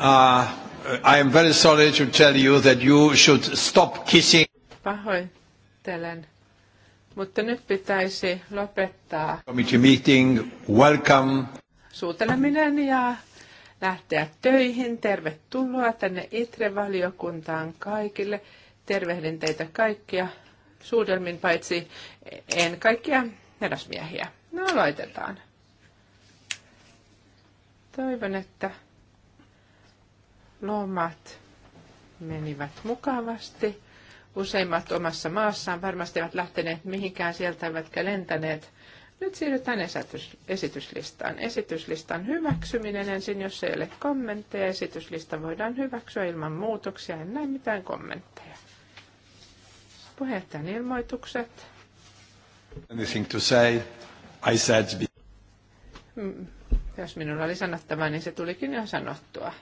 Uh, I am very sorry to tell you that you should stop kissing. Pahoittelen, mutta nyt pitäisi lopettaa. Committee meeting, welcome. Suuteleminen ja lähteä töihin. Tervetuloa tänne ITRE-valiokuntaan kaikille. Tervehdin teitä kaikkia suudelmin, paitsi en kaikkia herrasmiehiä. No aloitetaan. Toivon, että Lomat menivät mukavasti. Useimmat omassa maassaan varmasti eivät lähteneet mihinkään sieltä, eivätkä lentäneet. Nyt siirrytään esityslistaan. Esityslistan hyväksyminen ensin, jos ei ole kommentteja. Esityslista voidaan hyväksyä ilman muutoksia. En näe mitään kommentteja. Puheenjohtajan ilmoitukset. Anything to say? I said... Mm, jos minulla oli sanottavaa, niin se tulikin jo sanottua.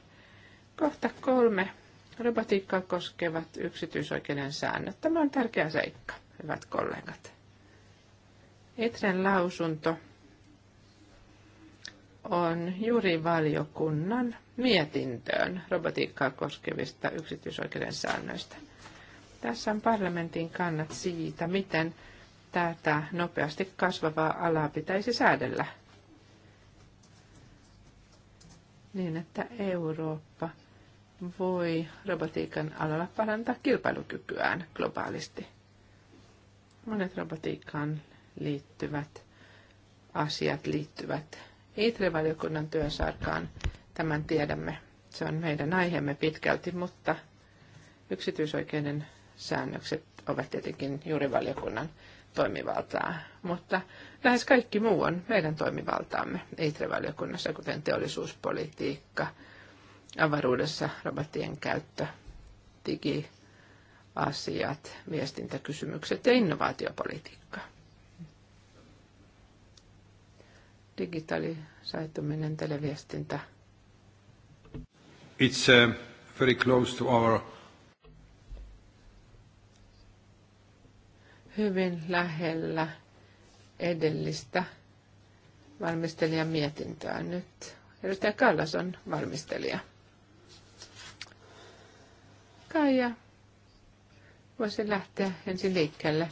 Kohta kolme. Robotiikkaa koskevat yksityisoikeuden säännöt. Tämä on tärkeä seikka, hyvät kollegat. Etren lausunto on juuri valiokunnan mietintöön robotiikkaa koskevista yksityisoikeuden säännöistä. Tässä on parlamentin kannat siitä, miten tätä nopeasti kasvavaa alaa pitäisi säädellä. Niin, että Eurooppa voi robotiikan alalla parantaa kilpailukykyään globaalisti. Monet robotiikkaan liittyvät asiat liittyvät ITRE-valiokunnan työsarkaan. Tämän tiedämme. Se on meidän aiheemme pitkälti, mutta yksityisoikeuden säännökset ovat tietenkin juuri valiokunnan toimivaltaa, mutta lähes kaikki muu on meidän toimivaltaamme ITRE-valiokunnassa, kuten teollisuuspolitiikka, avaruudessa robottien käyttö, digiasiat, viestintäkysymykset ja innovaatiopolitiikka. Digitalisaituminen, televiestintä. It's uh, very close to our hyvin lähellä edellistä valmistelijan mietintöä nyt. Edustaja Kallas on valmistelija. Kaija voisin lähteä ensin liikkeelle.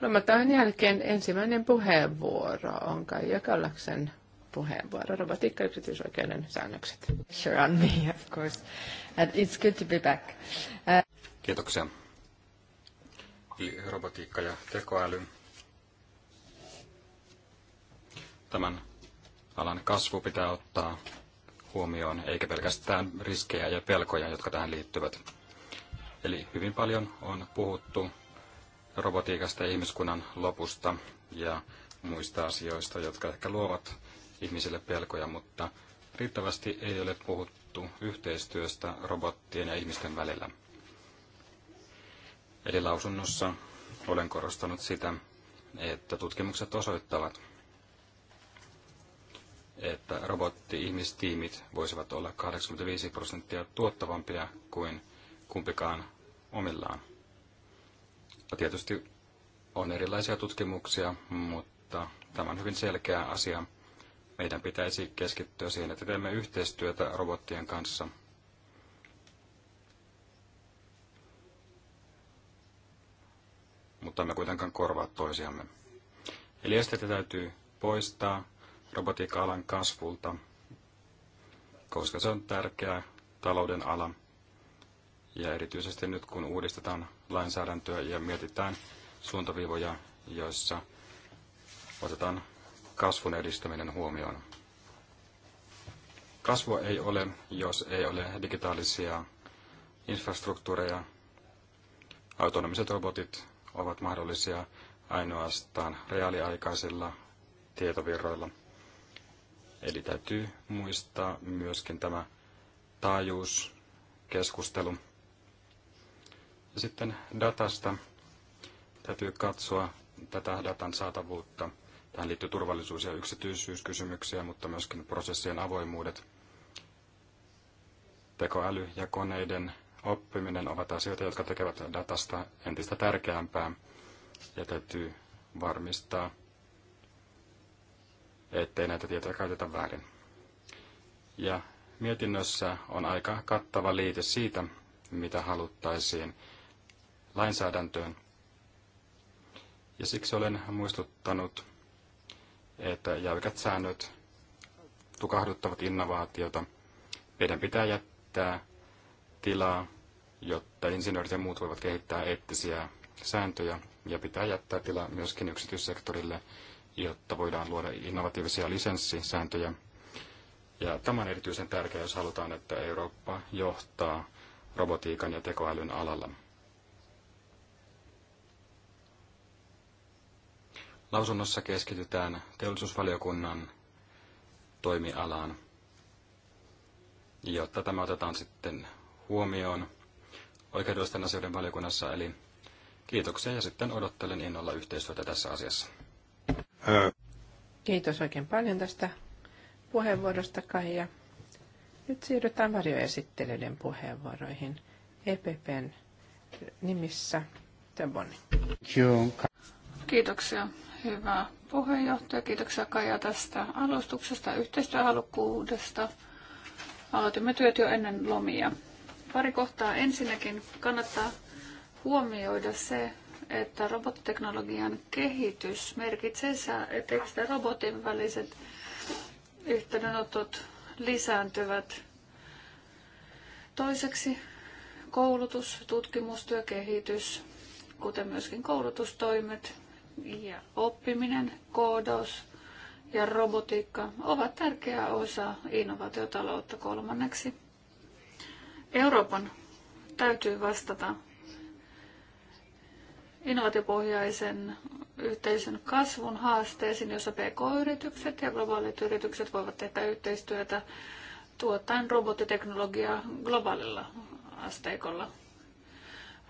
Lomataan jälkeen ensimmäinen puheenvuoro on Kaija Kallaksen puheenvuoro. Robotiikka yksityisoikeuden säännökset. Sure on me, of course. And uh, it's good to be back. Uh... Kiitoksia. Eli robotiikka ja tekoäly. Tämän alan kasvu pitää ottaa huomioon, eikä pelkästään riskejä ja pelkoja, jotka tähän liittyvät. Eli hyvin paljon on puhuttu robotiikasta ja ihmiskunnan lopusta ja muista asioista, jotka ehkä luovat ihmisille pelkoja, mutta riittävästi ei ole puhuttu yhteistyöstä robottien ja ihmisten välillä. Eli lausunnossa olen korostanut sitä, että tutkimukset osoittavat, että robotti-ihmistiimit voisivat olla 85 prosenttia tuottavampia kuin kumpikaan omillaan. Ja tietysti on erilaisia tutkimuksia, mutta tämä on hyvin selkeä asia. Meidän pitäisi keskittyä siihen, että teemme yhteistyötä robottien kanssa. Mutta me kuitenkaan korvaa toisiamme. Eli esteitä täytyy poistaa robotiikka-alan kasvulta, koska se on tärkeä talouden ala ja erityisesti nyt kun uudistetaan lainsäädäntöä ja mietitään suuntaviivoja, joissa otetaan kasvun edistäminen huomioon. Kasvua ei ole, jos ei ole digitaalisia infrastruktuureja. Autonomiset robotit ovat mahdollisia ainoastaan reaaliaikaisilla tietovirroilla. Eli täytyy muistaa myöskin tämä taajuuskeskustelu. Sitten datasta täytyy katsoa tätä datan saatavuutta. Tähän liittyy turvallisuus- ja yksityisyyskysymyksiä, mutta myöskin prosessien avoimuudet. Tekoäly ja koneiden oppiminen ovat asioita, jotka tekevät datasta entistä tärkeämpää ja täytyy varmistaa, ettei näitä tietoja käytetä väärin. Ja mietinnössä on aika kattava liite siitä, mitä haluttaisiin lainsäädäntöön. Ja siksi olen muistuttanut, että jäykät säännöt tukahduttavat innovaatiota. Meidän pitää jättää tilaa, jotta insinöörit ja muut voivat kehittää eettisiä sääntöjä ja pitää jättää tilaa myöskin yksityissektorille, jotta voidaan luoda innovatiivisia lisenssisääntöjä. Ja tämä on erityisen tärkeää, jos halutaan, että Eurooppa johtaa robotiikan ja tekoälyn alalla. Lausunnossa keskitytään teollisuusvaliokunnan toimialaan, jotta tämä otetaan sitten huomioon oikeudellisten asioiden valiokunnassa. Eli kiitoksia ja sitten odottelen innolla yhteistyötä tässä asiassa. Kiitos oikein paljon tästä puheenvuorosta, Kaija. nyt siirrytään varjoesittelyiden puheenvuoroihin. EPPn nimissä Teboni. Kiitoksia hyvä puheenjohtaja. Kiitoksia Kaija tästä alustuksesta, yhteistyöhalukkuudesta. Aloitimme työt jo ennen lomia. Pari kohtaa. Ensinnäkin kannattaa huomioida se, että robottiteknologian kehitys merkitsee, että ihmisten robotin väliset yhteydenotot lisääntyvät. Toiseksi koulutus, tutkimustyö, kehitys, kuten myöskin koulutustoimet ja oppiminen, koodaus ja robotiikka ovat tärkeä osa innovaatiotaloutta kolmanneksi. Euroopan täytyy vastata innovaatiopohjaisen yhteisön kasvun haasteisiin, jossa pk-yritykset ja globaalit yritykset voivat tehdä yhteistyötä tuottaen robotiteknologiaa globaalilla asteikolla.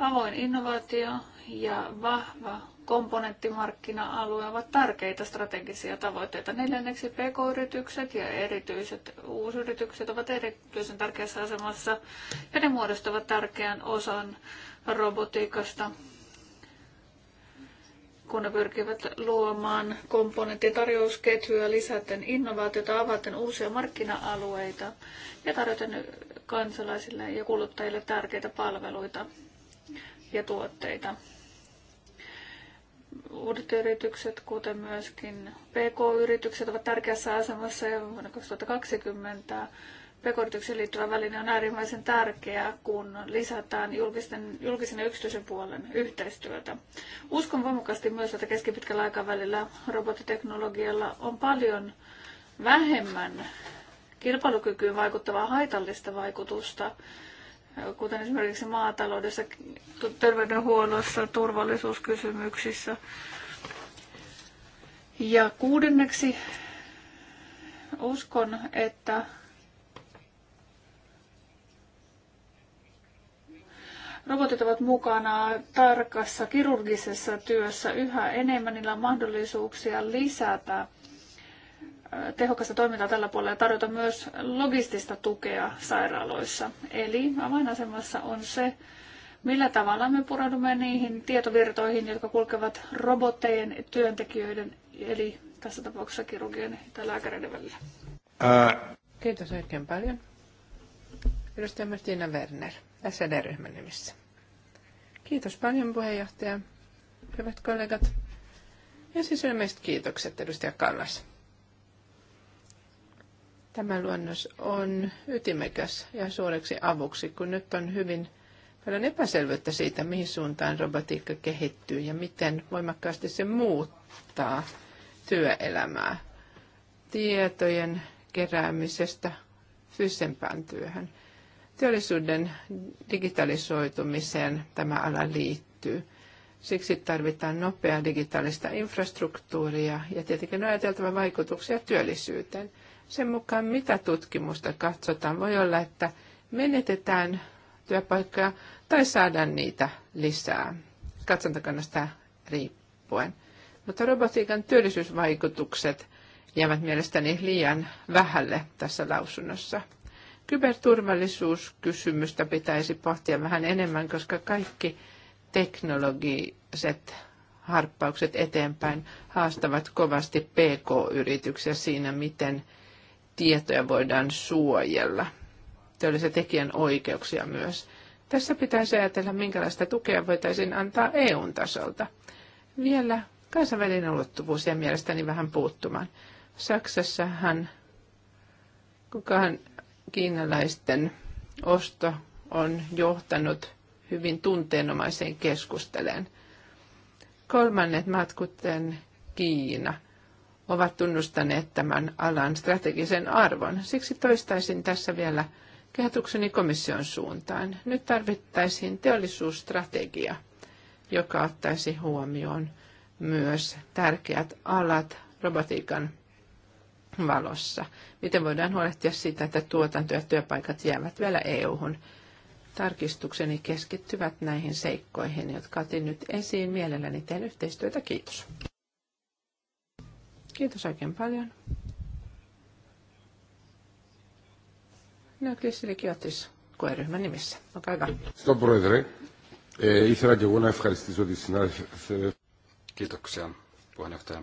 Avoin innovaatio ja vahva komponenttimarkkina-alue ovat tärkeitä strategisia tavoitteita. Neljänneksi pk-yritykset ja erityiset uusyritykset ovat erityisen tärkeässä asemassa ja ne muodostavat tärkeän osan robotiikasta, kun ne pyrkivät luomaan komponenttitarjousketjuja lisäten innovaatiota, avaten uusia markkina-alueita ja tarjoten kansalaisille ja kuluttajille tärkeitä palveluita ja tuotteita. Uudet yritykset, kuten myöskin PK-yritykset, ovat tärkeässä asemassa jo vuonna 2020 pk liittyvä väline on äärimmäisen tärkeä, kun lisätään julkisten, julkisen ja yksityisen puolen yhteistyötä. Uskon voimakkaasti myös, että keskipitkällä aikavälillä robotiteknologialla on paljon vähemmän kilpailukykyyn vaikuttavaa haitallista vaikutusta kuten esimerkiksi maataloudessa, terveydenhuollossa, turvallisuuskysymyksissä. Ja kuudenneksi uskon, että Robotit ovat mukana tarkassa kirurgisessa työssä yhä enemmän, niillä on mahdollisuuksia lisätä tehokasta toimintaa tällä puolella ja tarjota myös logistista tukea sairaaloissa. Eli avainasemassa on se, millä tavalla me pureudumme niihin tietovirtoihin, jotka kulkevat robottejen, työntekijöiden, eli tässä tapauksessa kirurgien tai lääkäreiden välillä. Ää... Kiitos oikein paljon. Edustaja Martina Werner, SED-ryhmän nimissä. Kiitos paljon puheenjohtaja. Hyvät kollegat. Ja siis kiitokset edustaja Kallas Tämä luonnos on ytimekäs ja suureksi avuksi, kun nyt on hyvin paljon epäselvyyttä siitä, mihin suuntaan robotiikka kehittyy ja miten voimakkaasti se muuttaa työelämää tietojen keräämisestä fyysisempään työhön. Teollisuuden digitalisoitumiseen tämä ala liittyy. Siksi tarvitaan nopeaa digitaalista infrastruktuuria ja tietenkin on ajateltava vaikutuksia työllisyyteen – sen mukaan, mitä tutkimusta katsotaan. Voi olla, että menetetään työpaikkoja tai saadaan niitä lisää. Katsontakannasta riippuen. Mutta robotiikan työllisyysvaikutukset jäävät mielestäni liian vähälle tässä lausunnossa. Kyberturvallisuuskysymystä pitäisi pohtia vähän enemmän, koska kaikki teknologiset harppaukset eteenpäin haastavat kovasti PK-yrityksiä siinä, miten – tietoja voidaan suojella. Teollisia tekijän oikeuksia myös. Tässä pitäisi ajatella, minkälaista tukea voitaisiin antaa EUn tasolta. Vielä kansainvälinen ulottuvuus ja mielestäni vähän puuttumaan. Saksassahan kukaan kiinalaisten osto on johtanut hyvin tunteenomaiseen keskusteleen. Kolmannet maat, kuten Kiina – ovat tunnustaneet tämän alan strategisen arvon. Siksi toistaisin tässä vielä kehotukseni komission suuntaan. Nyt tarvittaisiin teollisuusstrategia, joka ottaisi huomioon myös tärkeät alat robotiikan valossa. Miten voidaan huolehtia siitä, että tuotanto ja työpaikat jäävät vielä EU-hun? Tarkistukseni keskittyvät näihin seikkoihin, jotka otin nyt esiin. Mielelläni teen yhteistyötä. Kiitos. Kiitos oikein paljon. Minä Klisseli Kiotis, koeryhmän nimissä. Olkaa hyvä. Stop, Proedre. Ήθελα και εγώ να ευχαριστήσω τη Kiitoksia, puheenjohtaja.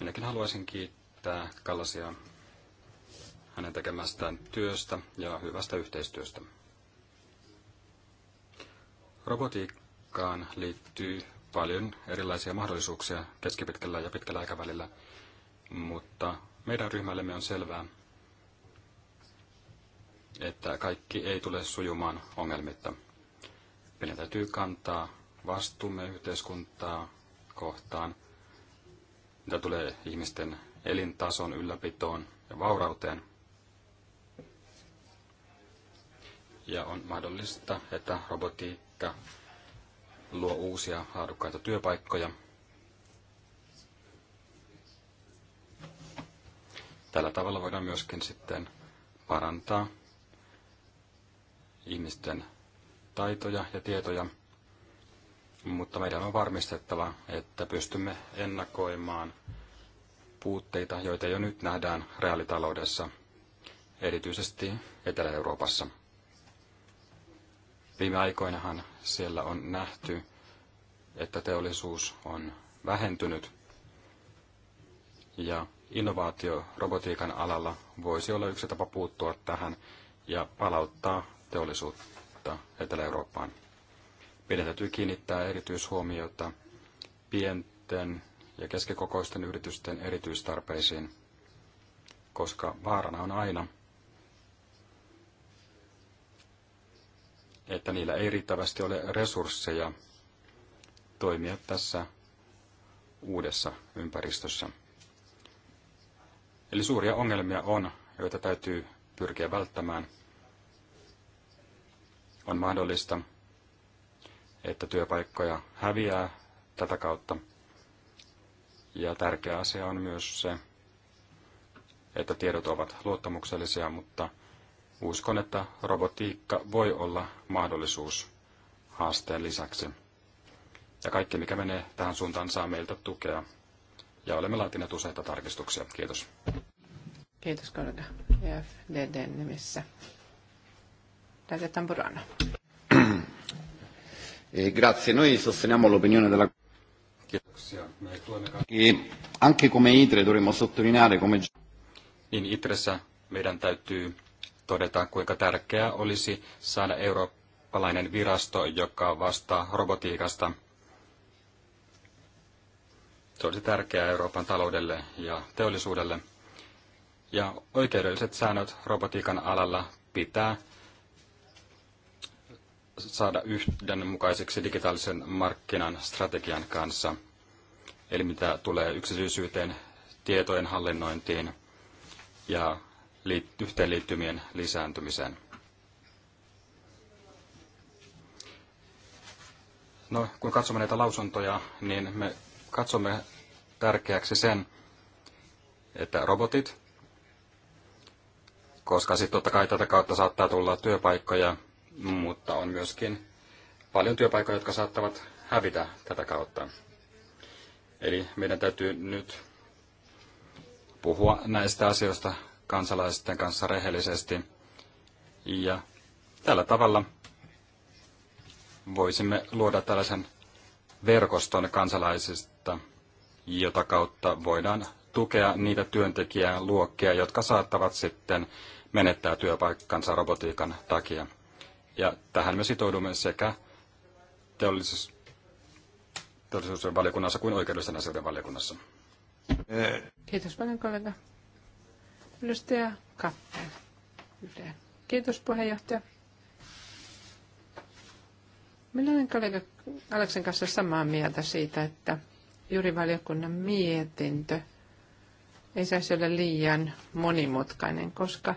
Minäkin haluaisin kiittää Kallasia hänen tekemästään työstä ja hyvästä yhteistyöstä. Robotiikkaan liittyy paljon erilaisia mahdollisuuksia keskipitkällä ja pitkällä aikavälillä, mutta meidän ryhmällemme on selvää, että kaikki ei tule sujumaan ongelmitta. Meidän täytyy kantaa vastuumme yhteiskuntaa kohtaan, mitä tulee ihmisten elintason ylläpitoon ja vaurauteen. Ja on mahdollista, että robotiikka luo uusia laadukkaita työpaikkoja. Tällä tavalla voidaan myöskin sitten parantaa ihmisten taitoja ja tietoja, mutta meidän on varmistettava, että pystymme ennakoimaan puutteita, joita jo nyt nähdään reaalitaloudessa, erityisesti Etelä-Euroopassa. Viime aikoinahan siellä on nähty, että teollisuus on vähentynyt ja innovaatio robotiikan alalla voisi olla yksi tapa puuttua tähän ja palauttaa teollisuutta Etelä-Eurooppaan. Meidän täytyy kiinnittää erityishuomiota pienten ja keskikokoisten yritysten erityistarpeisiin, koska vaarana on aina, että niillä ei riittävästi ole resursseja toimia tässä uudessa ympäristössä. Eli suuria ongelmia on, joita täytyy pyrkiä välttämään. On mahdollista, että työpaikkoja häviää tätä kautta. Ja tärkeä asia on myös se, että tiedot ovat luottamuksellisia, mutta uskon, että robotiikka voi olla mahdollisuus haasteen lisäksi. Ja kaikki, mikä menee tähän suuntaan, saa meiltä tukea. Ja olemme laatineet useita tarkistuksia. Kiitos. Kiitos kollega. FDD nimissä. Daria Tamburano. Eh, grazie. Noi sosteniamo l'opinione della Kiitoksia. E anche come ITRE dovremmo sottolineare come... Niin ITREssä meidän täytyy todetaan, kuinka tärkeää olisi saada eurooppalainen virasto, joka vastaa robotiikasta. Se olisi tärkeää Euroopan taloudelle ja teollisuudelle. Ja oikeudelliset säännöt robotiikan alalla pitää saada yhdenmukaiseksi digitaalisen markkinan strategian kanssa. Eli mitä tulee yksityisyyteen, tietojen hallinnointiin ja yhteenliittymien lisääntymiseen. No, kun katsomme näitä lausuntoja, niin me katsomme tärkeäksi sen, että robotit, koska sitten totta kai tätä kautta saattaa tulla työpaikkoja, mutta on myöskin paljon työpaikkoja, jotka saattavat hävitä tätä kautta. Eli meidän täytyy nyt puhua näistä asioista kansalaisten kanssa rehellisesti. Ja tällä tavalla voisimme luoda tällaisen verkoston kansalaisista, jota kautta voidaan tukea niitä luokkia, jotka saattavat sitten menettää työpaikkansa robotiikan takia. Ja tähän me sitoudumme sekä teollisuus, teollisuusvaliokunnassa kuin oikeudellisen asioiden valiokunnassa. Kiitos paljon kollega. Edustaja Kappel. Yhden. Kiitos puheenjohtaja. Minä olen kollega Aleksen kanssa samaa mieltä siitä, että juuri valiokunnan mietintö ei saisi olla liian monimutkainen, koska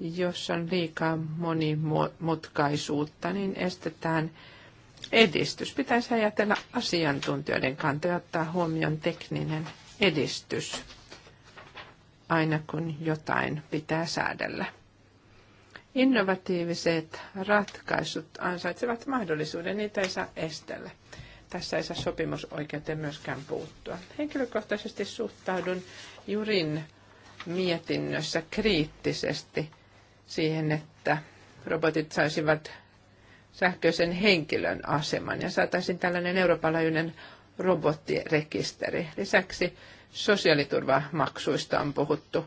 jos on liikaa monimutkaisuutta, niin estetään edistys. Pitäisi ajatella asiantuntijoiden kantoja ottaa huomioon tekninen edistys aina kun jotain pitää säädellä. Innovatiiviset ratkaisut ansaitsevat mahdollisuuden, niitä ei saa estellä. Tässä ei saa sopimusoikeuteen myöskään puuttua. Henkilökohtaisesti suhtaudun Jurin mietinnössä kriittisesti siihen, että robotit saisivat sähköisen henkilön aseman ja saataisiin tällainen eurooppalainen robottirekisteri. Lisäksi sosiaaliturvamaksuista on puhuttu.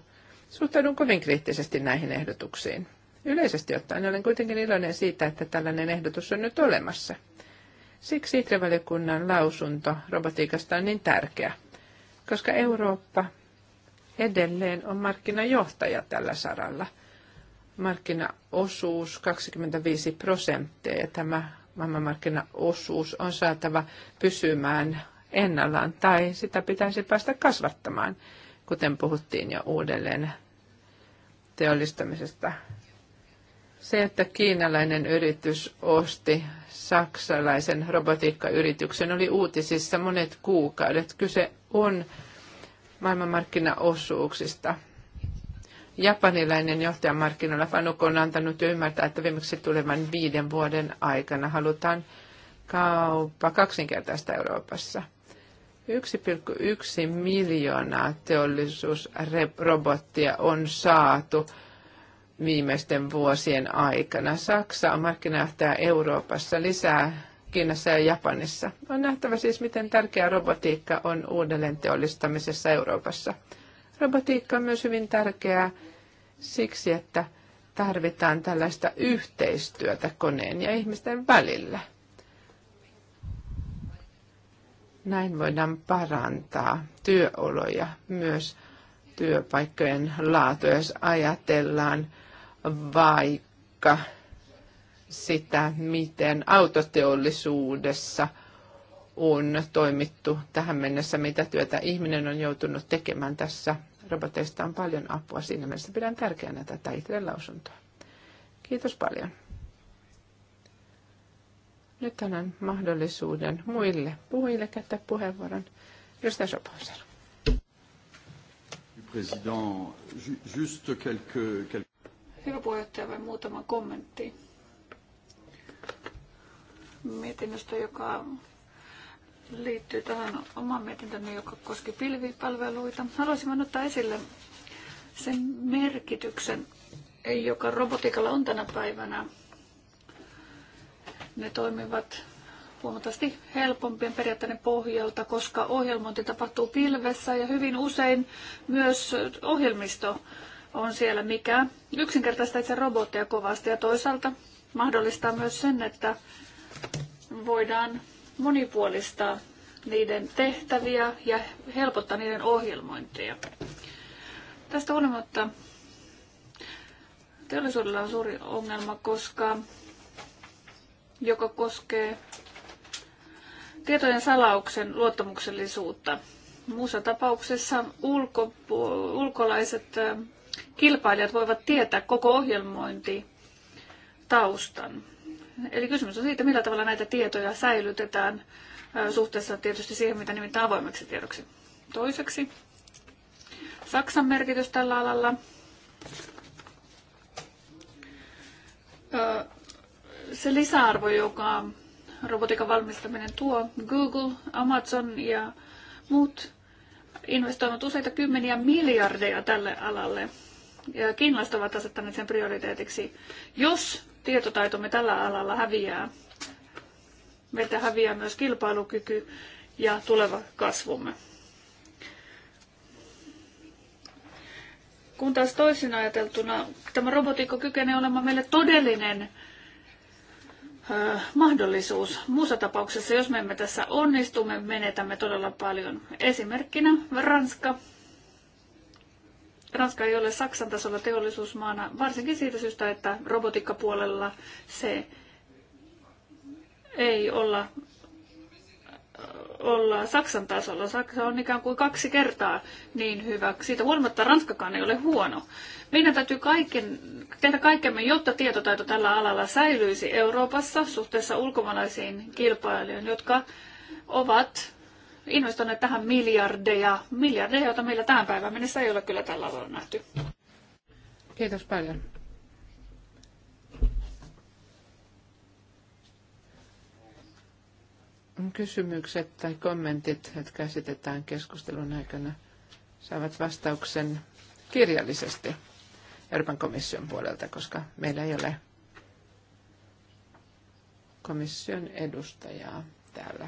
Suhtaudun kovin kriittisesti näihin ehdotuksiin. Yleisesti ottaen olen kuitenkin iloinen siitä, että tällainen ehdotus on nyt olemassa. Siksi ITRE-valiokunnan lausunto robotiikasta on niin tärkeä, koska Eurooppa edelleen on markkinajohtaja tällä saralla. Markkinaosuus 25 prosenttia ja tämä maailmanmarkkinaosuus on saatava pysymään ennallaan tai sitä pitäisi päästä kasvattamaan, kuten puhuttiin jo uudelleen teollistamisesta. Se, että kiinalainen yritys osti saksalaisen robotiikkayrityksen, oli uutisissa monet kuukaudet. Kyse on maailmanmarkkinaosuuksista. Japanilainen johtaja markkinoilla Fanuko on antanut ymmärtää, että viimeksi tulevan viiden vuoden aikana halutaan kauppa kaksinkertaista Euroopassa – 1,1 miljoonaa teollisuusrobottia on saatu viimeisten vuosien aikana. Saksa on markkinajohtaja Euroopassa lisää Kiinassa ja Japanissa. On nähtävä siis, miten tärkeä robotiikka on uudelleen teollistamisessa Euroopassa. Robotiikka on myös hyvin tärkeää siksi, että tarvitaan tällaista yhteistyötä koneen ja ihmisten välillä – Näin voidaan parantaa työoloja, myös työpaikkojen laatua, jos ajatellaan vaikka sitä, miten autoteollisuudessa on toimittu tähän mennessä, mitä työtä ihminen on joutunut tekemään tässä. Roboteista on paljon apua, siinä mielessä pidän tärkeänä tätä itse lausuntoa. Kiitos paljon. Nyt annan mahdollisuuden muille puhujille käyttää puheenvuoron. Edustaja Soposel. Hyvä puheenjohtaja, vain muutama kommentti mietinnöstä, joka liittyy tähän omaan mietintöni, joka koski pilvipalveluita. Haluaisin ottaa esille sen merkityksen, joka robotiikalla on tänä päivänä ne toimivat huomattavasti helpompien periaatteiden pohjalta, koska ohjelmointi tapahtuu pilvessä ja hyvin usein myös ohjelmisto on siellä mikä yksinkertaista itse robotteja kovasti ja toisaalta mahdollistaa myös sen, että voidaan monipuolistaa niiden tehtäviä ja helpottaa niiden ohjelmointia. Tästä huolimatta teollisuudella on suuri ongelma, koska joka koskee tietojen salauksen luottamuksellisuutta. Muussa tapauksessa ulko, ulkolaiset kilpailijat voivat tietää koko ohjelmointi taustan. Eli kysymys on siitä, millä tavalla näitä tietoja säilytetään suhteessa tietysti siihen, mitä nimittäin avoimeksi tiedoksi. Toiseksi Saksan merkitys tällä alalla se lisäarvo, joka robotiikan valmistaminen tuo, Google, Amazon ja muut investoivat useita kymmeniä miljardeja tälle alalle. Ja kiinalaiset ovat asettaneet sen prioriteetiksi. Jos tietotaitomme tällä alalla häviää, meiltä häviää myös kilpailukyky ja tuleva kasvumme. Kun taas toisin ajateltuna tämä robotiikka kykenee olemaan meille todellinen mahdollisuus. Muussa tapauksessa, jos me emme tässä onnistu, me menetämme todella paljon. Esimerkkinä Ranska. Ranska ei ole Saksan tasolla teollisuusmaana, varsinkin siitä syystä, että robotiikkapuolella se ei olla ollaan Saksan tasolla. Saksa on ikään kuin kaksi kertaa niin hyvä. Siitä huolimatta Ranskakaan ei ole huono. Meidän täytyy kaiken, tehdä kaikkemme, jotta tietotaito tällä alalla säilyisi Euroopassa suhteessa ulkomaalaisiin kilpailijoihin, jotka ovat investoineet tähän miljardeja, miljardeja, joita meillä tähän päivään mennessä ei ole kyllä tällä alalla nähty. Kiitos paljon. kysymykset tai kommentit, jotka esitetään keskustelun aikana, saavat vastauksen kirjallisesti Euroopan komission puolelta, koska meillä ei ole komission edustajaa täällä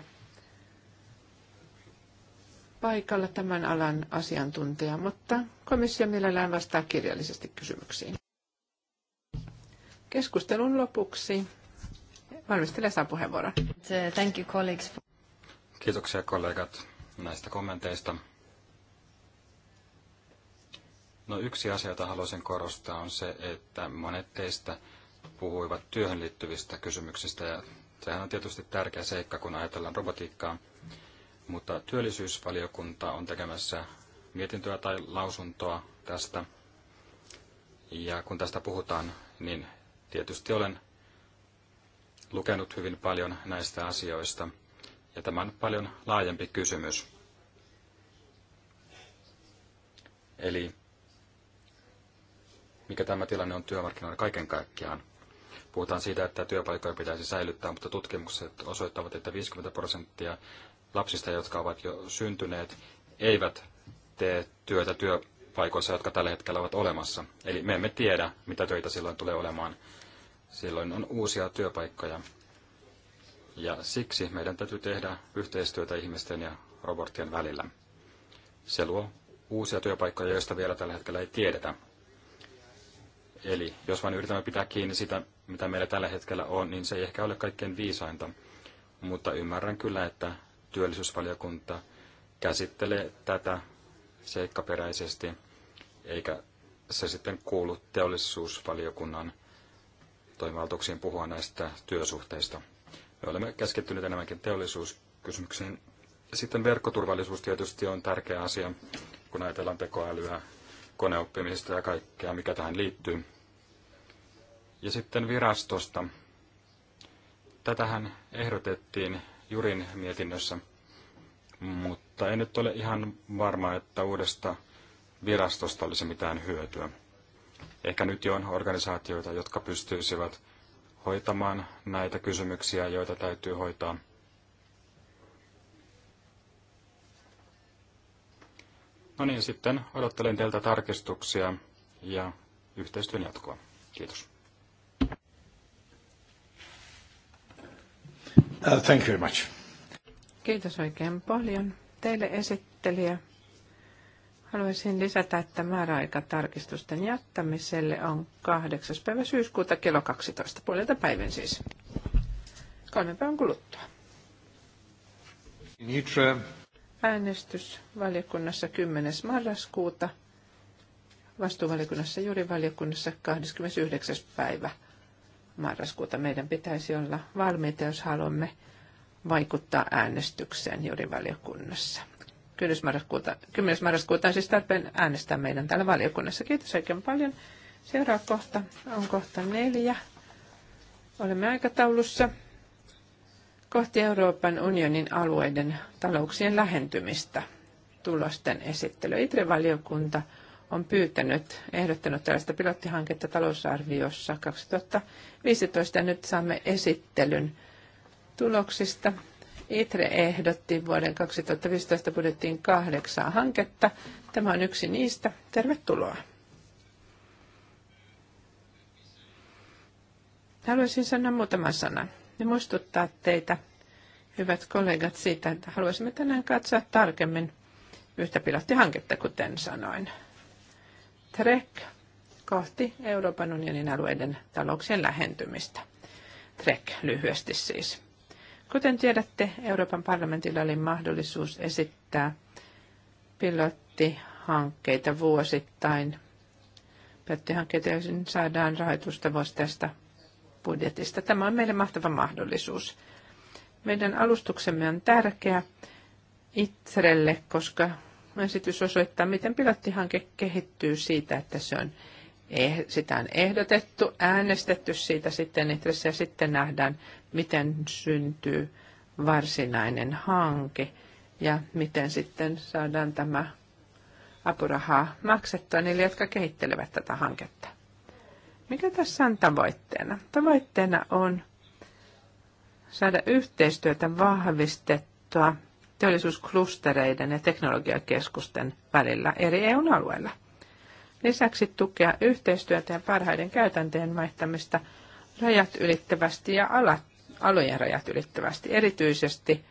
paikalla tämän alan asiantuntija, mutta komissio mielellään vastaa kirjallisesti kysymyksiin. Keskustelun lopuksi Valmistelija saa puheenvuoron. Thank you colleagues. Kiitoksia kollegat näistä kommenteista. No yksi asia, jota haluaisin korostaa, on se, että monet teistä puhuivat työhön liittyvistä kysymyksistä, ja sehän on tietysti tärkeä seikka, kun ajatellaan robotiikkaa, mutta työllisyysvaliokunta on tekemässä mietintöä tai lausuntoa tästä, ja kun tästä puhutaan, niin tietysti olen lukenut hyvin paljon näistä asioista, ja tämä on paljon laajempi kysymys. Eli mikä tämä tilanne on työmarkkinoilla kaiken kaikkiaan. Puhutaan siitä, että työpaikkoja pitäisi säilyttää, mutta tutkimukset osoittavat, että 50 prosenttia lapsista, jotka ovat jo syntyneet, eivät tee työtä työpaikoissa, jotka tällä hetkellä ovat olemassa. Eli me emme tiedä, mitä töitä silloin tulee olemaan silloin on uusia työpaikkoja. Ja siksi meidän täytyy tehdä yhteistyötä ihmisten ja robottien välillä. Se luo uusia työpaikkoja, joista vielä tällä hetkellä ei tiedetä. Eli jos vain yritämme pitää kiinni sitä, mitä meillä tällä hetkellä on, niin se ei ehkä ole kaikkein viisainta. Mutta ymmärrän kyllä, että työllisyysvaliokunta käsittelee tätä seikkaperäisesti, eikä se sitten kuulu teollisuusvaliokunnan toimivaltuuksiin puhua näistä työsuhteista. Me olemme keskittyneet enemmänkin teollisuuskysymyksiin. Sitten verkkoturvallisuus tietysti on tärkeä asia, kun ajatellaan tekoälyä, koneoppimista ja kaikkea, mikä tähän liittyy. Ja sitten virastosta. Tätähän ehdotettiin Jurin mietinnössä, mutta en nyt ole ihan varma, että uudesta virastosta olisi mitään hyötyä. Ehkä nyt jo on organisaatioita, jotka pystyisivät hoitamaan näitä kysymyksiä, joita täytyy hoitaa. No niin, sitten odottelen teiltä tarkistuksia ja yhteistyön jatkoa. Kiitos. Uh, thank you very much. Kiitos oikein paljon teille esittelijä. Haluaisin lisätä, että määräaika tarkistusten jättämiselle on 8. päivä syyskuuta kello 12, puolelta päivän siis. Kolme päivän kuluttua. Nitra. Äänestys valiokunnassa 10. marraskuuta, vastuuvaliokunnassa juuri valiokunnassa 29. päivä marraskuuta. Meidän pitäisi olla valmiita, jos haluamme vaikuttaa äänestykseen juuri valiokunnassa. 10. marraskuuta, 10. marraskuuta on siis tarpeen äänestää meidän täällä valiokunnassa. Kiitos oikein paljon. Seuraava kohta on kohta neljä. Olemme aikataulussa kohti Euroopan unionin alueiden talouksien lähentymistä. Tulosten esittely. ITRE-valiokunta on pyytänyt, ehdottanut tällaista pilottihanketta talousarviossa 2015. Nyt saamme esittelyn tuloksista. ITRE ehdotti vuoden 2015 budjettiin kahdeksaa hanketta. Tämä on yksi niistä. Tervetuloa. Haluaisin sanoa muutaman sanan ja muistuttaa teitä, hyvät kollegat, siitä, että haluaisimme tänään katsoa tarkemmin yhtä pilottihanketta, kuten sanoin. TREK kohti Euroopan unionin alueiden talouksien lähentymistä. TREK lyhyesti siis. Kuten tiedätte, Euroopan parlamentilla oli mahdollisuus esittää pilottihankkeita vuosittain. Pilottihankkeita, joihin saadaan rahoitusta vuosi tästä budjetista. Tämä on meille mahtava mahdollisuus. Meidän alustuksemme on tärkeä itselle, koska esitys osoittaa, miten pilottihanke kehittyy siitä, että se on, eh-, sitä on ehdotettu, äänestetty siitä sitten itse ja sitten nähdään, miten syntyy varsinainen hanke ja miten sitten saadaan tämä apurahaa maksettua niille, jotka kehittelevät tätä hanketta. Mikä tässä on tavoitteena? Tavoitteena on saada yhteistyötä vahvistettua teollisuusklustereiden ja teknologiakeskusten välillä eri EU-alueilla. Lisäksi tukea yhteistyötä ja parhaiden käytäntöjen vaihtamista rajat ylittävästi ja alat alojen rajat ylittävästi, erityisesti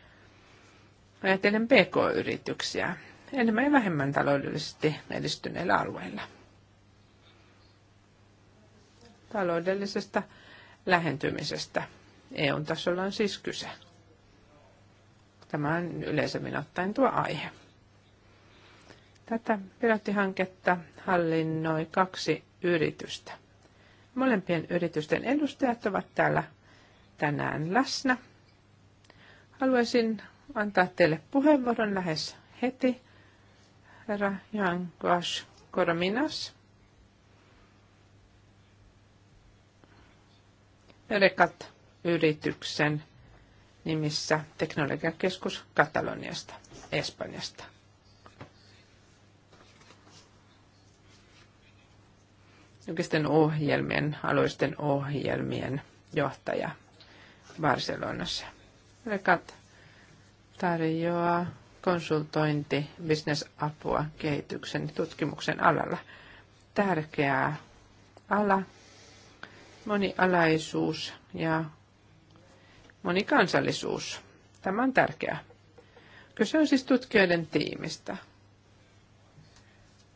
ajatellen pk-yrityksiä enemmän ja vähemmän taloudellisesti edistyneillä alueilla. Taloudellisesta lähentymisestä EUn tasolla on siis kyse. Tämä on yleisemmin ottaen tuo aihe. Tätä pilottihanketta hallinnoi kaksi yritystä. Molempien yritysten edustajat ovat täällä tänään läsnä. Haluaisin antaa teille puheenvuoron lähes heti. Herra Jan Guas Korominas. Rekat-yrityksen nimissä teknologiakeskus Kataloniasta, Espanjasta. julkisten ohjelmien, alueisten ohjelmien johtaja Barcelonassa. Rekat tarjoaa konsultointi, bisnesapua kehityksen tutkimuksen alalla. Tärkeää ala, monialaisuus ja monikansallisuus. Tämä on tärkeää. Kyse on siis tutkijoiden tiimistä.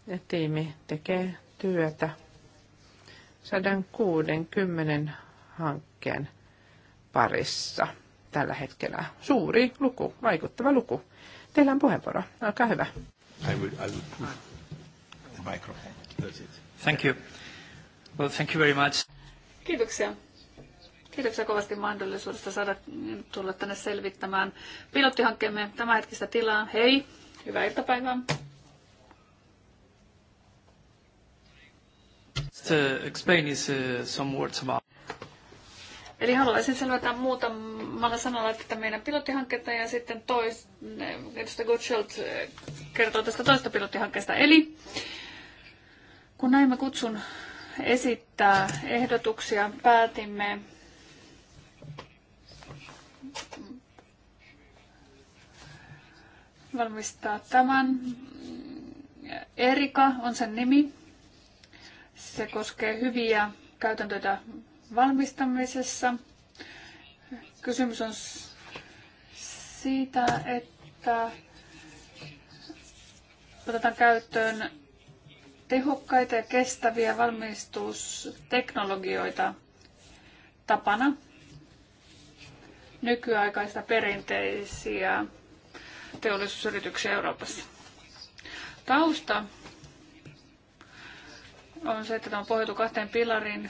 Ja tiimi tekee työtä 160 hankkeen parissa tällä hetkellä. Suuri luku, vaikuttava luku. Teillä on puheenvuoro. Olkaa hyvä. I will, I will the microphone. Thank you. Well, thank you very much. Kiitoksia. Kiitoksia kovasti mahdollisuudesta saada tulla tänne selvittämään pilottihankkeemme tämänhetkistä tilaa. Hei, hyvää iltapäivää. explain is uh, some words about. Eli haluaisin selventää muutamalla sanalla tätä meidän pilottihanketta ja sitten tois, edustaja Gottschild eh, kertoo tästä toista pilottihankkeesta. Eli kun näimme kutsun esittää ehdotuksia, päätimme valmistaa tämän. Erika on sen nimi. Se koskee hyviä käytäntöitä valmistamisessa. Kysymys on siitä, että otetaan käyttöön tehokkaita ja kestäviä valmistusteknologioita tapana nykyaikaista perinteisiä teollisuusyrityksiä Euroopassa. Tausta on se, että on pohjattu kahteen pilariin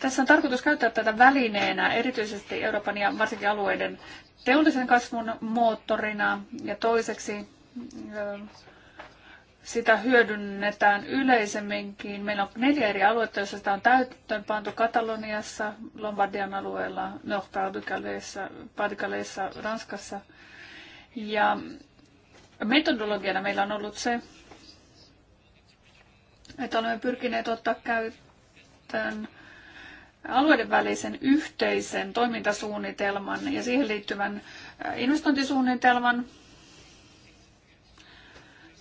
Tässä on tarkoitus käyttää tätä välineenä erityisesti Euroopan ja varsinkin alueiden teollisen kasvun moottorina ja toiseksi sitä hyödynnetään yleisemminkin. Meillä on neljä eri aluetta, joissa sitä on täyttöön Kataloniassa, Lombardian alueella, Nord-Padikaleissa, Ranskassa. Ja metodologiana meillä on ollut se, että olemme pyrkineet ottaa käyttöön alueiden välisen yhteisen toimintasuunnitelman ja siihen liittyvän äh, investointisuunnitelman.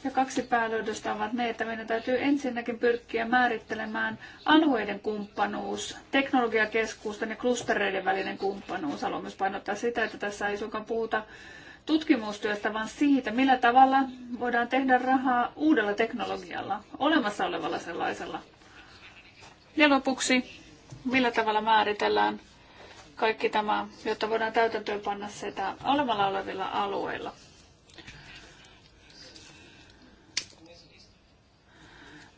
Ja kaksi päälöydöstä ovat ne, että meidän täytyy ensinnäkin pyrkiä määrittelemään alueiden kumppanuus, teknologiakeskusten ja klustereiden välinen kumppanuus. Haluan myös painottaa sitä, että tässä ei suinkaan puhuta tutkimustyöstä, vaan siitä, millä tavalla voidaan tehdä rahaa uudella teknologialla, olemassa olevalla sellaisella. Ja lopuksi millä tavalla määritellään kaikki tämä, jotta voidaan panna sitä olemalla olevilla alueilla.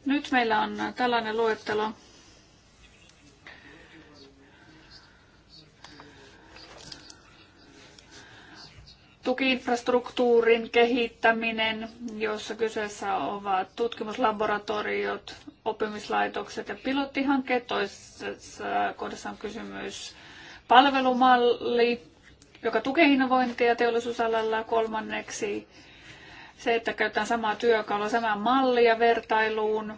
Nyt meillä on tällainen luettelo tukiinfrastruktuurin kehittäminen, jossa kyseessä ovat tutkimuslaboratoriot, oppimislaitokset ja pilottihankkeet. Toisessa kohdassa on kysymys palvelumalli, joka tukee innovointia teollisuusalalla. Kolmanneksi se, että käytetään samaa työkalua, samaa mallia vertailuun,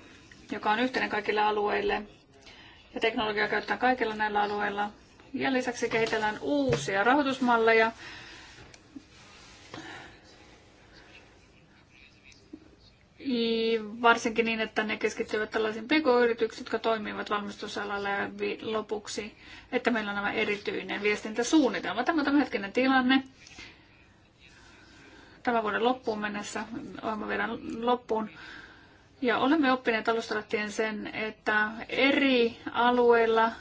joka on yhteinen kaikille alueille. Ja teknologiaa käytetään kaikilla näillä alueilla. Ja lisäksi kehitellään uusia rahoitusmalleja, varsinkin niin, että ne keskittyvät tällaisiin pk-yrityksiin, jotka toimivat valmistusalalla ja lopuksi, että meillä on nämä erityinen viestintäsuunnitelma. Tämä on tämänhetkinen tilanne. Tämän vuoden loppuun mennessä ohjelma viedään loppuun. Ja olemme oppineet alusta lähtien sen, että eri alueilla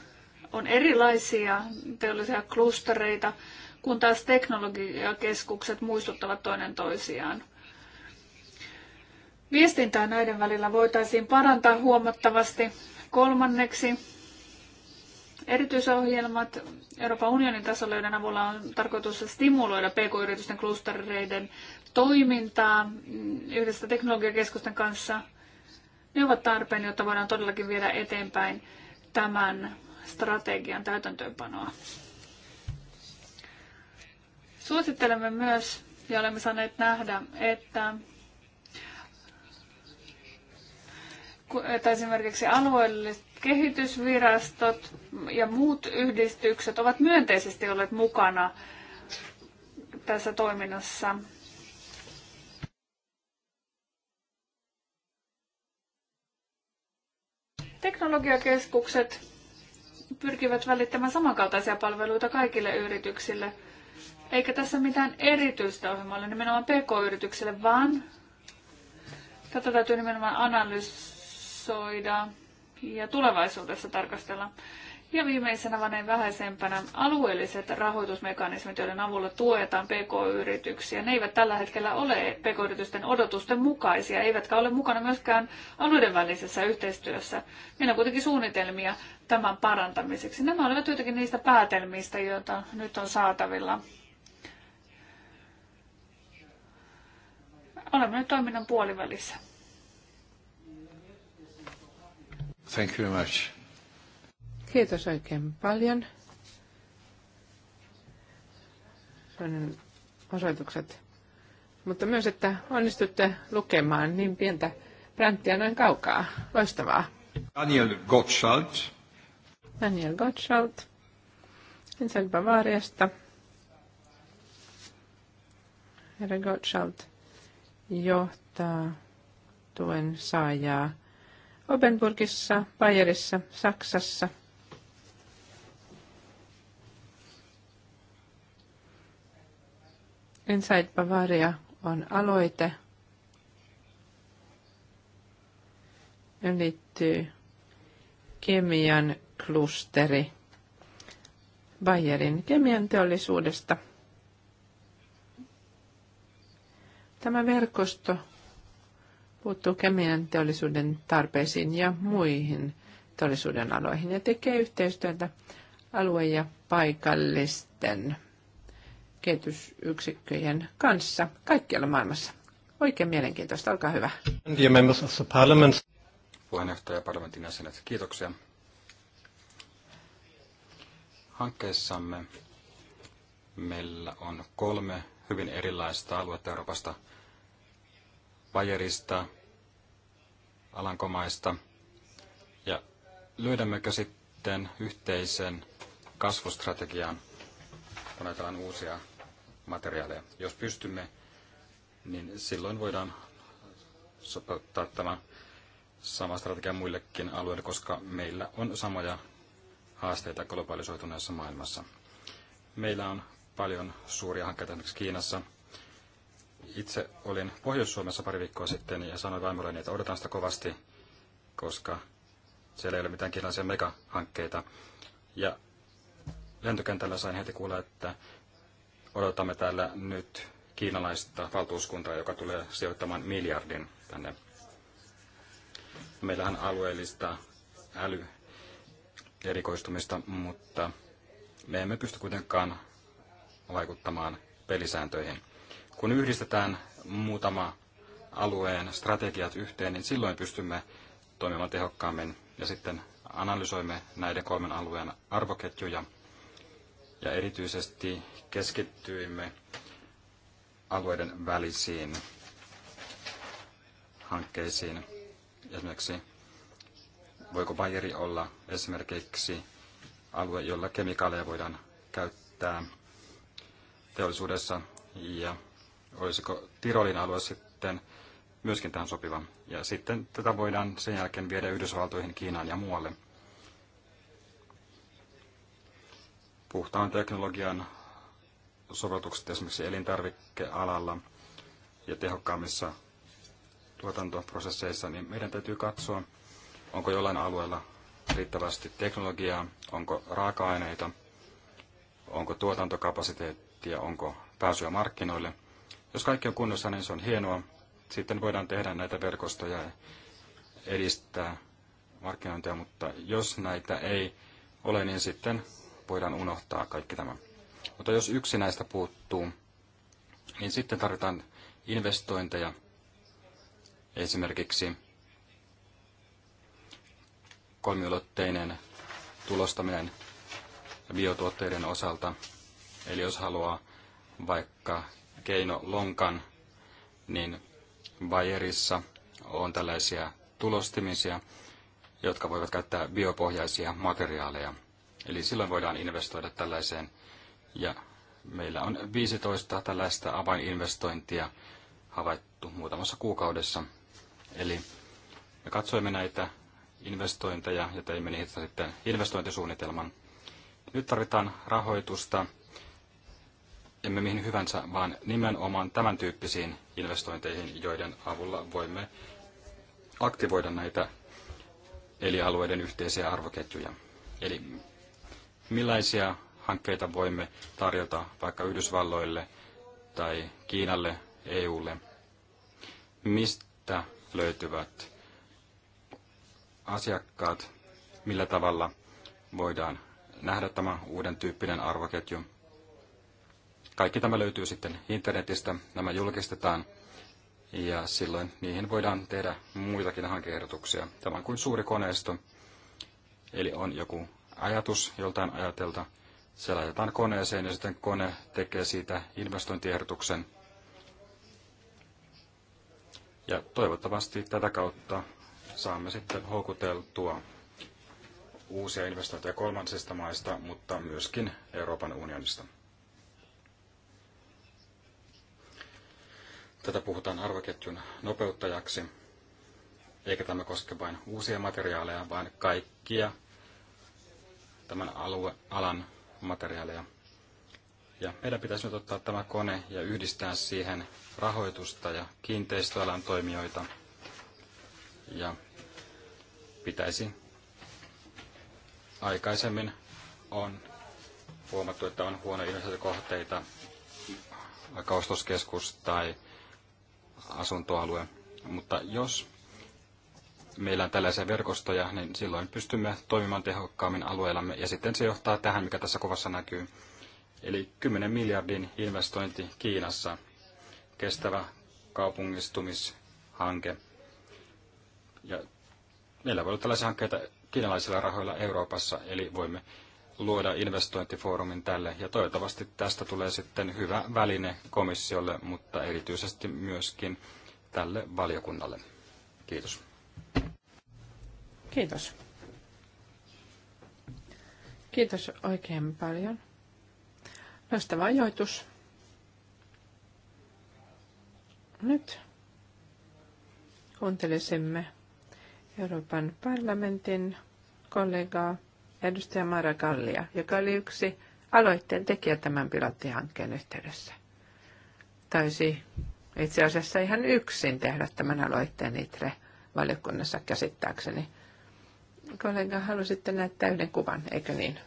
on erilaisia teollisia klustereita, kun taas teknologiakeskukset muistuttavat toinen toisiaan. Viestintää näiden välillä voitaisiin parantaa huomattavasti. Kolmanneksi erityisohjelmat Euroopan unionin tasolla, joiden avulla on tarkoitus stimuloida pk-yritysten klustereiden toimintaa yhdessä teknologiakeskusten kanssa. Ne ovat tarpeen, jotta voidaan todellakin viedä eteenpäin tämän strategian täytäntöönpanoa. Suosittelemme myös, ja olemme saaneet nähdä, että että esimerkiksi alueelliset kehitysvirastot ja muut yhdistykset ovat myönteisesti olleet mukana tässä toiminnassa. Teknologiakeskukset pyrkivät välittämään samankaltaisia palveluita kaikille yrityksille, eikä tässä mitään erityistä ohjelmaa ole nimenomaan pk-yrityksille, vaan tätä täytyy nimenomaan analysoida analysoida ja tulevaisuudessa tarkastella. Ja viimeisenä vaneen vähäisempänä alueelliset rahoitusmekanismit, joiden avulla tuetaan PK-yrityksiä. Ne eivät tällä hetkellä ole PK-yritysten odotusten mukaisia, eivätkä ole mukana myöskään alueiden välisessä yhteistyössä. Meillä on kuitenkin suunnitelmia tämän parantamiseksi. Nämä olivat jotenkin niistä päätelmistä, joita nyt on saatavilla. Olemme nyt toiminnan puolivälissä. Thank you very much. Kiitos oikein paljon. Sellainen osoitukset. Mutta myös, että onnistutte lukemaan niin pientä pränttiä noin kaukaa. Loistavaa. Daniel Gottschalt. Daniel Gottschalt. Insel Bavariasta. Herra Gottschalt johtaa tuen saajaa Obenburgissa, Bayerissa, Saksassa. Inside Bavaria on aloite, Ne liittyy kemian klusteri Bayerin kemian teollisuudesta. Tämä verkosto puuttuu kemian teollisuuden tarpeisiin ja muihin teollisuuden aloihin ja tekee yhteistyötä alue- ja paikallisten kehitysyksikköjen kanssa kaikkialla maailmassa. Oikein mielenkiintoista, olkaa hyvä. Puheenjohtaja ja parlamentin jäsenet, kiitoksia. Hankkeessamme meillä on kolme hyvin erilaista aluetta Euroopasta – Bayerista, Alankomaista. Ja löydämmekö sitten yhteisen kasvustrategian, kun ajatellaan uusia materiaaleja. Jos pystymme, niin silloin voidaan sopeuttaa tämä sama strategia muillekin alueille, koska meillä on samoja haasteita globalisoituneessa maailmassa. Meillä on paljon suuria hankkeita esimerkiksi Kiinassa, itse olin Pohjois-Suomessa pari viikkoa sitten ja sanoin vaimolleni, että odotan sitä kovasti, koska siellä ei ole mitään kiinalaisia megahankkeita. Ja lentokentällä sain heti kuulla, että odotamme täällä nyt kiinalaista valtuuskuntaa, joka tulee sijoittamaan miljardin tänne. Meillähän alueellista äly erikoistumista, mutta me emme pysty kuitenkaan vaikuttamaan pelisääntöihin. Kun yhdistetään muutama alueen strategiat yhteen, niin silloin pystymme toimimaan tehokkaammin ja sitten analysoimme näiden kolmen alueen arvoketjuja ja erityisesti keskittyimme alueiden välisiin hankkeisiin. Esimerkiksi voiko Bayeri olla esimerkiksi alue, jolla kemikaaleja voidaan käyttää teollisuudessa ja olisiko Tirolin alue sitten myöskin tähän sopiva. Ja sitten tätä voidaan sen jälkeen viedä Yhdysvaltoihin, Kiinaan ja muualle. Puhtaan teknologian sovellukset esimerkiksi elintarvikealalla ja tehokkaammissa tuotantoprosesseissa, niin meidän täytyy katsoa, onko jollain alueella riittävästi teknologiaa, onko raaka-aineita, onko tuotantokapasiteettia, onko pääsyä markkinoille – jos kaikki on kunnossa, niin se on hienoa. Sitten voidaan tehdä näitä verkostoja ja edistää markkinointia, mutta jos näitä ei ole, niin sitten voidaan unohtaa kaikki tämä. Mutta jos yksi näistä puuttuu, niin sitten tarvitaan investointeja esimerkiksi kolmiulotteinen tulostaminen biotuotteiden osalta. Eli jos haluaa vaikka keino lonkan, niin Bayerissa on tällaisia tulostimisia, jotka voivat käyttää biopohjaisia materiaaleja. Eli silloin voidaan investoida tällaiseen. Ja meillä on 15 tällaista avaininvestointia havaittu muutamassa kuukaudessa. Eli me katsoimme näitä investointeja ja teimme niistä sitten investointisuunnitelman. Nyt tarvitaan rahoitusta emme mihin hyvänsä, vaan nimenomaan tämän tyyppisiin investointeihin, joiden avulla voimme aktivoida näitä eli alueiden yhteisiä arvoketjuja. Eli millaisia hankkeita voimme tarjota vaikka Yhdysvalloille tai Kiinalle, EUlle? Mistä löytyvät asiakkaat? Millä tavalla voidaan nähdä tämä uuden tyyppinen arvoketju? Kaikki tämä löytyy sitten internetistä, nämä julkistetaan ja silloin niihin voidaan tehdä muitakin hankeehdotuksia. Tämä on kuin suuri koneisto, eli on joku ajatus joltain ajatelta, se laitetaan koneeseen ja sitten kone tekee siitä investointiehdotuksen. Ja toivottavasti tätä kautta saamme sitten houkuteltua uusia investointeja kolmansista maista, mutta myöskin Euroopan unionista. Tätä puhutaan arvoketjun nopeuttajaksi, eikä tämä koske vain uusia materiaaleja, vaan kaikkia tämän alue, alan materiaaleja. Ja meidän pitäisi nyt ottaa tämä kone ja yhdistää siihen rahoitusta ja kiinteistöalan toimijoita. Ja pitäisi aikaisemmin on huomattu, että on huono investointikohteita, kaustoskeskus tai asuntoalue. Mutta jos meillä on tällaisia verkostoja, niin silloin pystymme toimimaan tehokkaammin alueellamme. Ja sitten se johtaa tähän, mikä tässä kuvassa näkyy. Eli 10 miljardin investointi Kiinassa, kestävä kaupungistumishanke. Ja meillä voi olla tällaisia hankkeita kiinalaisilla rahoilla Euroopassa, eli voimme luoda investointifoorumin tälle, ja toivottavasti tästä tulee sitten hyvä väline komissiolle, mutta erityisesti myöskin tälle valiokunnalle. Kiitos. Kiitos. Kiitos oikein paljon. Loistava ajoitus. Nyt kuuntelisimme Euroopan parlamentin kollegaa edustaja Mara Kallia, joka oli yksi aloitteen tekijä tämän pilottihankkeen yhteydessä. Taisi itse asiassa ihan yksin tehdä tämän aloitteen itse valiokunnassa käsittääkseni. Kollega, halusitte näyttää yhden kuvan, eikö niin?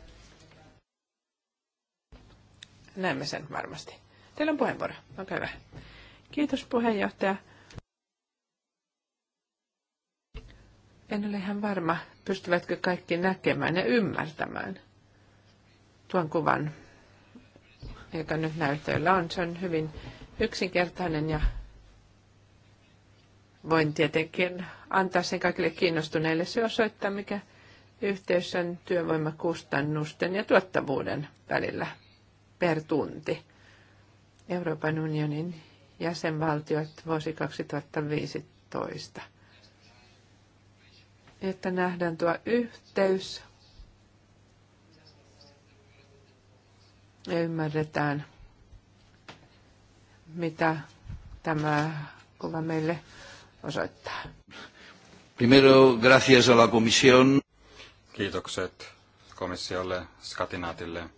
Näemme sen varmasti. Teillä on puheenvuoro. Olkaa Kiitos puheenjohtaja. en ole ihan varma, pystyvätkö kaikki näkemään ja ymmärtämään tuon kuvan, joka nyt näytöllä on. Se on hyvin yksinkertainen ja voin tietenkin antaa sen kaikille kiinnostuneille. Se osoittaa, mikä yhteys on työvoimakustannusten ja tuottavuuden välillä per tunti. Euroopan unionin jäsenvaltiot vuosi 2015 että nähdään tuo yhteys ja ymmärretään, mitä tämä kuva meille osoittaa. Primero, gracias a la comisión. Kiitokset komissiolle, Skatinaatille.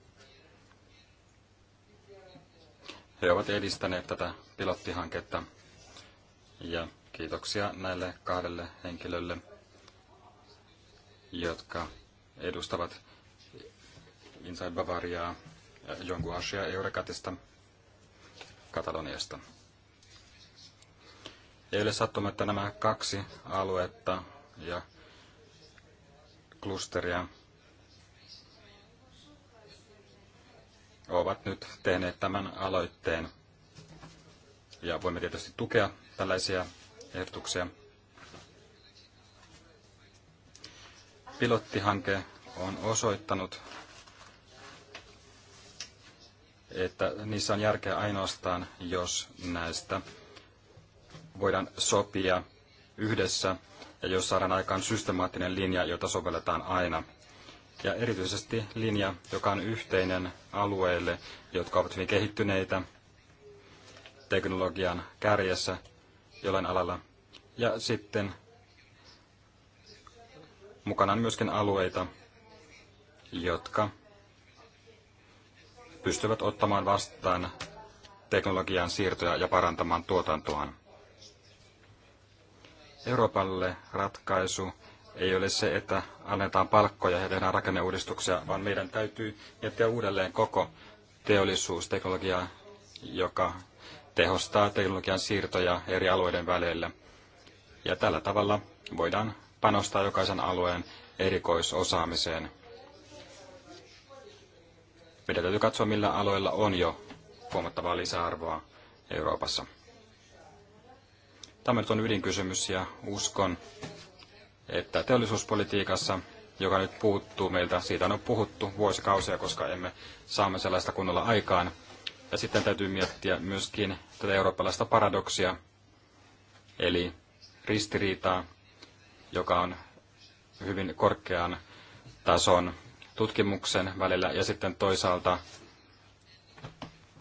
He ovat edistäneet tätä pilottihanketta ja kiitoksia näille kahdelle henkilölle jotka edustavat Inside Bavariaa, jonkun asia Eurekatista, Kataloniasta. Ei ole sattuma, että nämä kaksi aluetta ja klusteria ovat nyt tehneet tämän aloitteen. Ja voimme tietysti tukea tällaisia ehdotuksia. pilottihanke on osoittanut, että niissä on järkeä ainoastaan, jos näistä voidaan sopia yhdessä ja jos saadaan aikaan systemaattinen linja, jota sovelletaan aina. Ja erityisesti linja, joka on yhteinen alueille, jotka ovat hyvin kehittyneitä teknologian kärjessä jollain alalla. Ja sitten Mukana on myöskin alueita, jotka pystyvät ottamaan vastaan teknologian siirtoja ja parantamaan tuotantoaan. Euroopalle ratkaisu ei ole se, että annetaan palkkoja ja tehdään rakenneuudistuksia, vaan meidän täytyy miettiä uudelleen koko teollisuusteknologiaa, joka tehostaa teknologian siirtoja eri alueiden välillä. Ja tällä tavalla voidaan panostaa jokaisen alueen erikoisosaamiseen. Meidän täytyy katsoa, millä aloilla on jo huomattavaa lisäarvoa Euroopassa. Tämä nyt on ydinkysymys ja uskon, että teollisuuspolitiikassa, joka nyt puuttuu meiltä, siitä on puhuttu vuosikausia, koska emme saamme sellaista kunnolla aikaan. Ja sitten täytyy miettiä myöskin tätä eurooppalaista paradoksia, eli ristiriitaa joka on hyvin korkean tason tutkimuksen välillä ja sitten toisaalta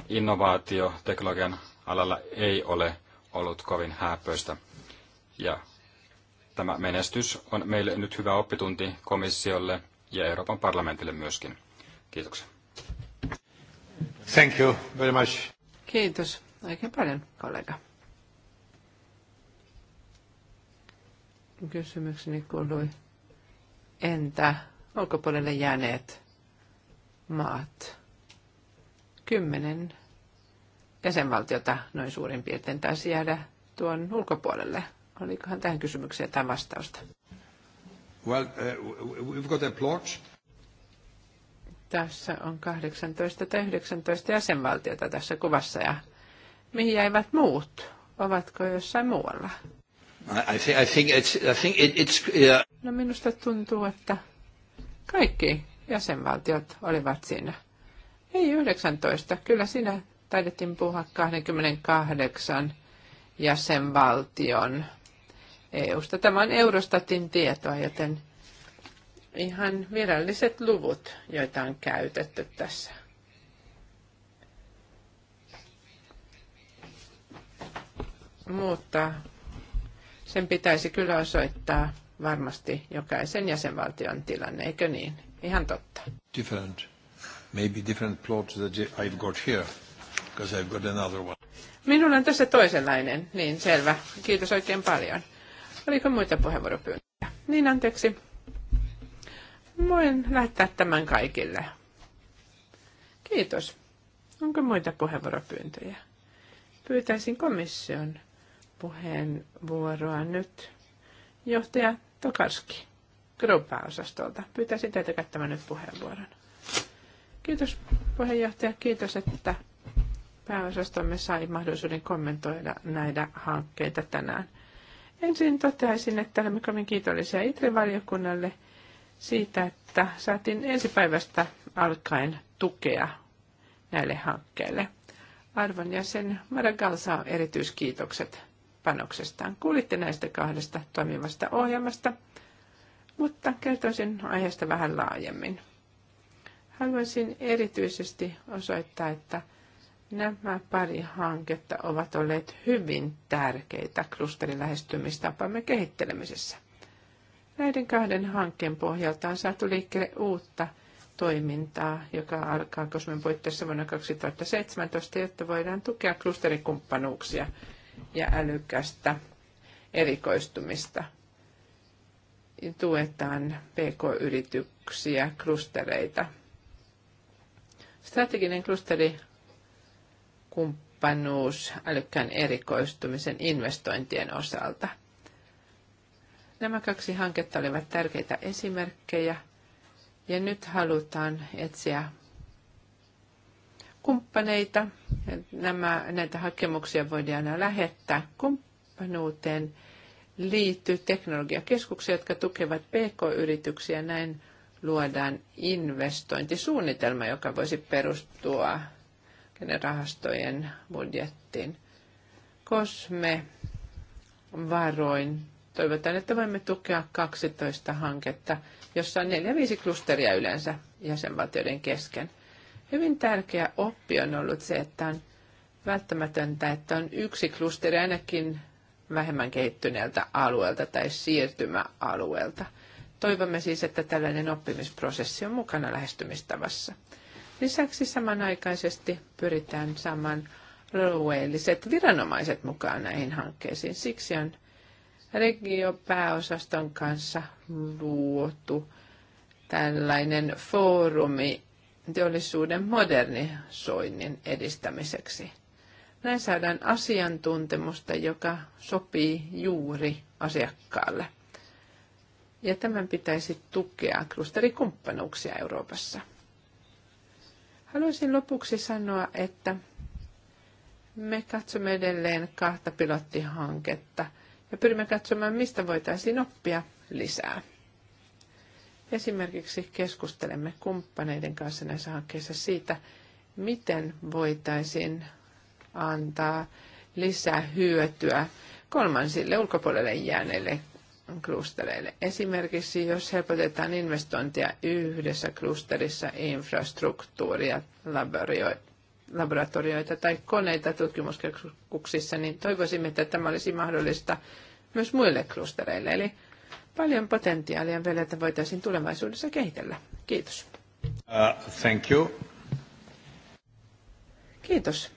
innovaatio teknologian alalla ei ole ollut kovin hääpöistä. Ja tämä menestys on meille nyt hyvä oppitunti komissiolle ja Euroopan parlamentille myöskin. Kiitoksia. Thank you very much. Kiitos oikein paljon, kollega. kysymykseni kuului, entä ulkopuolelle jääneet maat? Kymmenen jäsenvaltiota noin suurin piirtein taisi jäädä tuon ulkopuolelle. Olikohan tähän kysymykseen jotain vastausta? Well, uh, we've got a plot. Tässä on 18 tai 19 jäsenvaltiota tässä kuvassa ja mihin jäivät muut? Ovatko jossain muualla? No minusta tuntuu, että kaikki jäsenvaltiot olivat siinä. Ei 19, kyllä siinä taidettiin puhua 28 jäsenvaltion EUsta. Tämä on Eurostatin tietoa, joten ihan viralliset luvut, joita on käytetty tässä. Mutta sen pitäisi kyllä osoittaa varmasti jokaisen jäsenvaltion tilanne, eikö niin? Ihan totta. Different. Maybe different plot that I've got here, because I've got another one. Minulla on tässä toisenlainen, niin selvä. Kiitos oikein paljon. Oliko muita puheenvuoropyyntöjä? Niin, anteeksi. Voin lähettää tämän kaikille. Kiitos. Onko muita puheenvuoropyyntöjä? Pyytäisin komission puheenvuoroa nyt johtaja Tokarski Gruppa-osastolta. Pyytäisin teitä käyttämään nyt puheenvuoron. Kiitos puheenjohtaja, kiitos, että pääosastomme sai mahdollisuuden kommentoida näitä hankkeita tänään. Ensin toteaisin, että olemme kovin kiitollisia ITRE-valiokunnalle siitä, että saatiin ensipäivästä alkaen tukea näille hankkeille. Arvon jäsen Maragall erityiskiitokset panoksestaan. Kuulitte näistä kahdesta toimivasta ohjelmasta, mutta kertoisin aiheesta vähän laajemmin. Haluaisin erityisesti osoittaa, että nämä pari hanketta ovat olleet hyvin tärkeitä klusterin lähestymistapamme kehittelemisessä. Näiden kahden hankkeen pohjalta on saatu liikkeelle uutta toimintaa, joka alkaa Kosmen puitteissa vuonna 2017, jotta voidaan tukea klusterikumppanuuksia – ja älykästä erikoistumista. Tuetaan pk-yrityksiä, klustereita. Strateginen klusteri kumppanuus älykkään erikoistumisen investointien osalta. Nämä kaksi hanketta olivat tärkeitä esimerkkejä ja nyt halutaan etsiä kumppaneita. Nämä, näitä hakemuksia voidaan aina lähettää kumppanuuteen liittyy teknologiakeskuksia, jotka tukevat pk-yrityksiä. Näin luodaan investointisuunnitelma, joka voisi perustua rahastojen budjettiin. Kosme varoin toivotaan, että voimme tukea 12 hanketta, jossa on 4-5 klusteria yleensä jäsenvaltioiden kesken – Hyvin tärkeä oppi on ollut se, että on välttämätöntä, että on yksi klusteri ainakin vähemmän kehittyneeltä alueelta tai siirtymäalueelta. Toivomme siis, että tällainen oppimisprosessi on mukana lähestymistavassa. Lisäksi samanaikaisesti pyritään saamaan alueelliset viranomaiset mukaan näihin hankkeisiin. Siksi on regiopääosaston kanssa luotu tällainen foorumi, teollisuuden modernisoinnin edistämiseksi. Näin saadaan asiantuntemusta, joka sopii juuri asiakkaalle. Ja tämän pitäisi tukea klusterikumppanuuksia Euroopassa. Haluaisin lopuksi sanoa, että me katsomme edelleen kahta pilottihanketta ja pyrimme katsomaan, mistä voitaisiin oppia lisää. Esimerkiksi keskustelemme kumppaneiden kanssa näissä hankkeissa siitä, miten voitaisiin antaa lisää hyötyä kolmansille ulkopuolelle jääneille klustereille. Esimerkiksi jos helpotetaan investointia yhdessä klusterissa infrastruktuuria, laboratorioita tai koneita tutkimuskeskuksissa, niin toivoisimme, että tämä olisi mahdollista myös muille klustereille. Eli paljon potentiaalia vielä, että voitaisiin tulevaisuudessa kehitellä. Kiitos. Uh, thank you. Kiitos.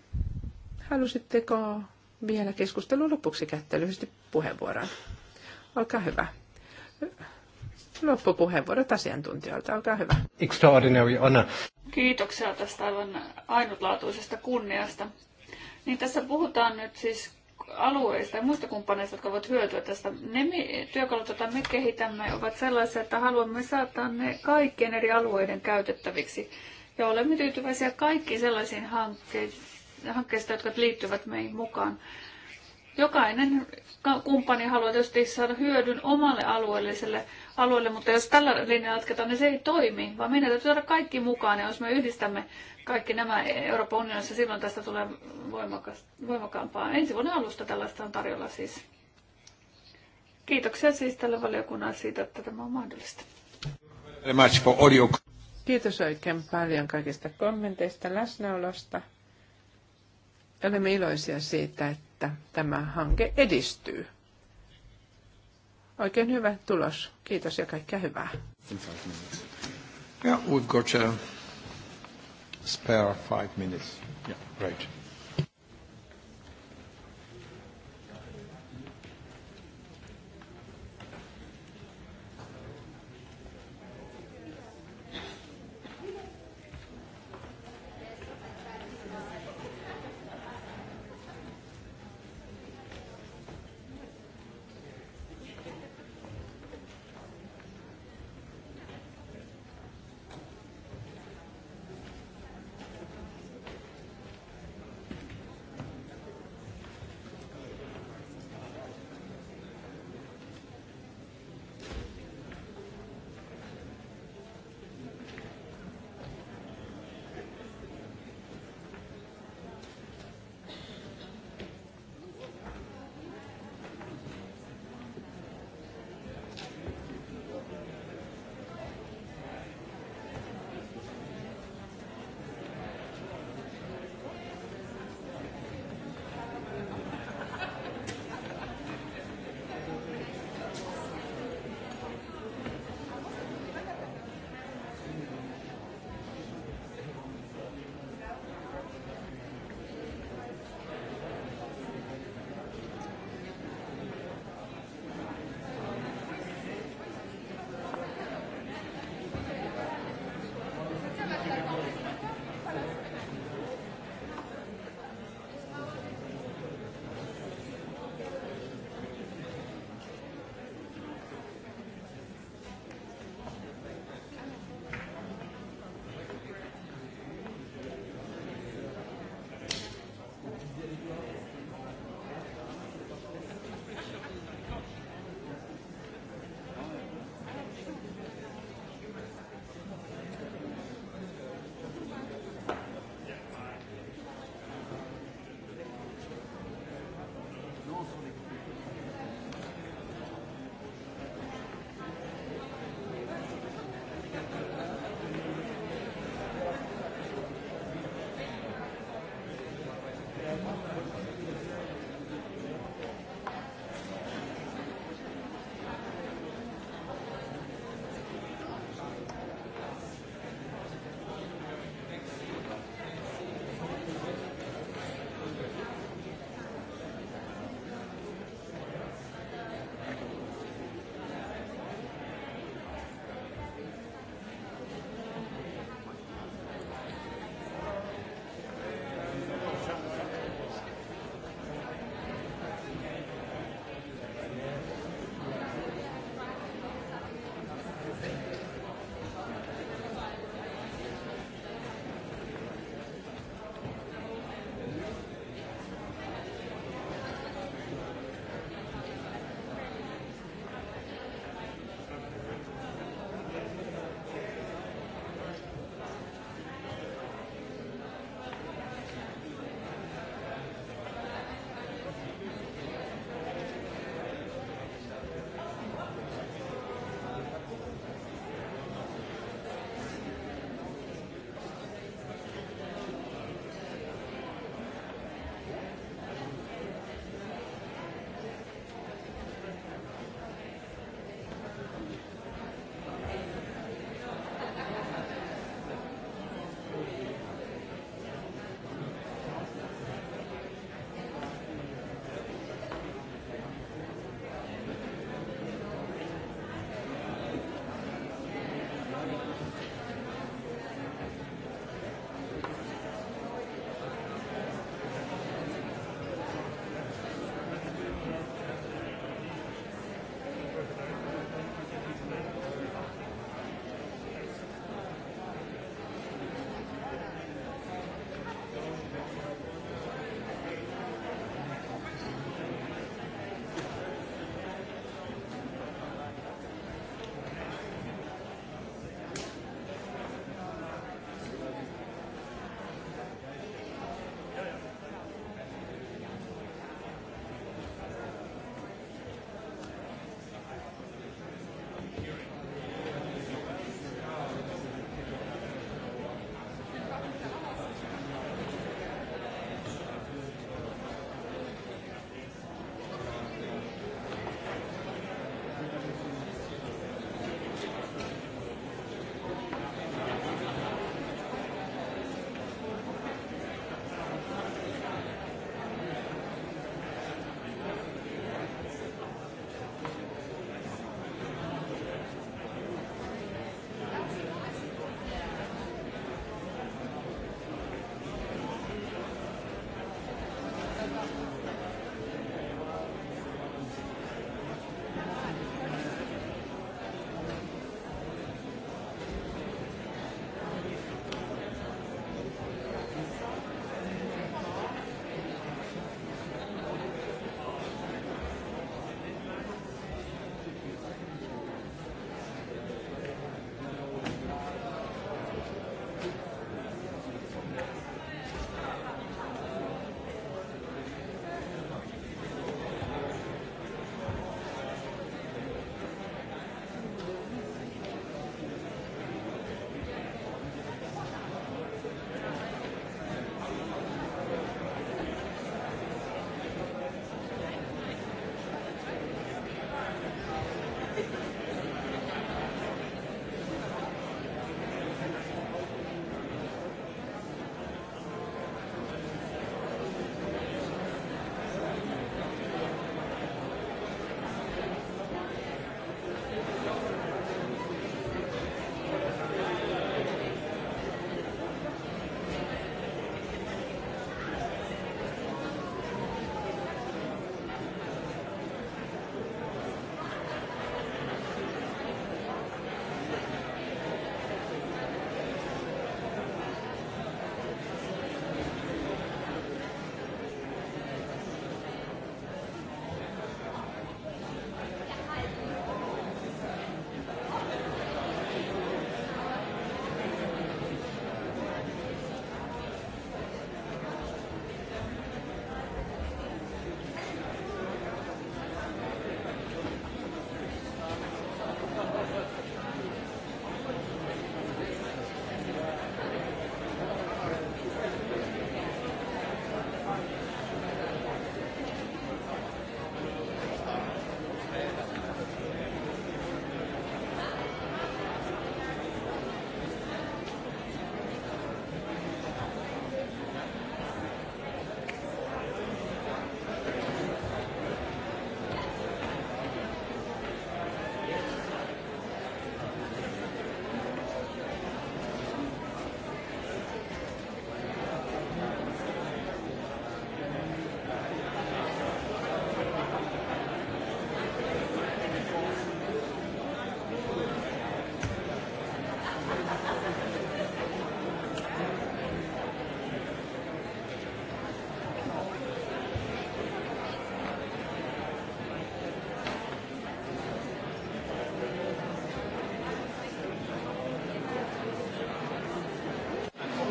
Halusitteko vielä keskustelun lopuksi käyttää lyhyesti puheenvuoron? Olkaa hyvä. Loppupuheenvuorot asiantuntijoilta, olkaa hyvä. Extraordinary honor. Kiitoksia tästä aivan ainutlaatuisesta kunniasta. Niin tässä puhutaan nyt siis alueista ja muista kumppaneista, jotka voivat hyötyä tästä. Ne työkalut, joita me kehitämme, ovat sellaisia, että haluamme saattaa ne kaikkien eri alueiden käytettäviksi. Ja olemme tyytyväisiä kaikkiin sellaisiin hankkeista, jotka liittyvät meihin mukaan. Jokainen kumppani haluaa tietysti saada hyödyn omalle alueelliselle alueelle, mutta jos tällä linjalla jatketaan, niin se ei toimi, vaan meidän täytyy saada kaikki mukaan. Ja jos me yhdistämme kaikki nämä Euroopan unionissa, silloin tästä tulee voimakkaampaa. Ensi vuoden alusta tällaista on tarjolla siis. Kiitoksia siis tälle valiokunnalle siitä, että tämä on mahdollista. Kiitos oikein paljon kaikista kommenteista, läsnäolosta. Olemme iloisia siitä, että tämä hanke edistyy. Oikein hyvä tulos. Kiitos ja kaikkea hyvää. Yeah, we've got a uh, spare five minutes. Yeah, right.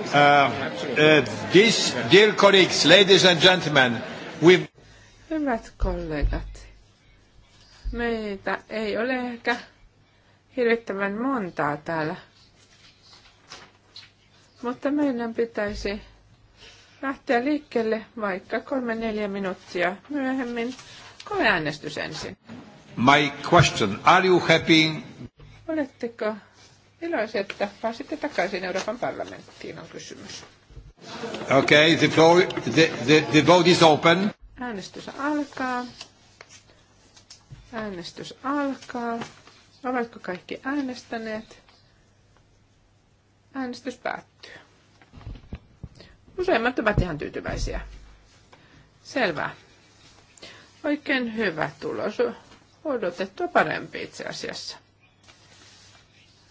Uh, uh, this, dear colleagues, ladies and gentlemen, Hyvät kollegat, meitä ei ole ehkä hirvittävän montaa täällä, mutta meidän pitäisi lähteä liikkeelle vaikka kolme neljä minuuttia myöhemmin. Koe äänestys ensin. My question, are you happy? Oletteko iloisia, että pääsitte takaisin Euroopan parlamenttiin on kysymys. Okay, the, floor, the, the, the vote is open. Äänestys alkaa. Äänestys alkaa. Ovatko kaikki äänestäneet? Äänestys päättyy. Useimmat ovat ihan tyytyväisiä. Selvä. Oikein hyvä tulos. Odotettua parempi itse asiassa.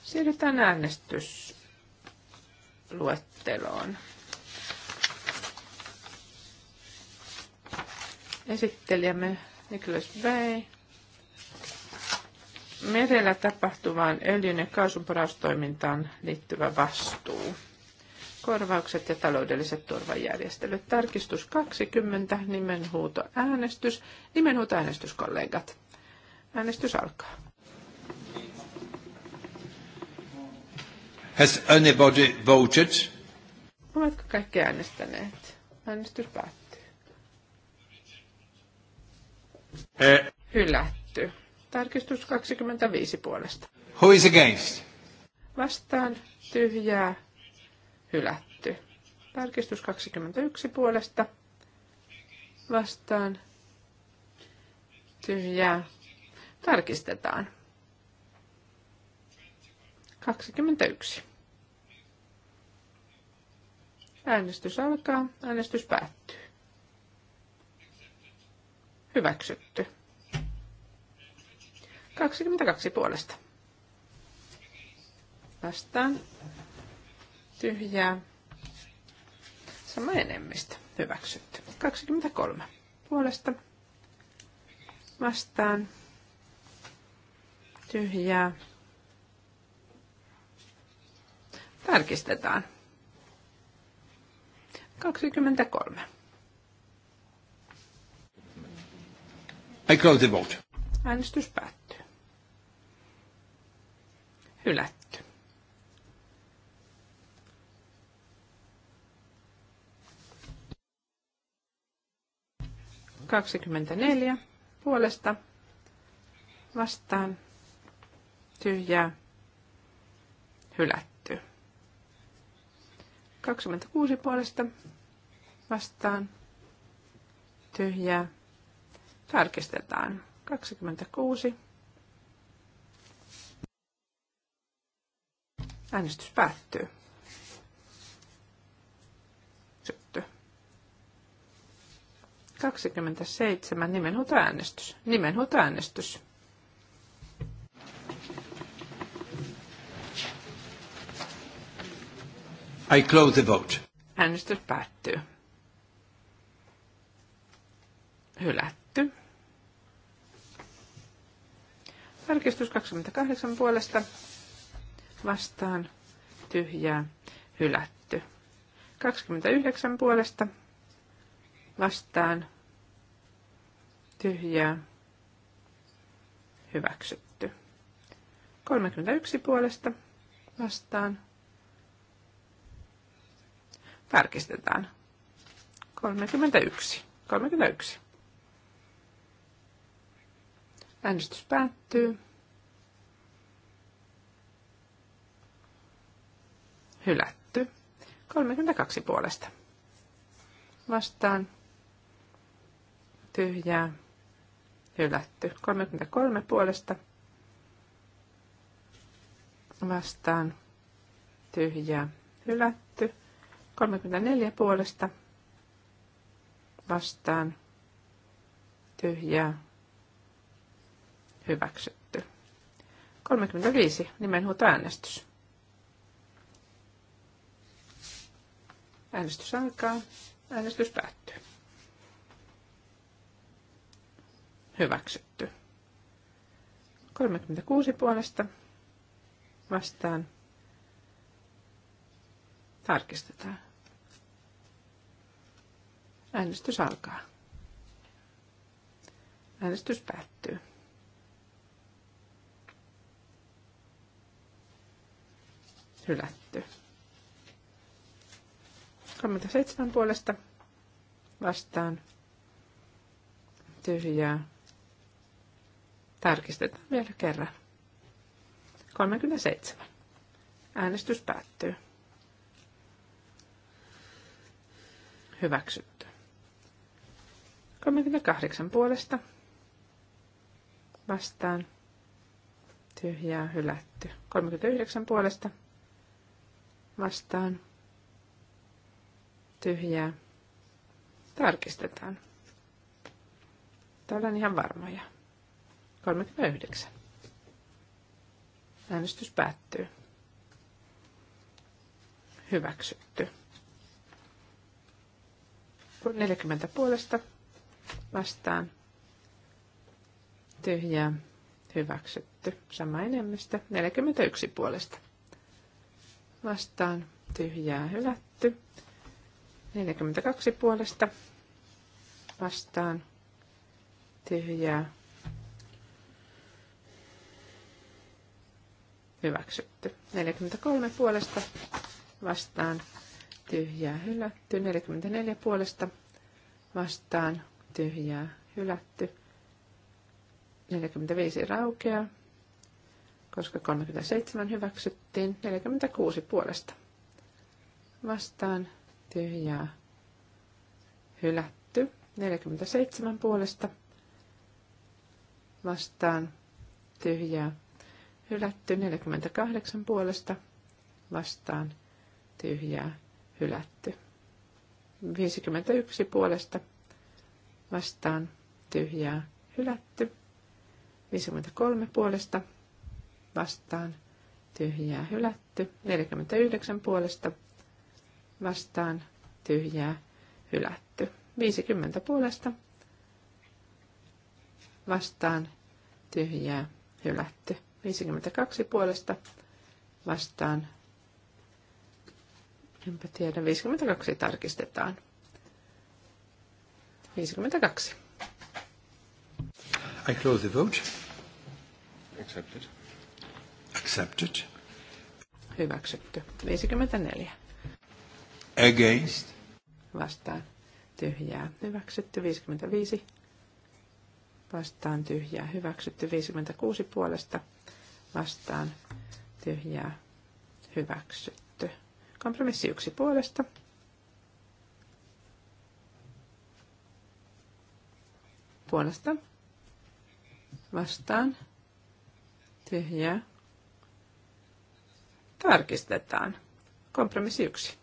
Siirrytään äänestysluetteloon. Esittelijämme Nicholas Bay. Merellä tapahtuvaan öljyn ja kaasun liittyvä vastuu. Korvaukset ja taloudelliset turvajärjestelyt. Tarkistus 20, nimenhuutoäänestys. Nimenhuutoäänestys, kollegat. Äänestys alkaa. Has anybody voted? Ovatko kaikki äänestäneet? Äänestys päättyy. Eh. Hylätty. Tarkistus 25 puolesta. Who is against? Vastaan tyhjää. Hylätty. Tarkistus 21 puolesta. Vastaan tyhjää. Tarkistetaan. 21. Äänestys alkaa. Äänestys päättyy. Hyväksytty. 22 puolesta. Vastaan. Tyhjää. Sama enemmistö. Hyväksytty. 23 puolesta. Vastaan. Tyhjää. Tarkistetaan. 23. I close the vote. Äänestys päättyy. Hylätty. Kaksikymmentäneljä puolesta vastaan tyhjää hylätty. 26 puolesta vastaan tyhjää. Tarkistetaan. 26. Äänestys päättyy. Sytty. 27. Nimenhuutoäänestys. Nimenhuutoäänestys. I close the vote. Äänestys päättyy. Hylätty. Tarkistus 28 puolesta vastaan tyhjää hylätty. 29 puolesta vastaan tyhjää hyväksytty. 31 puolesta vastaan Tarkistetaan. 31. 31. Äänestys päättyy. Hylätty. 32 puolesta. Vastaan. Tyhjää. Hylätty. 33 puolesta. Vastaan. Tyhjää. Hylätty. 34 puolesta vastaan tyhjää hyväksytty. 35 äänestys. Äänestys alkaa. Äänestys päättyy. Hyväksytty. 36 puolesta vastaan. Tarkistetaan. Äänestys alkaa. Äänestys päättyy. Hylätty. 37 puolesta vastaan tyhjää. Tarkistetaan vielä kerran. 37. Äänestys päättyy. Hyväksytty. 38 puolesta vastaan tyhjää hylätty. 39 puolesta vastaan tyhjää tarkistetaan. Täällä on ihan varmoja. 39. Äänestys päättyy. Hyväksytty. 40 puolesta vastaan tyhjää hyväksytty. Sama enemmistö 41 puolesta vastaan tyhjää hylätty. 42 puolesta vastaan tyhjää hyväksytty. 43 puolesta vastaan tyhjää hylätty. 44 puolesta vastaan tyhjää hylätty. 45 raukeaa, koska 37 hyväksyttiin. 46 puolesta vastaan tyhjää hylätty. 47 puolesta vastaan tyhjää hylätty. 48 puolesta vastaan tyhjää hylätty. 51 puolesta vastaan tyhjää hylätty. 53 puolesta vastaan tyhjää hylätty. 49 puolesta vastaan tyhjää hylätty. 50 puolesta vastaan tyhjää hylätty. 52 puolesta vastaan. Enpä tiedä, 52 tarkistetaan. 52. I close the vote. Accepted. Accepted. Hyväksytty. 54. Against. Vastaan. Tyhjää. Hyväksytty. 55. Vastaan tyhjää. Hyväksytty. 56 puolesta. Vastaan tyhjää. Hyväksytty. Kompromissi yksi puolesta puolesta vastaan tyhjää tarkistetaan. Kompromissi yksi.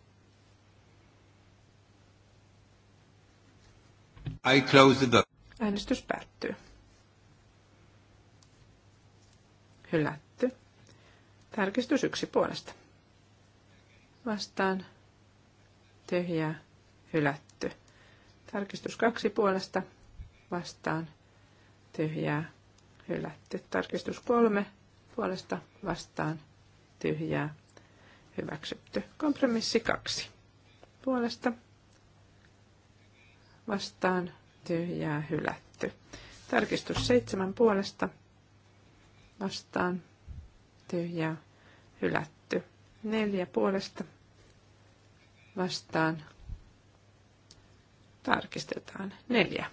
I close the door. Äänestys päättyy. Hylätty. Tarkistus yksi puolesta. Vastaan. Tyhjää. Hylätty. Tarkistus kaksi puolesta vastaan tyhjää hylätty. Tarkistus kolme puolesta vastaan tyhjää hyväksytty. Kompromissi kaksi puolesta vastaan tyhjää hylätty. Tarkistus seitsemän puolesta vastaan tyhjää hylätty. Neljä puolesta vastaan tarkistetaan neljä.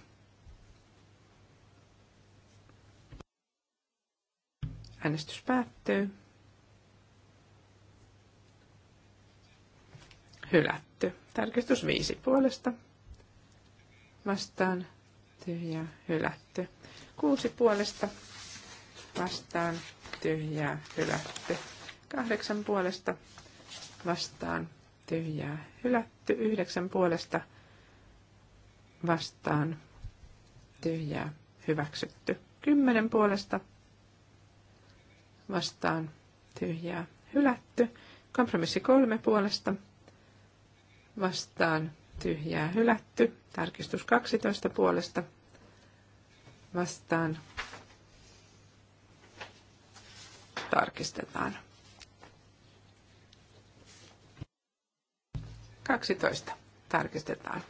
Äänestys päättyy. Hylätty. Tarkistus viisi puolesta. Vastaan tyhjää hylätty. Kuusi puolesta. Vastaan tyhjää hylätty. Kahdeksan puolesta. Vastaan tyhjää hylätty. Yhdeksän puolesta. Vastaan tyhjää hyväksytty. Kymmenen puolesta vastaan tyhjää hylätty. Kompromissi kolme puolesta vastaan tyhjää hylätty. Tarkistus 12 puolesta vastaan tarkistetaan. 12 tarkistetaan.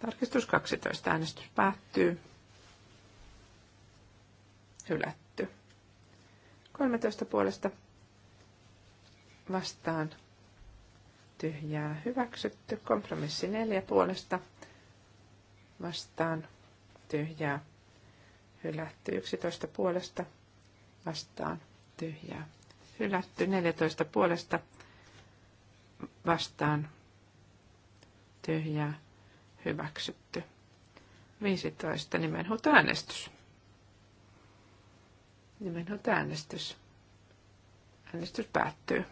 Tarkistus 12. Äänestys päättyy. Hylätty. 13 puolesta vastaan tyhjää hyväksytty. Kompromissi 4 puolesta vastaan tyhjää hylätty. 11 puolesta vastaan tyhjää hylätty. 14 puolesta vastaan tyhjää hyväksytty. 15 nimenhuutoäänestys. äänestys. Nimenhuolto äänestys. Äänestys päättyy.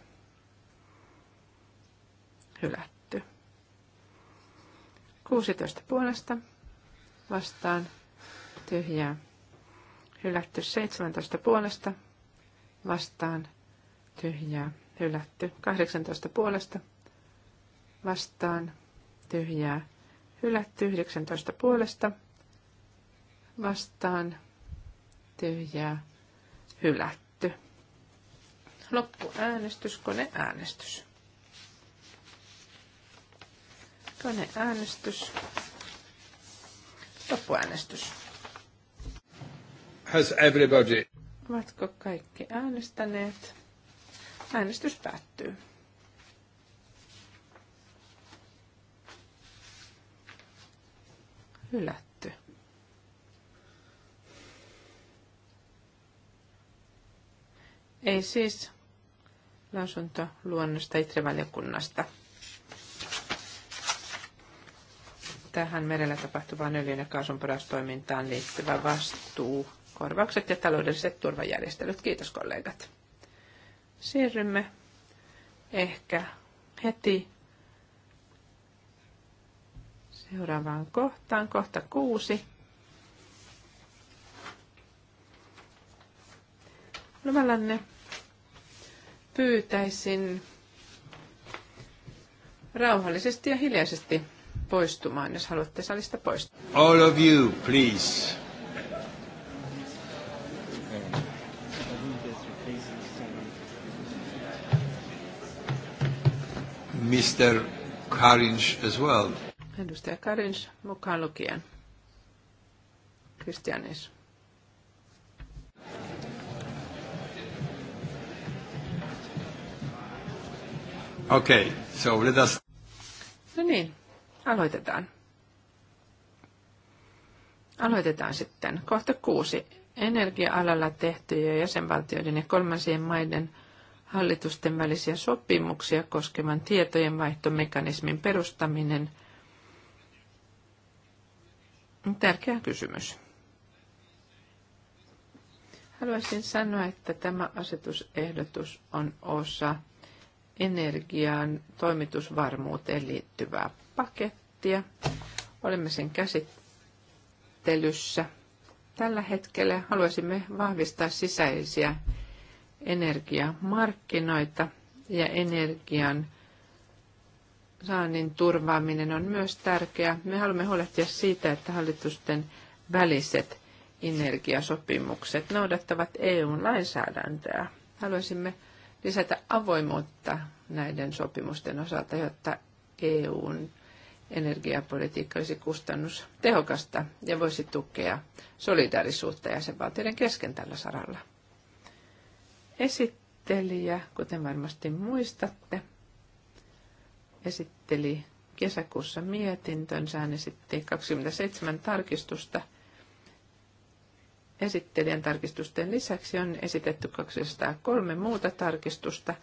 Hylätty. 16 puolesta vastaan tyhjää. Hylätty 17 puolesta vastaan tyhjää. Hylätty 18 puolesta vastaan tyhjää. Hylätty 19 puolesta vastaan tyhjää hylätty. Kone äänestys. Loppu Loppuäänestys. Has everybody? Ovatko kaikki äänestäneet? Äänestys päättyy. Hylätty. Ei siis lausuntoluonnosta itsevaliokunnasta tähän merellä tapahtuvaan öljyn ja kaasun porastoimintaan liittyvä vastuu, korvaukset ja taloudelliset turvajärjestelyt. Kiitos kollegat. Siirrymme ehkä heti seuraavaan kohtaan, kohta kuusi. Luvallanne pyytäisin rauhallisesti ja hiljaisesti poistumaan, jos haluatte salista poistua. All of you, please. Mr. Karinch as well. Edustaja Karinch mukaan lukien. Kristianis. Okei, okay, so let us... No niin, aloitetaan. Aloitetaan sitten. Kohta kuusi. Energia-alalla tehtyjä jäsenvaltioiden ja kolmansien maiden hallitusten välisiä sopimuksia koskevan tietojenvaihtomekanismin perustaminen. Tärkeä kysymys. Haluaisin sanoa, että tämä asetusehdotus on osa energiaan toimitusvarmuuteen liittyvää pakettia. Olemme sen käsittelyssä tällä hetkellä. Haluaisimme vahvistaa sisäisiä energiamarkkinoita ja energian saannin turvaaminen on myös tärkeää. Me haluamme huolehtia siitä, että hallitusten väliset energiasopimukset noudattavat EUn lainsäädäntöä. Haluaisimme lisätä avoimuutta näiden sopimusten osalta, jotta EUn energiapolitiikka olisi kustannustehokasta ja voisi tukea solidaarisuutta jäsenvaltioiden kesken tällä saralla. Esittelijä, kuten varmasti muistatte, esitteli kesäkuussa mietintönsä, hän esitti 27 tarkistusta – esittelijän tarkistusten lisäksi on esitetty 203 muuta tarkistusta.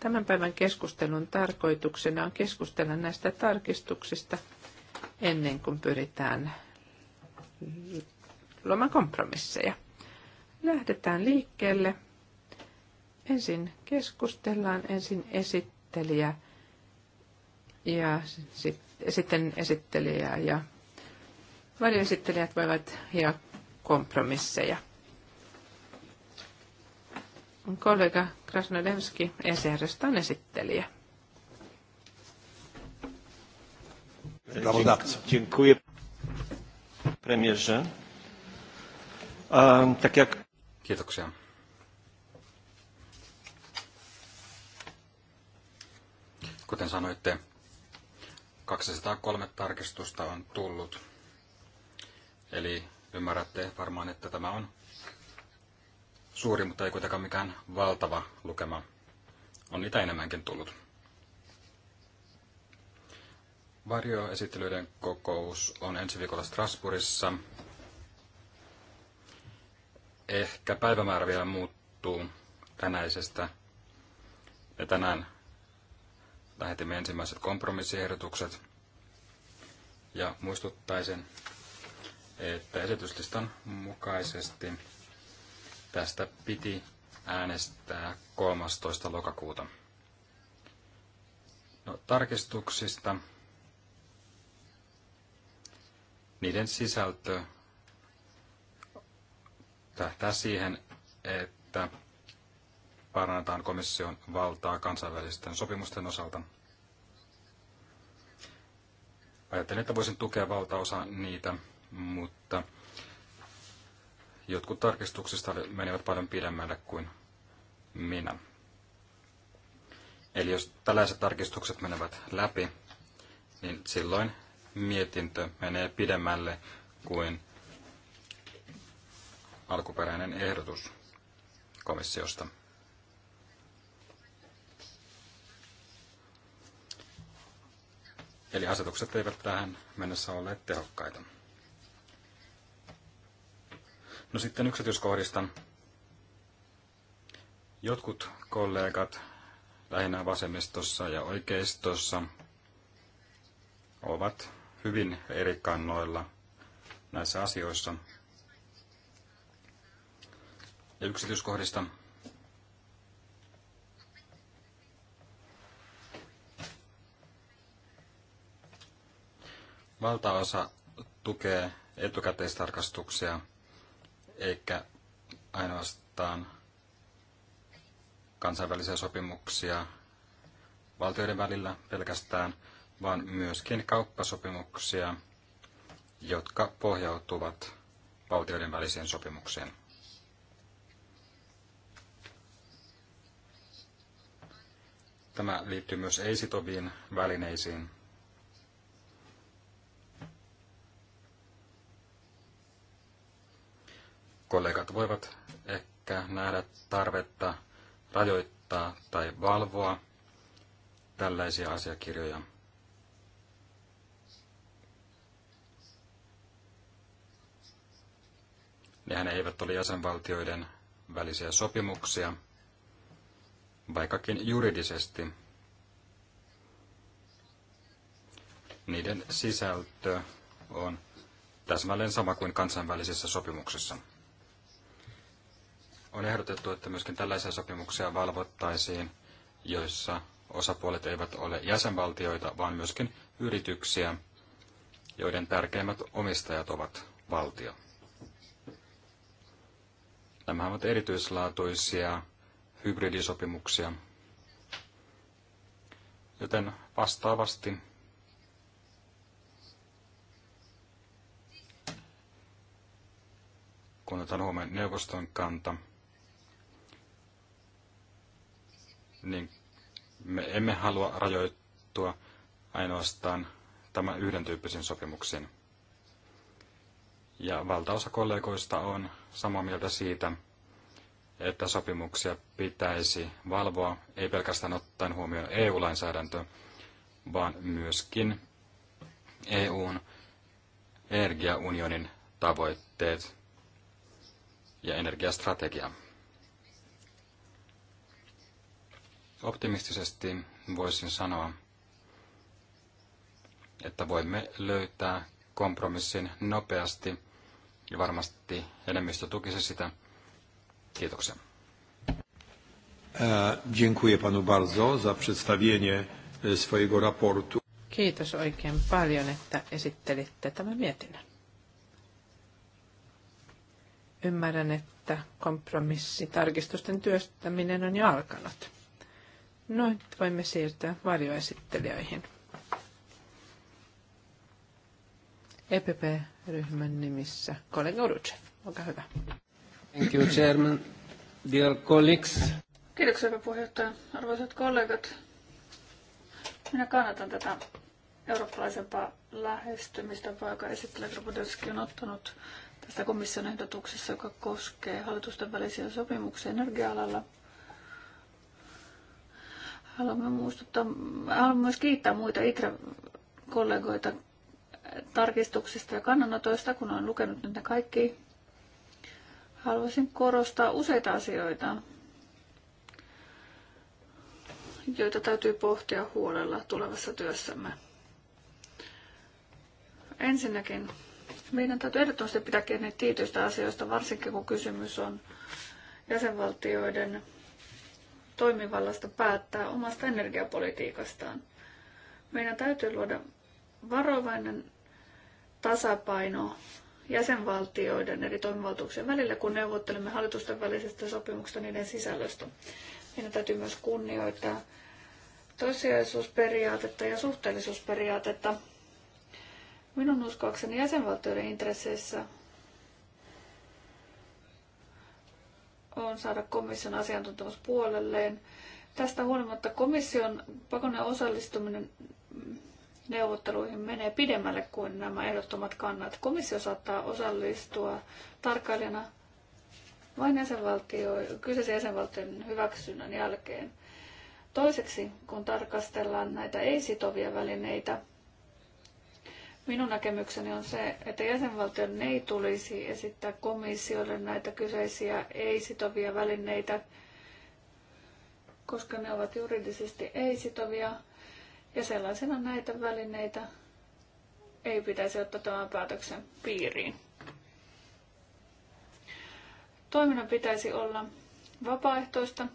Tämän päivän keskustelun tarkoituksena on keskustella näistä tarkistuksista ennen kuin pyritään luomaan kompromisseja. Lähdetään liikkeelle. Ensin keskustellaan, ensin esittelijä ja sitten esittelijä ja varjoesittelijät voivat ja kompromisseja. Kollega Krasnodemski ECRstä on esittelijä. Dziękuję premierze. Tak jak... Kiitoksia. Kuten sanoitte, 203 tarkistusta on tullut. Eli Ymmärrätte varmaan, että tämä on suuri, mutta ei kuitenkaan mikään valtava lukema. On niitä enemmänkin tullut. Varjoesittelyiden kokous on ensi viikolla Strasbourgissa. Ehkä päivämäärä vielä muuttuu tänäisestä. Ja tänään lähetimme ensimmäiset kompromissiehdotukset. Ja muistuttaisin, että esityslistan mukaisesti tästä piti äänestää 13. lokakuuta. No, tarkistuksista. Niiden sisältö tähtää siihen, että parannetaan komission valtaa kansainvälisten sopimusten osalta. Ajattelin, että voisin tukea valtaosa niitä mutta jotkut tarkistuksista menivät paljon pidemmälle kuin minä. Eli jos tällaiset tarkistukset menevät läpi, niin silloin mietintö menee pidemmälle kuin alkuperäinen ehdotus komissiosta. Eli asetukset eivät tähän mennessä olleet tehokkaita. No sitten yksityiskohdista. Jotkut kollegat lähinnä vasemmistossa ja oikeistossa ovat hyvin eri kannoilla näissä asioissa. Ja yksityiskohdista valtaosa tukee etukäteistarkastuksia – eikä ainoastaan kansainvälisiä sopimuksia valtioiden välillä pelkästään, vaan myöskin kauppasopimuksia, jotka pohjautuvat valtioiden välisiin sopimuksiin. Tämä liittyy myös ei-sitoviin välineisiin, kollegat voivat ehkä nähdä tarvetta rajoittaa tai valvoa tällaisia asiakirjoja. Nehän eivät ole jäsenvaltioiden välisiä sopimuksia, vaikkakin juridisesti niiden sisältö on täsmälleen sama kuin kansainvälisissä sopimuksissa on ehdotettu, että myöskin tällaisia sopimuksia valvottaisiin, joissa osapuolet eivät ole jäsenvaltioita, vaan myöskin yrityksiä, joiden tärkeimmät omistajat ovat valtio. Nämä ovat erityislaatuisia hybridisopimuksia, joten vastaavasti kun otetaan huomioon neuvoston kanta, niin me emme halua rajoittua ainoastaan tämän yhden tyyppisiin sopimuksiin. Ja valtaosa kollegoista on samaa mieltä siitä, että sopimuksia pitäisi valvoa, ei pelkästään ottaen huomioon EU-lainsäädäntö, vaan myöskin EUn energiaunionin tavoitteet ja energiastrategia. Optimistisesti voisin sanoa, että voimme löytää kompromissin nopeasti ja varmasti enemmistö tukisi sitä. Kiitoksia. E, dziękuję panu bardzo za przedstawienie e, swojego raportu. Kiitos oikein paljon, että esittelitte tämän mietinnön. Ymmärrän, että kompromissitarkistusten työstäminen on jo alkanut. No, nyt voimme siirtyä varjoesittelijöihin. EPP-ryhmän nimissä kollega Urucev, olkaa hyvä. Thank you, Chairman. Dear colleagues. Kiitoksia, hyvä puheenjohtaja. Arvoisat kollegat, minä kannatan tätä eurooppalaisempaa lähestymistapaa, joka esittelijä Krabudevski on ottanut tästä komission ehdotuksessa, joka koskee hallitusten välisiä sopimuksia energia-alalla – Haluamme, muistuttaa, haluamme myös kiittää muita ITRA-kollegoita tarkistuksista ja kannanotoista, kun olen lukenut niitä kaikki. Haluaisin korostaa useita asioita, joita täytyy pohtia huolella tulevassa työssämme. Ensinnäkin meidän täytyy ehdottomasti pitää kiinni tietyistä asioista, varsinkin kun kysymys on jäsenvaltioiden toimivallasta päättää omasta energiapolitiikastaan. Meidän täytyy luoda varovainen tasapaino jäsenvaltioiden eri toimivaltuuksien välillä, kun neuvottelemme hallitusten välisestä sopimuksesta niiden sisällöstä. Meidän täytyy myös kunnioittaa toissijaisuusperiaatetta ja suhteellisuusperiaatetta. Minun uskoakseni jäsenvaltioiden intresseissä on saada komission asiantuntemus puolelleen. Tästä huolimatta komission pakollinen osallistuminen neuvotteluihin menee pidemmälle kuin nämä ehdottomat kannat. Komissio saattaa osallistua tarkkailijana vain jäsenvaltio, kyseisen jäsenvaltion hyväksynnän jälkeen. Toiseksi, kun tarkastellaan näitä ei-sitovia välineitä, Minun näkemykseni on se, että jäsenvaltion ei tulisi esittää komissiolle näitä kyseisiä ei-sitovia välineitä, koska ne ovat juridisesti ei-sitovia ja sellaisena näitä välineitä ei pitäisi ottaa tämän päätöksen piiriin. Toiminnan pitäisi olla vapaaehtoista.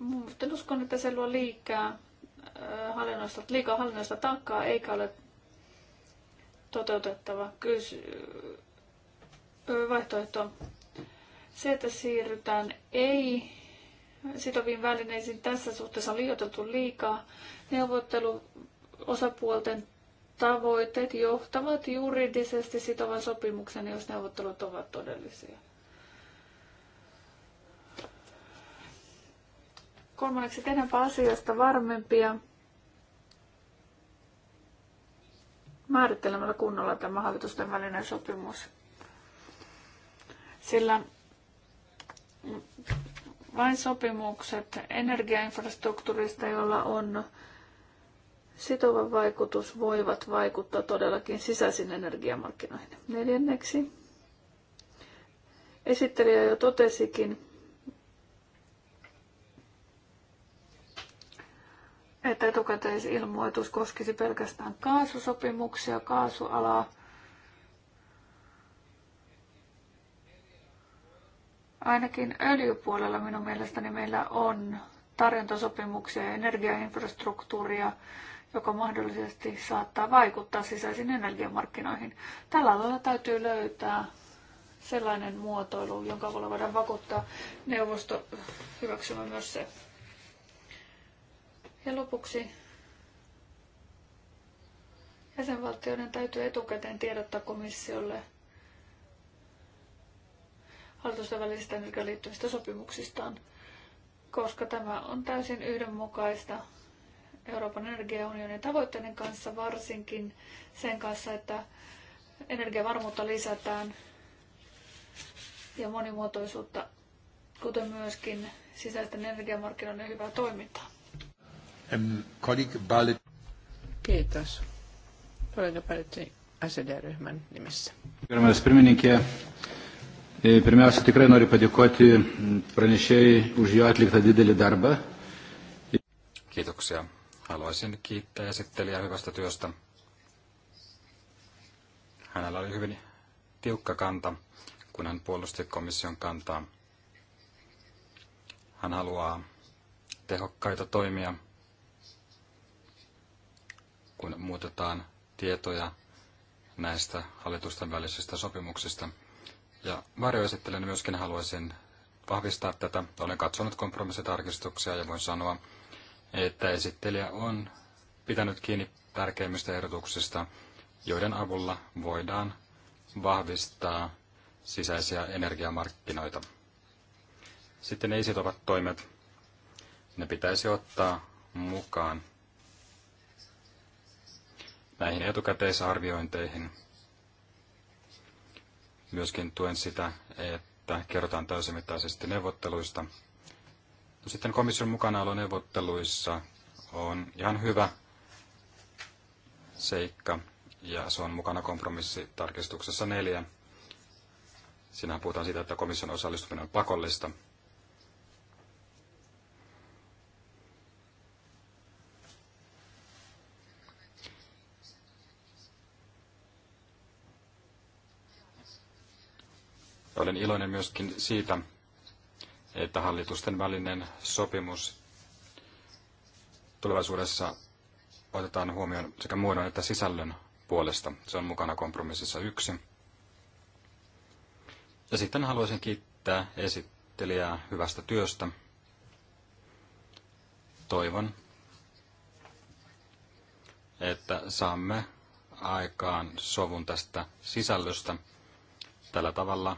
Muuten uskon, että se luo liikaa Äh, hallinnoista, liikaa hallinnoista tankkaa eikä ole toteutettava kysy- vaihtoehto. Se, että siirrytään ei sitoviin välineisiin tässä suhteessa on liioiteltu liikaa. Neuvotteluosapuolten tavoitteet johtavat juridisesti sitovan sopimuksen, jos neuvottelut ovat todellisia. Kolmanneksi tehdäänpä asiasta varmempia määrittelemällä kunnolla tämä hallitusten välinen sopimus. Sillä vain sopimukset energiainfrastruktuurista, jolla on sitova vaikutus, voivat vaikuttaa todellakin sisäisiin energiamarkkinoihin. Neljänneksi, esittelijä jo totesikin, että etukäteisilmoitus koskisi pelkästään kaasusopimuksia, kaasualaa, ainakin öljypuolella minun mielestäni meillä on tarjontasopimuksia ja energiainfrastruktuuria, joka mahdollisesti saattaa vaikuttaa sisäisiin energiamarkkinoihin. Tällä alalla täytyy löytää sellainen muotoilu, jonka voidaan vakuuttaa neuvosto hyväksymään myös se. Ja lopuksi jäsenvaltioiden täytyy etukäteen tiedottaa komissiolle hallitusten välisistä energiaan liittyvistä sopimuksistaan, koska tämä on täysin yhdenmukaista Euroopan energiaunionin tavoitteiden kanssa, varsinkin sen kanssa, että energiavarmuutta lisätään ja monimuotoisuutta, kuten myöskin sisäisten energiamarkkinoiden hyvää toimintaa. Um, Kiitos. Kollega Palitsi SED-ryhmän nimissä. Gerbiamas pirmininkė, e, pirmiausia tikrai noriu padėkoti pranešėjai už jo atliktą didelį darbą. Kiitoksia. Haluaisin kiittää esittelijää hyvästä työstä. Hänellä oli hyvin tiukka kanta, kun hän puolusti komission kantaa. Hän haluaa tehokkaita toimia – kun muutetaan tietoja näistä hallitusten välisistä sopimuksista. Ja varjoesittelijänä myöskin haluaisin vahvistaa tätä. Olen katsonut kompromissitarkistuksia ja voin sanoa, että esittelijä on pitänyt kiinni tärkeimmistä ehdotuksista, joiden avulla voidaan vahvistaa sisäisiä energiamarkkinoita. Sitten ei sitovat toimet. Ne pitäisi ottaa mukaan näihin etukäteisarviointeihin. Myöskin tuen sitä, että kerrotaan täysimittaisesti neuvotteluista. No sitten komission mukanaolo neuvotteluissa on ihan hyvä seikka, ja se on mukana kompromissitarkistuksessa neljä. Siinähän puhutaan siitä, että komission osallistuminen on pakollista – Ja olen iloinen myöskin siitä, että hallitusten välinen sopimus tulevaisuudessa otetaan huomioon sekä muodon että sisällön puolesta. Se on mukana kompromississa yksi. Ja sitten haluaisin kiittää esittelijää hyvästä työstä. Toivon, että saamme aikaan sovun tästä sisällöstä. Tällä tavalla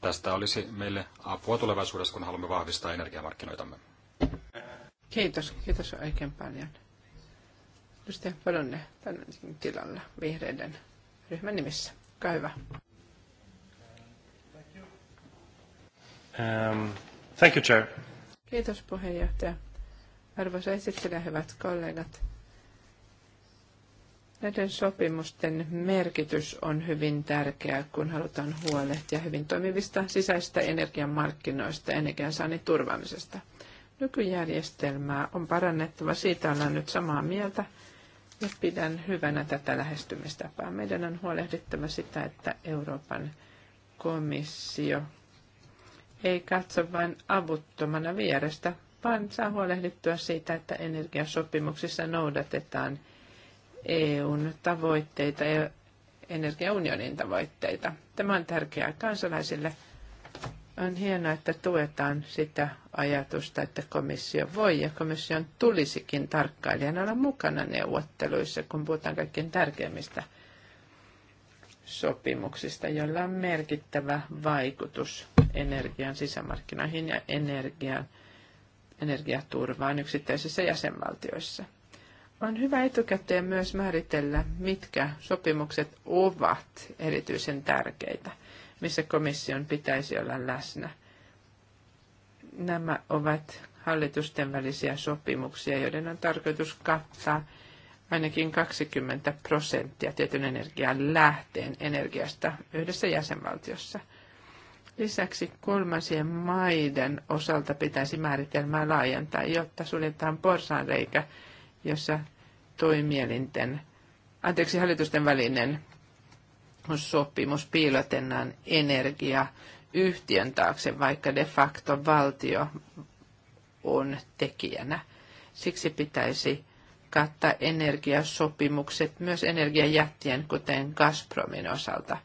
Tästä olisi meille apua tulevaisuudessa, kun haluamme vahvistaa energiamarkkinoitamme. Kiitos, kiitos oikein paljon. Edustaja Pölönne tämän tilalla vihreiden ryhmän nimissä. Olkaa hyvä. Um, thank you, Chair. Kiitos puheenjohtaja. Arvoisa esittelijä, hyvät kollegat. Näiden sopimusten merkitys on hyvin tärkeä, kun halutaan huolehtia hyvin toimivista sisäisistä energiamarkkinoista ja energiansaannin turvaamisesta. Nykyjärjestelmää on parannettava, siitä ollaan nyt samaa mieltä ja pidän hyvänä tätä lähestymistapaa. Meidän on huolehdittava sitä, että Euroopan komissio ei katso vain avuttomana vierestä, vaan saa huolehdittua siitä, että energiasopimuksissa noudatetaan – EUn tavoitteita ja energiaunionin tavoitteita. Tämä on tärkeää kansalaisille. On hienoa, että tuetaan sitä ajatusta, että komissio voi ja komission tulisikin tarkkailijana olla mukana neuvotteluissa, kun puhutaan kaikkein tärkeimmistä sopimuksista, joilla on merkittävä vaikutus energian sisämarkkinoihin ja energian, energiaturvaan yksittäisissä jäsenvaltioissa on hyvä etukäteen myös määritellä, mitkä sopimukset ovat erityisen tärkeitä, missä komission pitäisi olla läsnä. Nämä ovat hallitusten välisiä sopimuksia, joiden on tarkoitus kattaa ainakin 20 prosenttia tietyn energian lähteen energiasta yhdessä jäsenvaltiossa. Lisäksi kolmansien maiden osalta pitäisi määritelmää laajentaa, jotta suljetaan porsaanreikä reikä jossa toimielinten, anteeksi, hallitusten välinen sopimus piilotennan energia yhtiön taakse, vaikka de facto valtio on tekijänä. Siksi pitäisi kattaa energiasopimukset myös energiajättien, kuten Gazpromin osalta,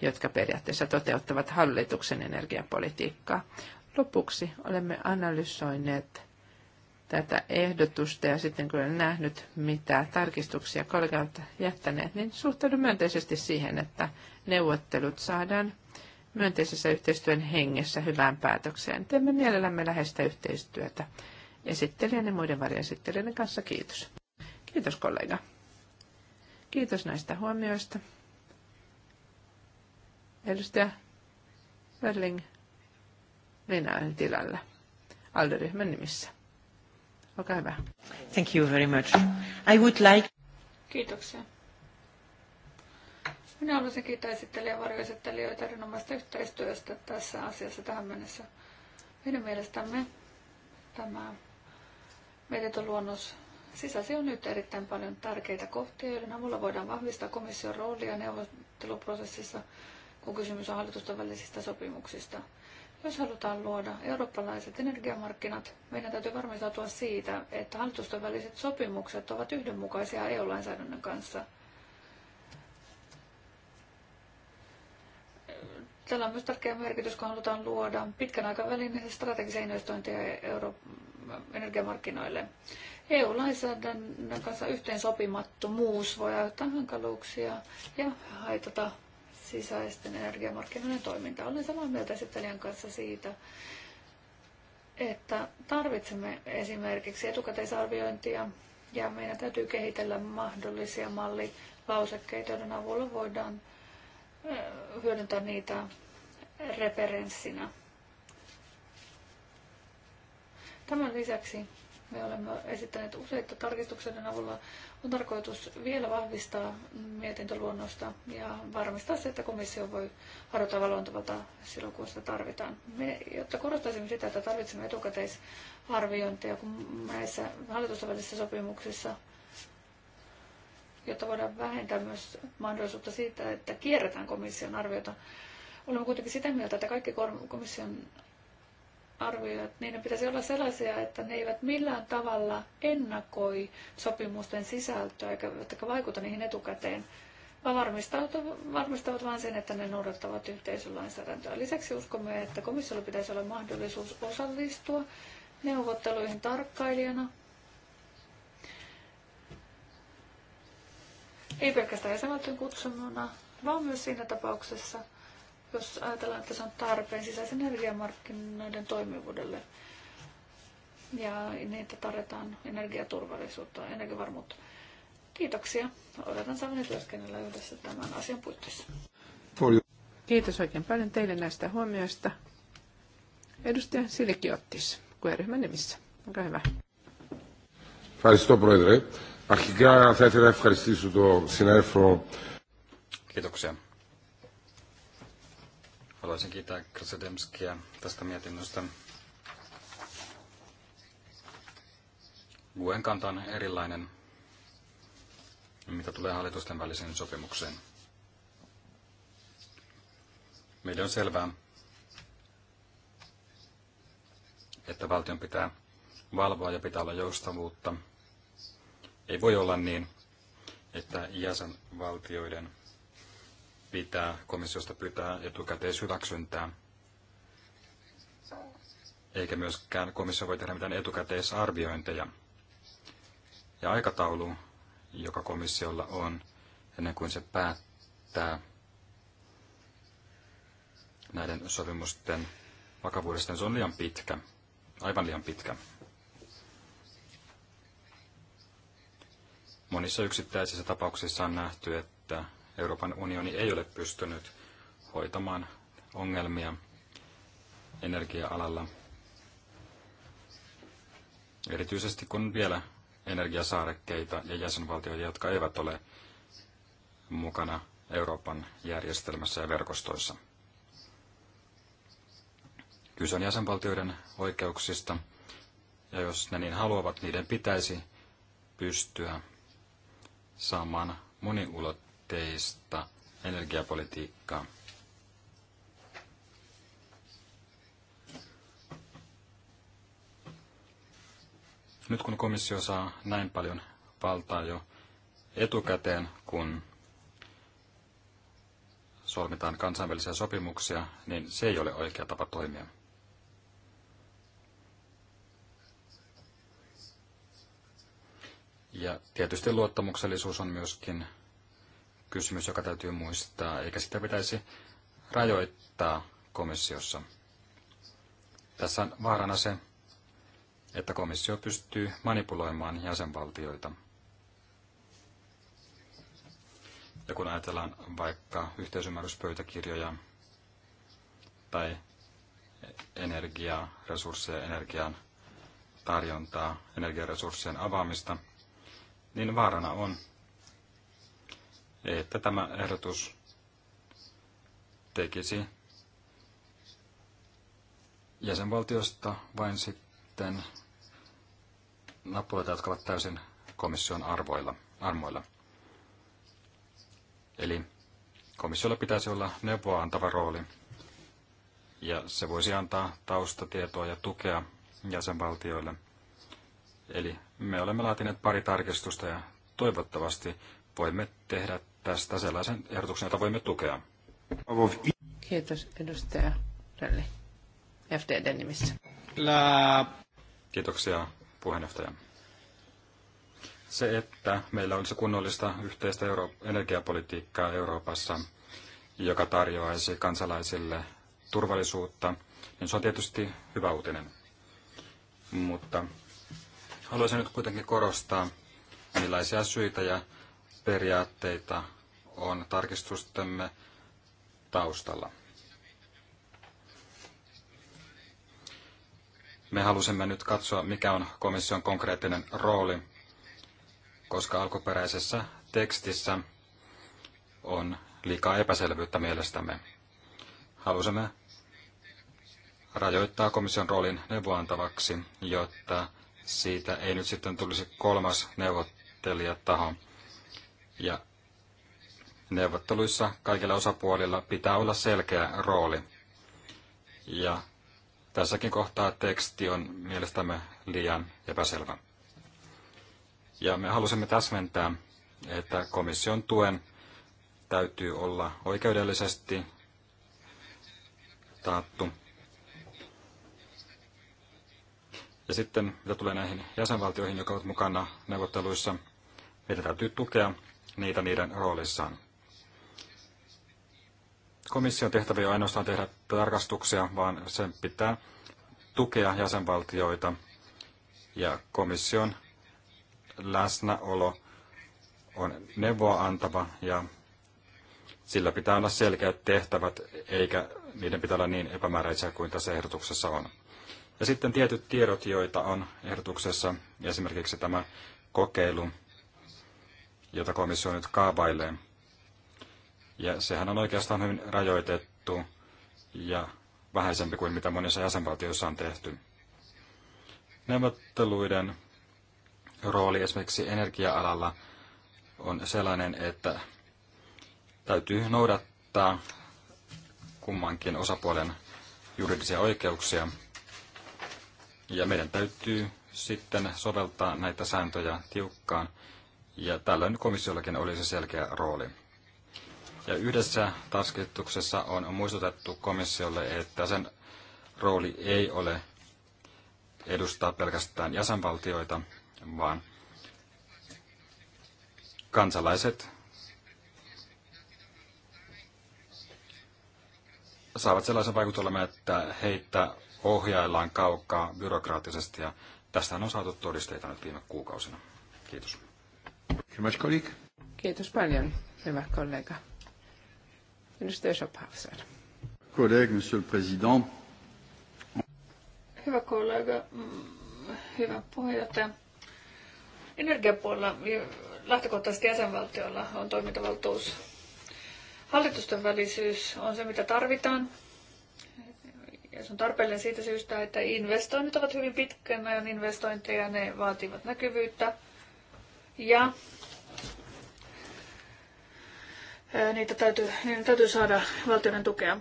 jotka periaatteessa toteuttavat hallituksen energiapolitiikkaa. Lopuksi olemme analysoineet tätä ehdotusta ja sitten kun olen nähnyt, mitä tarkistuksia kollegat jättäneet, niin suhtaudun myönteisesti siihen, että neuvottelut saadaan myönteisessä yhteistyön hengessä hyvään päätökseen. Teemme mielellämme läheistä yhteistyötä esittelijän ja muiden varjoesittelijöiden kanssa. Kiitos. Kiitos kollega. Kiitos näistä huomioista. Edustaja Sörling Linaan tilalla Alderyhmän nimissä. Olkaa hyvä. Thank you very much. I would like... Kiitoksia. Minä haluaisin kiittää esittelijä- ja varjoesittelijöitä erinomaista yhteistyöstä tässä asiassa tähän mennessä. Minun mielestämme tämä luonnos sisäsi on nyt erittäin paljon tärkeitä kohtia, joiden avulla voidaan vahvistaa komission roolia neuvotteluprosessissa, kun kysymys on hallitusten välisistä sopimuksista. Jos halutaan luoda eurooppalaiset energiamarkkinat, meidän täytyy varmistautua siitä, että hallitusten väliset sopimukset ovat yhdenmukaisia EU-lainsäädännön kanssa. Tällä on myös tärkeä merkitys, kun halutaan luoda pitkän aikavälin strategisia investointeja euro- energiamarkkinoille. EU-lainsäädännön kanssa yhteensopimattomuus voi aiheuttaa hankaluuksia ja haitata sisäisten energiamarkkinoiden toiminta. Olen samaa mieltä esittelijän kanssa siitä, että tarvitsemme esimerkiksi etukäteisarviointia ja meidän täytyy kehitellä mahdollisia mallilausekkeita, joiden avulla voidaan hyödyntää niitä referenssinä. Tämän lisäksi me olemme esittäneet useita tarkistuksen avulla, on tarkoitus vielä vahvistaa mietintöluonnosta ja varmistaa se, että komissio voi harjoittaa valvontavalta silloin, kun sitä tarvitaan. Me, jotta korostaisimme sitä, että tarvitsemme etukäteisarviointia kun näissä hallitusten sopimuksissa, jotta voidaan vähentää myös mahdollisuutta siitä, että kierretään komission arviota, olemme kuitenkin sitä mieltä, että kaikki komission että niiden pitäisi olla sellaisia, että ne eivät millään tavalla ennakoi sopimusten sisältöä eikä, eikä vaikuta niihin etukäteen, vaan varmistavat, varmistavat vain sen, että ne noudattavat yhteisölainsäädäntöä. Lisäksi uskomme, että komissiolla pitäisi olla mahdollisuus osallistua neuvotteluihin tarkkailijana. Ei pelkästään jäsenvaltion kutsumana, vaan myös siinä tapauksessa – jos ajatellaan, että se on tarpeen sisäisen energiamarkkinoiden toimivuudelle ja niitä tarjotaan energiaturvallisuutta, energiavarmuutta. Kiitoksia. Odotan saavani työskennellä yhdessä tämän asian puitteissa. Kiitos oikein paljon teille näistä huomioista. Edustaja Silikki Ottis, QE-ryhmän nimissä. Olkaa hyvä. Kiitoksia. Πρόεδρε. Haluaisin kiittää Krasedemskiä tästä mietinnöstä. Luen kanta on erilainen, mitä tulee hallitusten väliseen sopimukseen. Meille on selvää, että valtion pitää valvoa ja pitää olla joustavuutta. Ei voi olla niin, että jäsenvaltioiden pitää komissiosta pyytää etukäteishyväksyntää. Eikä myöskään komissio voi tehdä mitään etukäteisarviointeja. Ja aikataulu, joka komissiolla on, ennen kuin se päättää näiden sopimusten vakavuudesta, se on liian pitkä, aivan liian pitkä. Monissa yksittäisissä tapauksissa on nähty, että Euroopan unioni ei ole pystynyt hoitamaan ongelmia energia-alalla. Erityisesti kun vielä energiasaarekkeita ja jäsenvaltioita, jotka eivät ole mukana Euroopan järjestelmässä ja verkostoissa. Kyse on jäsenvaltioiden oikeuksista, ja jos ne niin haluavat, niiden pitäisi pystyä saamaan moniulot yhteistä energiapolitiikkaa. Nyt kun komissio saa näin paljon valtaa jo etukäteen, kun solmitaan kansainvälisiä sopimuksia, niin se ei ole oikea tapa toimia. Ja tietysti luottamuksellisuus on myöskin kysymys, joka täytyy muistaa, eikä sitä pitäisi rajoittaa komissiossa. Tässä on vaarana se, että komissio pystyy manipuloimaan jäsenvaltioita. Ja kun ajatellaan vaikka yhteisymmärryspöytäkirjoja tai energiaa, resursseja, energian tarjontaa, energiaresurssien avaamista, niin vaarana on, että tämä ehdotus tekisi jäsenvaltiosta vain sitten nappuloita, jotka ovat täysin komission arvoilla, armoilla. Eli komissiolla pitäisi olla neuvoa antava rooli, ja se voisi antaa taustatietoa ja tukea jäsenvaltioille. Eli me olemme laatineet pari tarkistusta ja toivottavasti voimme tehdä tästä sellaisen ehdotuksen, jota voimme tukea. Kiitos edustaja Rölli. FDD nimissä. La... Kiitoksia puheenjohtaja. Se, että meillä olisi kunnollista yhteistä euro- energiapolitiikkaa Euroopassa, joka tarjoaisi kansalaisille turvallisuutta, niin se on tietysti hyvä uutinen. Mutta haluaisin nyt kuitenkin korostaa, millaisia syitä ja periaatteita on tarkistustemme taustalla. Me halusimme nyt katsoa, mikä on komission konkreettinen rooli, koska alkuperäisessä tekstissä on liikaa epäselvyyttä mielestämme. Halusimme rajoittaa komission roolin neuvoantavaksi, jotta siitä ei nyt sitten tulisi kolmas neuvottelijataho, ja neuvotteluissa kaikilla osapuolilla pitää olla selkeä rooli. Ja tässäkin kohtaa teksti on mielestämme liian epäselvä. Ja me halusimme täsmentää, että komission tuen täytyy olla oikeudellisesti taattu. Ja sitten mitä tulee näihin jäsenvaltioihin, jotka ovat mukana neuvotteluissa, meidän täytyy tukea niitä niiden roolissaan. Komission tehtäviä ei ainoastaan tehdä tarkastuksia, vaan sen pitää tukea jäsenvaltioita ja komission läsnäolo on neuvoa antava ja sillä pitää olla selkeät tehtävät, eikä niiden pitää olla niin epämääräisiä kuin tässä ehdotuksessa on. Ja sitten tietyt tiedot, joita on ehdotuksessa, esimerkiksi tämä kokeilu jota komissio nyt kaavailee. Ja sehän on oikeastaan hyvin rajoitettu ja vähäisempi kuin mitä monissa jäsenvaltioissa on tehty. Neuvotteluiden rooli esimerkiksi energia-alalla on sellainen, että täytyy noudattaa kummankin osapuolen juridisia oikeuksia. Ja meidän täytyy sitten soveltaa näitä sääntöjä tiukkaan ja tällöin komissiollakin olisi selkeä rooli. Ja yhdessä tarkistuksessa on muistutettu komissiolle, että sen rooli ei ole edustaa pelkästään jäsenvaltioita, vaan kansalaiset saavat sellaisen vaikutelman, että heitä ohjaillaan kaukaa byrokraattisesti ja tästä on saatu todisteita nyt viime kuukausina. Kiitos. Kiitos paljon, hyvä kollega. Edustaja Schaffhauser. Kollega, monsieur le président. Hyvä kollega, mm, hyvä puheenjohtaja. Energiapuolella niin lähtökohtaisesti jäsenvaltioilla on toimintavaltuus. Hallitusten välisyys on se, mitä tarvitaan. Ja se on tarpeellinen siitä syystä, että investoinnit ovat hyvin pitkän ajan investointeja, ne vaativat näkyvyyttä. Ja Niitä täytyy, niin täytyy saada valtioiden tukea.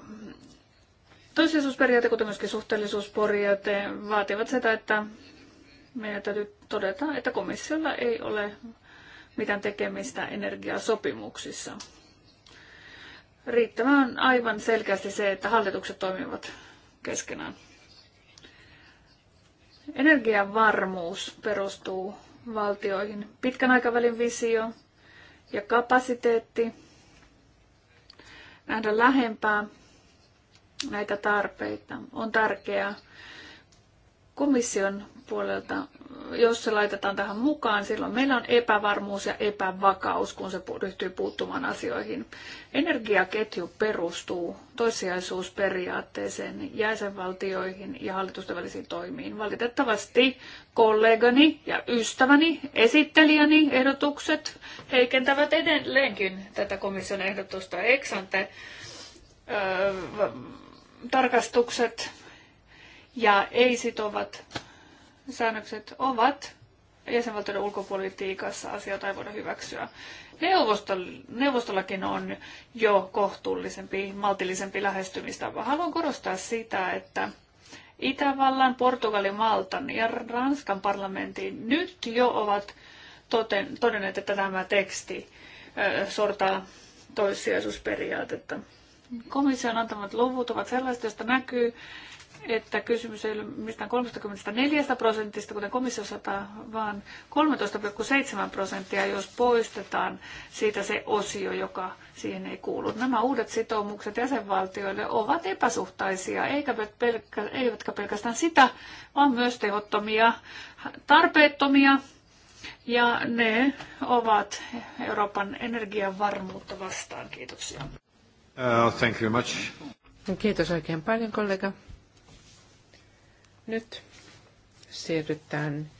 Toisellisuusperiaate, kuten myöskin suhteellisuusperiaate, vaativat sitä, että meidän täytyy todeta, että komissiolla ei ole mitään tekemistä energiasopimuksissa. Riittävää on aivan selkeästi se, että hallitukset toimivat keskenään. Energiavarmuus perustuu valtioihin. Pitkän aikavälin visio ja kapasiteetti nähdä lähempää näitä tarpeita on tärkeää. Komission puolelta jos se laitetaan tähän mukaan, silloin meillä on epävarmuus ja epävakaus, kun se ryhtyy puuttumaan asioihin. Energiaketju perustuu toissijaisuusperiaatteeseen, jäsenvaltioihin ja hallitusten välisiin toimiin. Valitettavasti kollegani ja ystäväni, esittelijäni ehdotukset heikentävät edelleenkin tätä komission ehdotusta. Eksante tarkastukset ja ei-sitovat säännökset ovat jäsenvaltioiden ulkopolitiikassa asioita ei voida hyväksyä. Neuvostol, neuvostollakin on jo kohtuullisempi, maltillisempi lähestymistapa. Haluan korostaa sitä, että Itävallan, Portugalin, Maltan ja Ranskan parlamentin nyt jo ovat toten, todenneet, että tämä teksti ö, sortaa toissijaisuusperiaatetta. Komission antamat luvut ovat sellaiset, joista näkyy, että kysymys ei ole mistään 34 prosentista, kuten komissiossa, vaan 13,7 prosenttia, jos poistetaan siitä se osio, joka siihen ei kuulu. Nämä uudet sitoumukset jäsenvaltioille ovat epäsuhtaisia, eikä pelkkä, eivätkä pelkästään sitä, vaan myös tehottomia, tarpeettomia, ja ne ovat Euroopan energiavarmuutta vastaan. Kiitoksia. Uh, thank you much. Kiitos oikein paljon kollega. Nyt siirrytään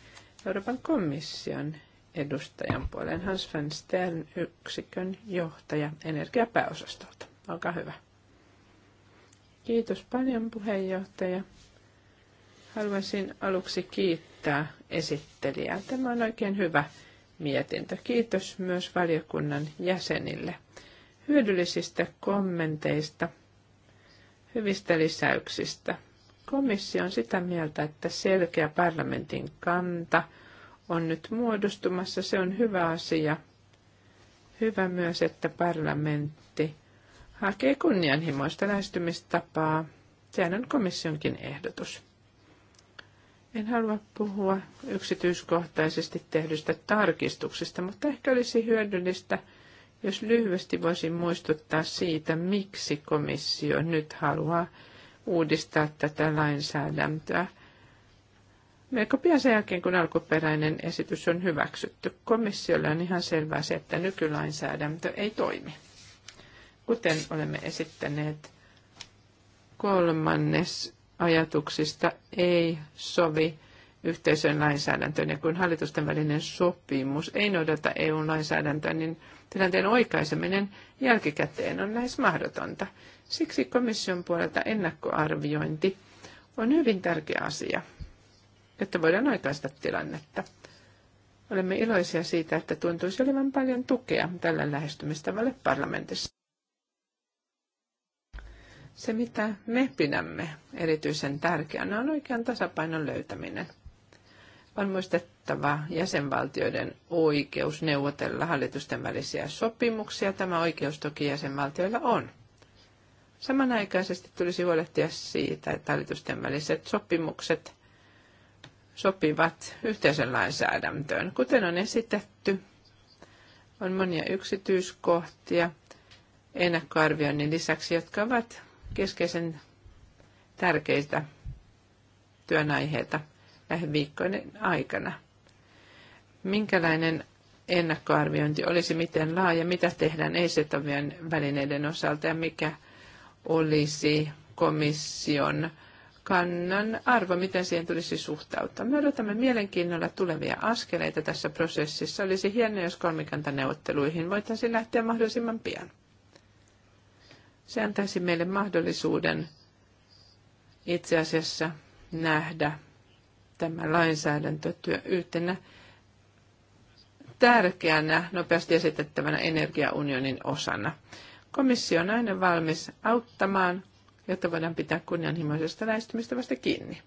Euroopan komission edustajan puoleen. Hans van Stern, yksikön johtaja energiapääosastolta. Olkaa hyvä. Kiitos paljon puheenjohtaja. Haluaisin aluksi kiittää esittelijää. Tämä on oikein hyvä mietintö. Kiitos myös valiokunnan jäsenille hyödyllisistä kommenteista, hyvistä lisäyksistä – Komissio on sitä mieltä, että selkeä parlamentin kanta on nyt muodostumassa. Se on hyvä asia. Hyvä myös, että parlamentti hakee kunnianhimoista lähestymistapaa. Sehän on komissionkin ehdotus. En halua puhua yksityiskohtaisesti tehdystä tarkistuksista, mutta ehkä olisi hyödyllistä, jos lyhyesti voisin muistuttaa siitä, miksi komissio nyt haluaa uudistaa tätä lainsäädäntöä. Melko pian sen jälkeen, kun alkuperäinen esitys on hyväksytty, komissiolle on ihan selvää se, että nykylainsäädäntö ei toimi. Kuten olemme esittäneet, kolmannes ajatuksista ei sovi yhteisön lainsäädäntöön. Ja kun hallitusten välinen sopimus ei noudata EU-lainsäädäntöä, niin tilanteen oikaiseminen jälkikäteen on lähes mahdotonta. Siksi komission puolelta ennakkoarviointi on hyvin tärkeä asia, jotta voidaan oikaista tilannetta. Olemme iloisia siitä, että tuntuisi olevan paljon tukea tällä lähestymistavalle parlamentissa. Se, mitä me pidämme erityisen tärkeänä, on oikean tasapainon löytäminen on muistettava jäsenvaltioiden oikeus neuvotella hallitusten välisiä sopimuksia. Tämä oikeus toki jäsenvaltioilla on. Samanaikaisesti tulisi huolehtia siitä, että hallitusten väliset sopimukset sopivat yhteisen lainsäädäntöön. Kuten on esitetty, on monia yksityiskohtia ennakkoarvioinnin lisäksi, jotka ovat keskeisen tärkeitä työnaiheita lähiviikkojen aikana. Minkälainen ennakkoarviointi olisi, miten laaja, mitä tehdään esitavien välineiden osalta ja mikä olisi komission kannan arvo, miten siihen tulisi suhtautua. Me odotamme mielenkiinnolla tulevia askeleita tässä prosessissa. Olisi hienoa, jos kolmikantaneuvotteluihin voitaisiin lähteä mahdollisimman pian. Se antaisi meille mahdollisuuden itse asiassa nähdä tämä lainsäädäntötyö yhtenä tärkeänä, nopeasti esitettävänä energiaunionin osana. Komissio on aina valmis auttamaan, jotta voidaan pitää kunnianhimoisesta vasta kiinni.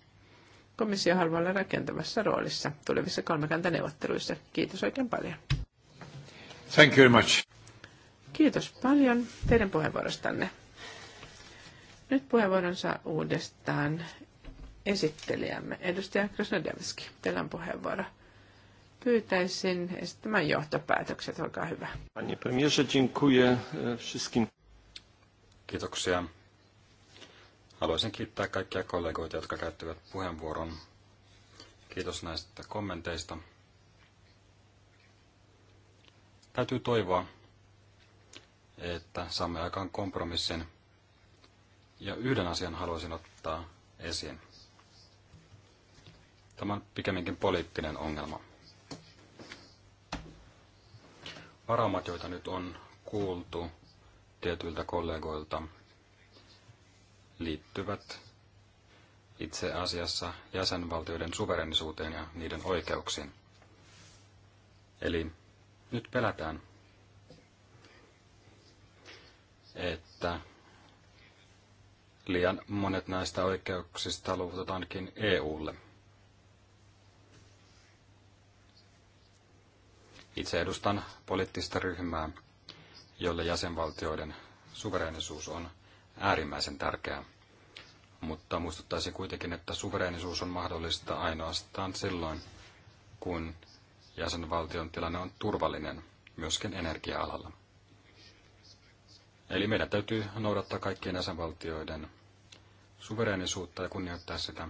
Komissio haluaa olla rakentavassa roolissa tulevissa kolmikantaneuvotteluissa. Kiitos oikein paljon. Thank you very much. Kiitos paljon teidän puheenvuorostanne. Nyt puheenvuoron saa uudestaan esittelijämme, edustaja Krasnodemski. Teillä on puheenvuoro. Pyytäisin esittämään johtopäätökset, olkaa hyvä. E, Kiitoksia. Haluaisin kiittää kaikkia kollegoita, jotka käyttivät puheenvuoron. Kiitos näistä kommenteista. Täytyy toivoa, että saamme aikaan kompromissin. Ja yhden asian haluaisin ottaa esiin. Tämä on pikemminkin poliittinen ongelma. Varaumat, joita nyt on kuultu tietyiltä kollegoilta, liittyvät itse asiassa jäsenvaltioiden suverenisuuteen ja niiden oikeuksiin. Eli nyt pelätään, että liian monet näistä oikeuksista luovutetaankin EUlle. Itse edustan poliittista ryhmää, jolle jäsenvaltioiden suvereenisuus on äärimmäisen tärkeää. Mutta muistuttaisin kuitenkin, että suvereenisuus on mahdollista ainoastaan silloin, kun jäsenvaltion tilanne on turvallinen, myöskin energia-alalla. Eli meidän täytyy noudattaa kaikkien jäsenvaltioiden suvereenisuutta ja kunnioittaa sitä.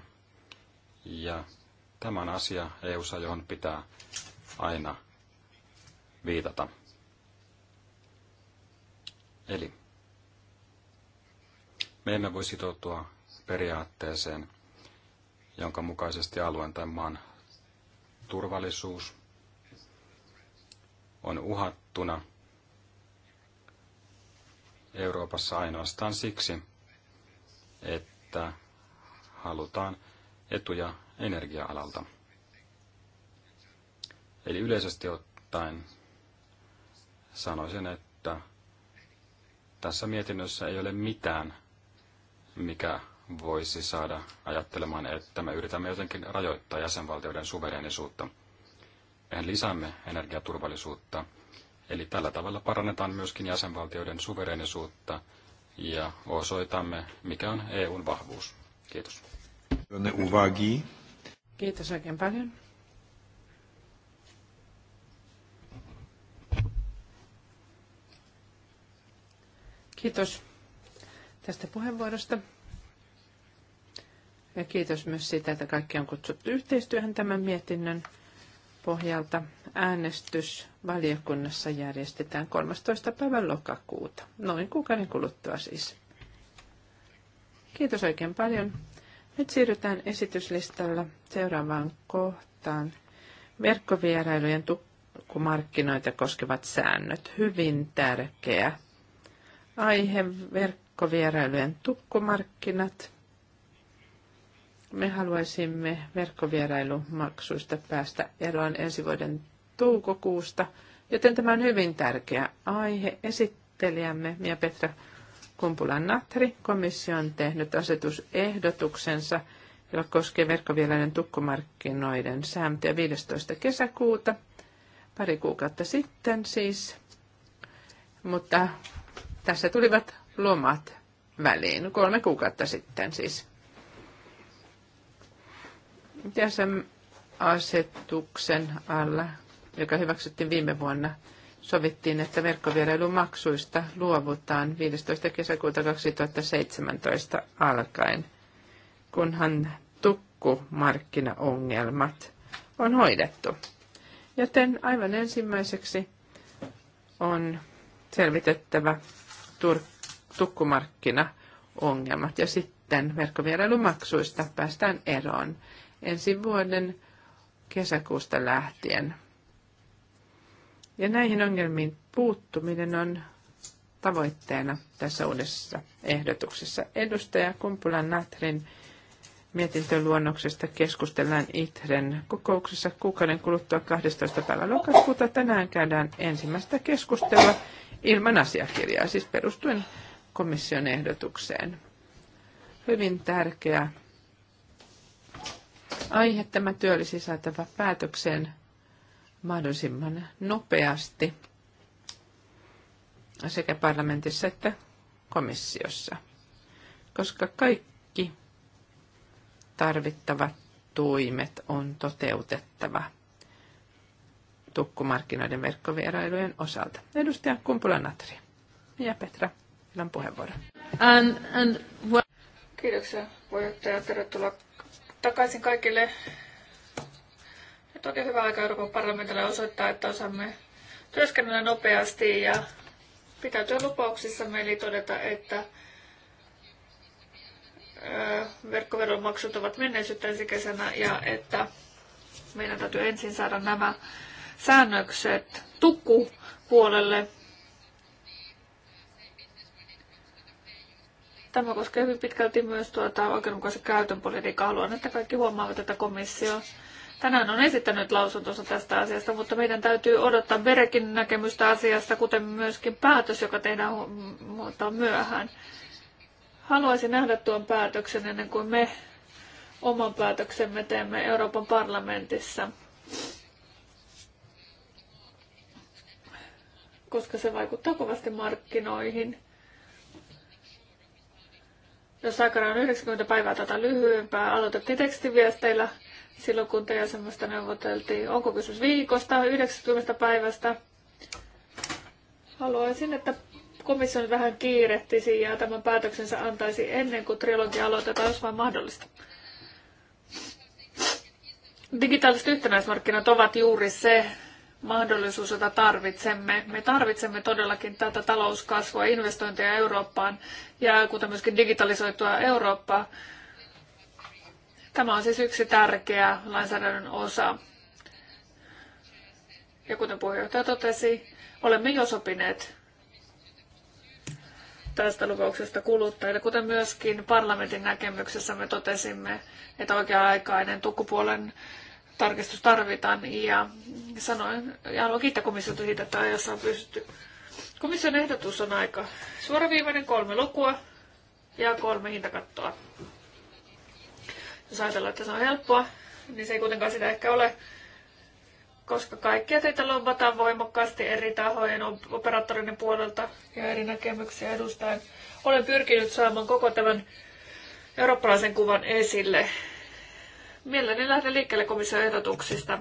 Ja tämä on asia EU-ssa, johon pitää aina viitata. Eli me emme voi sitoutua periaatteeseen, jonka mukaisesti alueen tai maan turvallisuus on uhattuna Euroopassa ainoastaan siksi, että halutaan etuja energia-alalta. Eli yleisesti ottaen sanoisin, että tässä mietinnössä ei ole mitään, mikä voisi saada ajattelemaan, että me yritämme jotenkin rajoittaa jäsenvaltioiden suverenisuutta. Mehän lisäämme energiaturvallisuutta, eli tällä tavalla parannetaan myöskin jäsenvaltioiden suverenisuutta ja osoitamme, mikä on EUn vahvuus. Kiitos. Kiitos oikein paljon. Kiitos tästä puheenvuorosta. Ja kiitos myös siitä, että kaikki on kutsuttu yhteistyöhön tämän mietinnön pohjalta. Äänestys valiokunnassa järjestetään 13. päivän lokakuuta, noin kuukauden kuluttua siis. Kiitos oikein paljon. Nyt siirrytään esityslistalla seuraavaan kohtaan. Verkkovierailujen tukkumarkkinoita koskevat säännöt. Hyvin tärkeä aihe verkkovierailujen tukkumarkkinat. Me haluaisimme verkkovierailumaksuista päästä eroon ensi vuoden toukokuusta, joten tämä on hyvin tärkeä aihe. Esittelijämme Mia Petra Kumpula-Natri, komissio on tehnyt asetusehdotuksensa, joka koskee verkkovierailujen tukkumarkkinoiden sääntöjä 15. kesäkuuta, pari kuukautta sitten siis. Mutta tässä tulivat lomat väliin kolme kuukautta sitten siis. Tässä asetuksen alla, joka hyväksyttiin viime vuonna, sovittiin, että verkkovierailumaksuista luovutaan 15. kesäkuuta 2017 alkaen, kunhan tukkumarkkinaongelmat on hoidettu. Joten aivan ensimmäiseksi on selvitettävä tukkumarkkinaongelmat ja sitten verkkovierailumaksuista päästään eroon ensi vuoden kesäkuusta lähtien. Ja näihin ongelmiin puuttuminen on tavoitteena tässä uudessa ehdotuksessa. Edustaja Kumpulan Natrin mietintöluonnoksesta keskustellaan ITREN kokouksessa kuukauden kuluttua 12. päivä lokakuuta. Tänään käydään ensimmäistä keskustelua ilman asiakirjaa, siis perustuen komission ehdotukseen. Hyvin tärkeä aihe tämä työ olisi saatava päätökseen mahdollisimman nopeasti sekä parlamentissa että komissiossa, koska kaikki tarvittavat toimet on toteutettava – tukkumarkkinoiden verkkovierailujen osalta. Edustaja Kumpula-Natri ja Petra, teillä on puheenvuoro. And, and what... Kiitoksia puheenjohtaja. Tervetuloa takaisin kaikille. Nyt on hyvä aika Euroopan parlamentille osoittaa, että osaamme työskennellä nopeasti ja pitäytyä lupauksissa. eli todeta, että verkkoveron maksut ovat menneisyyttä ensi kesänä ja että meidän täytyy ensin saada nämä säännökset tukkupuolelle. Tämä koskee hyvin pitkälti myös tuota oikeudenmukaisen käytön politiikkaa. Haluan, että kaikki huomaavat tätä komissio. Tänään on esittänyt lausuntonsa tästä asiasta, mutta meidän täytyy odottaa Berekin näkemystä asiasta, kuten myöskin päätös, joka tehdään muuta myöhään. Haluaisin nähdä tuon päätöksen ennen kuin me oman päätöksemme teemme Euroopan parlamentissa. koska se vaikuttaa kovasti markkinoihin. Jos aikana on 90 päivää tätä lyhyempää, aloitettiin tekstiviesteillä silloin, kun te jäsenmästä neuvoteltiin. Onko kysymys viikosta, 90 päivästä? Haluaisin, että komissio vähän kiirehtisi ja tämän päätöksensä antaisi ennen kuin trilogia aloitetaan, jos vain mahdollista. Digitaaliset yhtenäismarkkinat ovat juuri se mahdollisuus, jota tarvitsemme. Me tarvitsemme todellakin tätä talouskasvua, investointeja Eurooppaan ja kuten myöskin digitalisoitua Eurooppaa. Tämä on siis yksi tärkeä lainsäädännön osa. Ja kuten puheenjohtaja totesi, olemme jo sopineet tästä lupauksesta kuluttajille, kuten myöskin parlamentin näkemyksessä me totesimme, että oikea-aikainen tukupuolen tarkistus tarvitaan ja sanoin, ja haluan kiittää komissiota siitä, että ajassa on pystytty. Komission ehdotus on aika suoraviivainen, kolme lukua ja kolme hintakattoa. Jos ajatellaan, että se on helppoa, niin se ei kuitenkaan sitä ehkä ole, koska kaikkia teitä lompataan voimakkaasti eri tahojen operaattorinen puolelta ja eri näkemyksiä edustaen. Olen pyrkinyt saamaan koko tämän eurooppalaisen kuvan esille Mielelläni lähden liikkeelle komission ehdotuksista.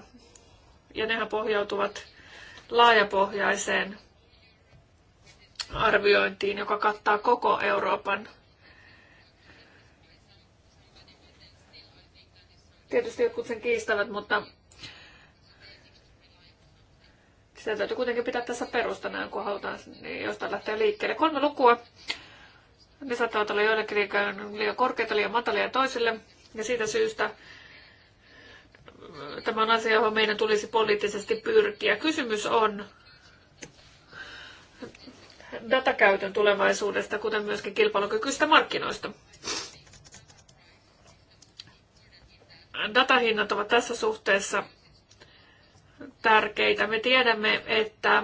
Ja nehän pohjautuvat laajapohjaiseen arviointiin, joka kattaa koko Euroopan. Tietysti jotkut sen kiistävät, mutta sitä täytyy kuitenkin pitää tässä perustana, kun halutaan niin jostain lähteä liikkeelle. Kolme lukua. Ne saattavat olla joillekin liian korkeita, liian matalia toisille. Ja siitä syystä tämä on asia, johon meidän tulisi poliittisesti pyrkiä. Kysymys on datakäytön tulevaisuudesta, kuten myöskin kilpailukykyistä markkinoista. Datahinnat ovat tässä suhteessa tärkeitä. Me tiedämme, että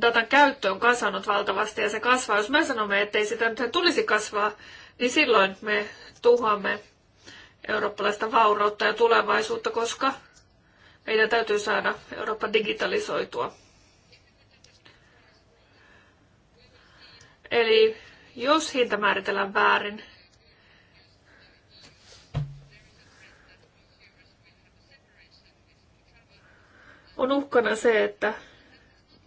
datan käyttö on kasvanut valtavasti ja se kasvaa. Jos me sanomme, ettei sitä nyt tulisi kasvaa, niin silloin me tuhoamme eurooppalaista vaurautta ja tulevaisuutta, koska meidän täytyy saada Eurooppa digitalisoitua. Eli jos hinta määritellään väärin, on uhkana se, että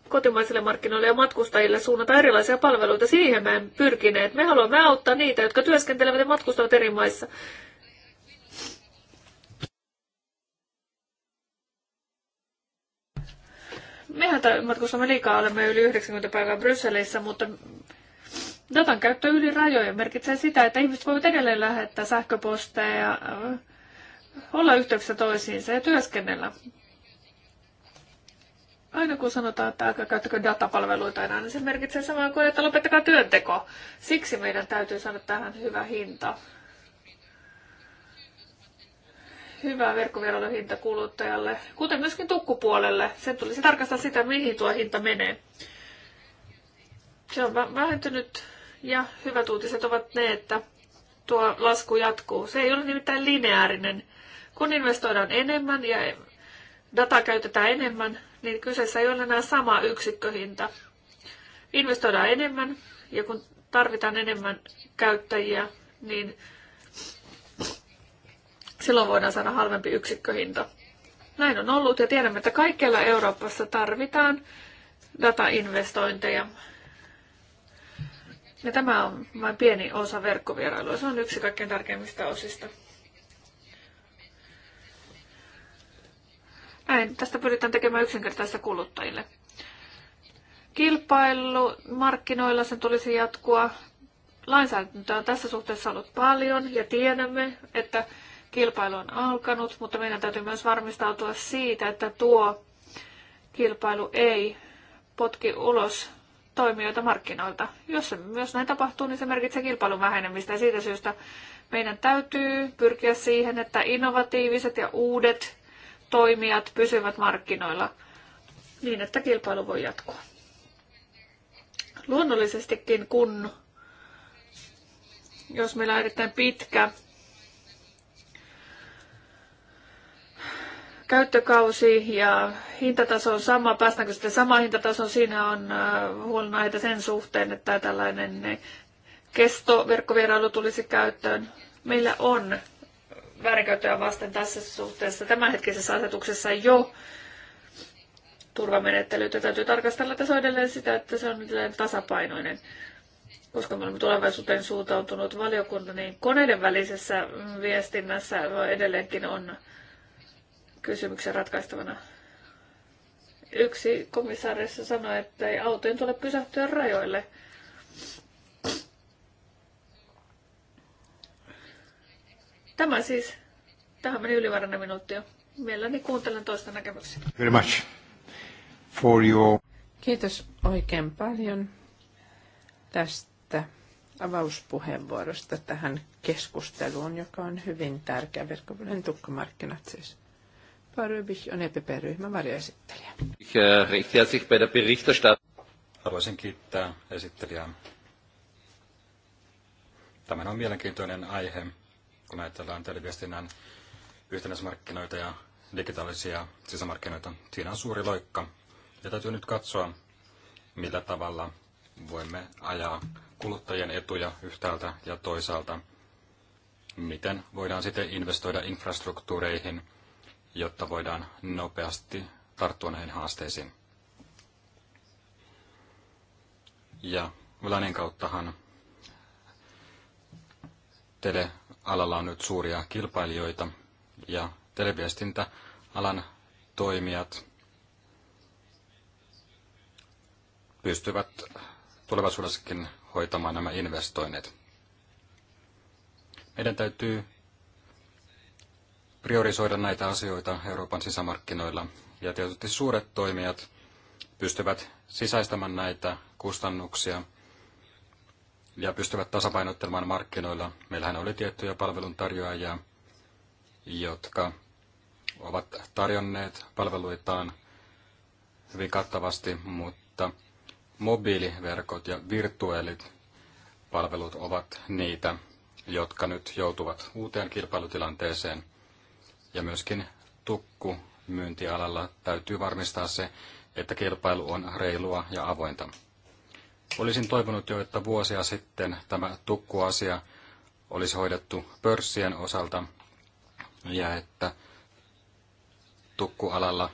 kotimaisille markkinoille ja matkustajille suunnataan erilaisia palveluita. Siihen me pyrkineet. Me haluamme auttaa niitä, jotka työskentelevät ja matkustavat eri maissa. mehän matkustamme liikaa, olemme yli 90 päivää Brysselissä, mutta datan käyttö yli rajojen merkitsee sitä, että ihmiset voivat edelleen lähettää sähköposteja ja äh, olla yhteyksissä toisiinsa ja työskennellä. Aina kun sanotaan, että älkää käyttäkö datapalveluita enää, niin se merkitsee samaa kuin, että lopettakaa työnteko. Siksi meidän täytyy saada tähän hyvä hinta. hyvä verkkovierailun hinta kuluttajalle, kuten myöskin tukkupuolelle. Sen tulisi tarkastaa sitä, mihin tuo hinta menee. Se on vähentynyt ja hyvät uutiset ovat ne, että tuo lasku jatkuu. Se ei ole nimittäin lineaarinen. Kun investoidaan enemmän ja dataa käytetään enemmän, niin kyseessä ei ole enää sama yksikköhinta. Investoidaan enemmän ja kun tarvitaan enemmän käyttäjiä, niin silloin voidaan saada halvempi yksikköhinta. Näin on ollut ja tiedämme, että kaikkialla Euroopassa tarvitaan datainvestointeja. Ja tämä on vain pieni osa verkkovierailua. Se on yksi kaikkein tärkeimmistä osista. Näin, tästä pyritään tekemään yksinkertaista kuluttajille. Kilpailu markkinoilla sen tulisi jatkua. Lainsäädäntöä on tässä suhteessa ollut paljon ja tiedämme, että kilpailu on alkanut, mutta meidän täytyy myös varmistautua siitä, että tuo kilpailu ei potki ulos toimijoita markkinoilta. Jos se myös näin tapahtuu, niin se merkitsee kilpailun vähenemistä ja siitä syystä meidän täytyy pyrkiä siihen, että innovatiiviset ja uudet toimijat pysyvät markkinoilla niin, että kilpailu voi jatkua. Luonnollisestikin, kun jos meillä on erittäin pitkä käyttökausi ja hintataso on sama. Päästäänkö sitten samaan hintatasoon? Siinä on äh, huolenaiheita sen suhteen, että tällainen kestoverkkovierailu tulisi käyttöön. Meillä on väärinkäyttöä vasten tässä suhteessa tämänhetkisessä asetuksessa jo turvamenettelyitä. Täytyy tarkastella tässä edelleen sitä, että se on edelleen tasapainoinen. Koska me olemme tulevaisuuteen suuntautunut valiokunta, niin koneiden välisessä viestinnässä edelleenkin on kysymyksen ratkaistavana. Yksi komissaarissa sanoi, että ei autojen tule pysähtyä rajoille. Tämä siis. Tähän meni ylimääräinen minuutti jo. Mielelläni kuuntelen toista näkemyksiä. Very much for your... Kiitos oikein paljon tästä avauspuheenvuorosta tähän keskusteluun, joka on hyvin tärkeä verkkopuolen tukkamarkkinat siis. Parybich on EPP-ryhmän varjoesittelijä. Haluaisin kiittää esittelijää. Tämä on mielenkiintoinen aihe, kun ajatellaan televiestinnän yhtenäismarkkinoita ja digitaalisia sisämarkkinoita. Siinä on suuri loikka. Ja täytyy nyt katsoa, millä tavalla voimme ajaa kuluttajien etuja yhtäältä ja toisaalta. Miten voidaan sitten investoida infrastruktuureihin – jotta voidaan nopeasti tarttua näihin haasteisiin. Ja Vlanin kauttahan telealalla on nyt suuria kilpailijoita ja televiestintäalan toimijat pystyvät tulevaisuudessakin hoitamaan nämä investoinnit. Meidän täytyy priorisoida näitä asioita Euroopan sisämarkkinoilla. Ja tietysti suuret toimijat pystyvät sisäistämään näitä kustannuksia ja pystyvät tasapainottelemaan markkinoilla. Meillähän oli tiettyjä palveluntarjoajia, jotka ovat tarjonneet palveluitaan hyvin kattavasti, mutta mobiiliverkot ja virtuaalit palvelut ovat niitä, jotka nyt joutuvat uuteen kilpailutilanteeseen – ja myöskin tukku myyntialalla täytyy varmistaa se, että kilpailu on reilua ja avointa. Olisin toivonut jo, että vuosia sitten tämä tukkuasia olisi hoidettu pörssien osalta ja että tukkualalla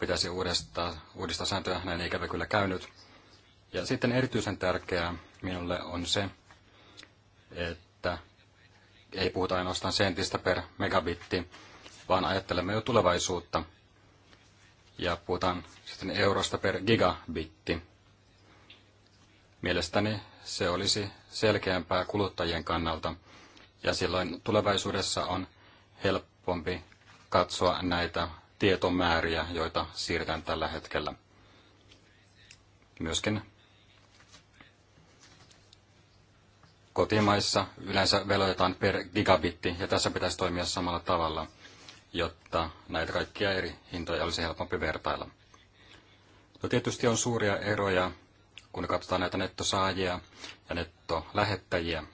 pitäisi uudistaa, uudistaa sääntöjä, näin ei ikävä kyllä käynyt. Ja sitten erityisen tärkeää minulle on se, että ei puhuta ainoastaan sentistä per megabitti, vaan ajattelemme jo tulevaisuutta. Ja puhutaan sitten eurosta per gigabitti. Mielestäni se olisi selkeämpää kuluttajien kannalta, ja silloin tulevaisuudessa on helpompi katsoa näitä tietomääriä, joita siirretään tällä hetkellä. Myöskin kotimaissa yleensä veloitetaan per gigabitti, ja tässä pitäisi toimia samalla tavalla, jotta näitä kaikkia eri hintoja olisi helpompi vertailla. No tietysti on suuria eroja, kun katsotaan näitä nettosaajia ja nettolähettäjiä.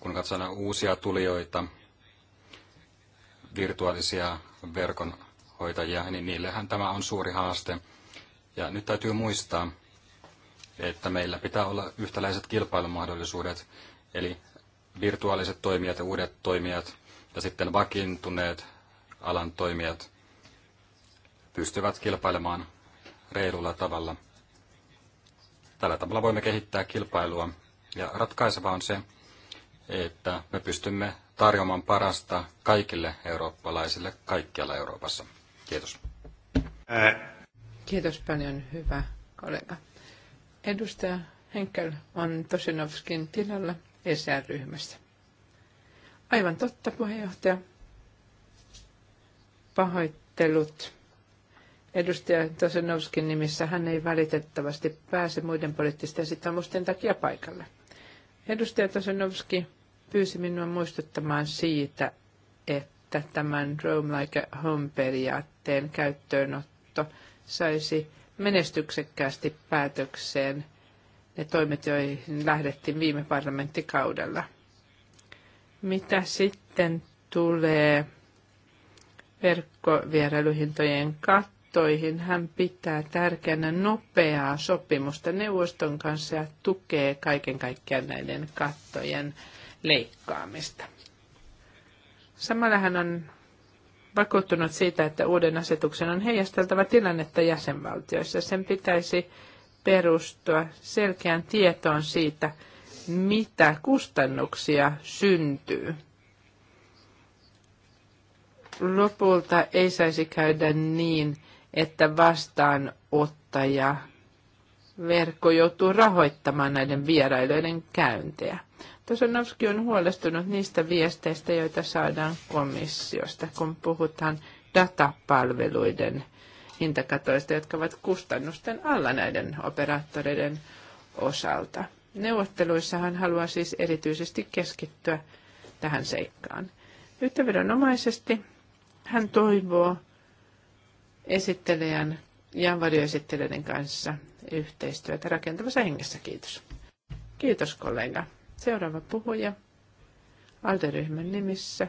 Kun katsotaan uusia tulijoita, virtuaalisia verkonhoitajia, niin niillähän tämä on suuri haaste. Ja nyt täytyy muistaa, että meillä pitää olla yhtäläiset kilpailumahdollisuudet, eli virtuaaliset toimijat ja uudet toimijat ja sitten vakiintuneet alan toimijat pystyvät kilpailemaan reilulla tavalla. Tällä tavalla voimme kehittää kilpailua ja ratkaiseva on se, että me pystymme tarjoamaan parasta kaikille eurooppalaisille kaikkialla Euroopassa. Kiitos. Kiitos paljon, hyvä kollega. Edustaja Henkel on Tosinovskin tilalla ESR-ryhmästä. Aivan totta, puheenjohtaja. Pahoittelut. Edustaja Tosinovskin nimissä hän ei valitettavasti pääse muiden poliittisten sitoumusten takia paikalle. Edustaja Tosinovski pyysi minua muistuttamaan siitä, että tämän Rome Like a Home-periaatteen käyttöönotto saisi menestyksekkäästi päätökseen ne toimet, joihin lähdettiin viime parlamenttikaudella. Mitä sitten tulee verkkovierailuhintojen kattoihin, hän pitää tärkeänä nopeaa sopimusta neuvoston kanssa ja tukee kaiken kaikkiaan näiden kattojen leikkaamista. Samalla hän on vakuuttunut siitä, että uuden asetuksen on heijasteltava tilannetta jäsenvaltioissa. Sen pitäisi perustua selkeään tietoon siitä, mitä kustannuksia syntyy. Lopulta ei saisi käydä niin, että vastaanottaja verkko joutuu rahoittamaan näiden vierailijoiden käyntejä. Tosanovski on huolestunut niistä viesteistä, joita saadaan komissiosta, kun puhutaan datapalveluiden hintakatoista, jotka ovat kustannusten alla näiden operaattoreiden osalta. Neuvotteluissahan haluaa siis erityisesti keskittyä tähän seikkaan. Yhtäviranomaisesti hän toivoo esittelijän ja varjoesittelijöiden kanssa yhteistyötä rakentavassa hengessä. Kiitos. Kiitos kollega. Seuraava puhuja Alderyhmän nimissä.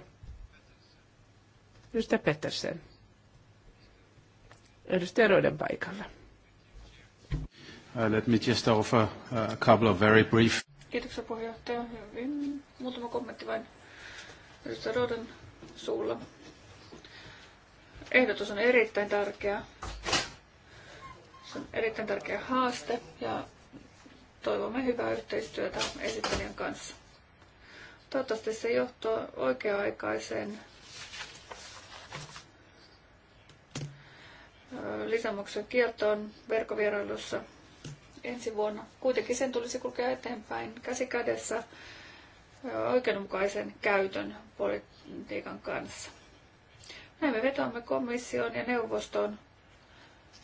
Edustaja Pettersen. Edustaja Roiden paikalla. Uh, let me just offer uh, a couple of very brief... Kiitoksia puheenjohtaja. Muutama kommentti vain edustaja Roden suulla. Ehdotus on erittäin tärkeä. Se on erittäin tärkeä haaste ja toivomme hyvää yhteistyötä esittelijän kanssa. Toivottavasti se johtaa oikea-aikaiseen lisämaksun kieltoon verkkovierailussa ensi vuonna. Kuitenkin sen tulisi kulkea eteenpäin käsi kädessä oikeudenmukaisen käytön politiikan kanssa. Näin me vetoamme komissioon ja neuvostoon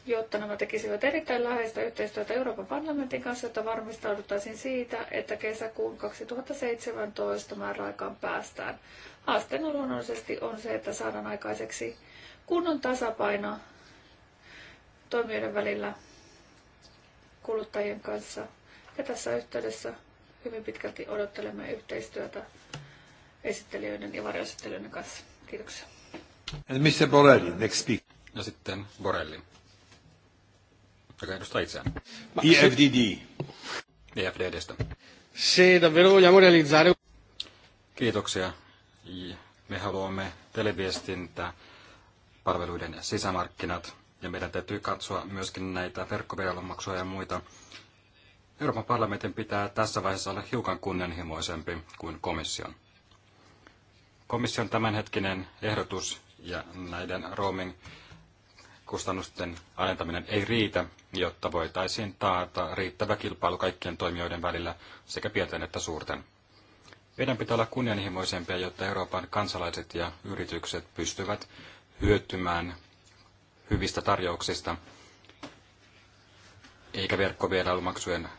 jotta nämä tekisivät erittäin läheistä yhteistyötä Euroopan parlamentin kanssa, jotta varmistauduttaisiin siitä, että kesäkuun 2017 määräaikaan päästään. Haasteena luonnollisesti on se, että saadaan aikaiseksi kunnon tasapaino toimijoiden välillä kuluttajien kanssa. Ja tässä yhteydessä hyvin pitkälti odottelemme yhteistyötä esittelijöiden ja varjoesittelijöiden kanssa. Kiitoksia. And Mr. Borelli, next speaker. ja no sitten Borelli joka edustaa itseään. IFDD. Se davvero vogliamo realizzare. Kiitoksia. Me haluamme televiestintä, palveluiden sisämarkkinat ja meidän täytyy katsoa myöskin näitä verkkoveromaksuja ja muita. Euroopan parlamentin pitää tässä vaiheessa olla hiukan kunnianhimoisempi kuin komission. Komission tämänhetkinen ehdotus ja näiden roaming kustannusten alentaminen ei riitä, jotta voitaisiin taata riittävä kilpailu kaikkien toimijoiden välillä sekä pienten että suurten. Meidän pitää olla kunnianhimoisempia, jotta Euroopan kansalaiset ja yritykset pystyvät hyötymään hyvistä tarjouksista, eikä verkkovierailumaksujen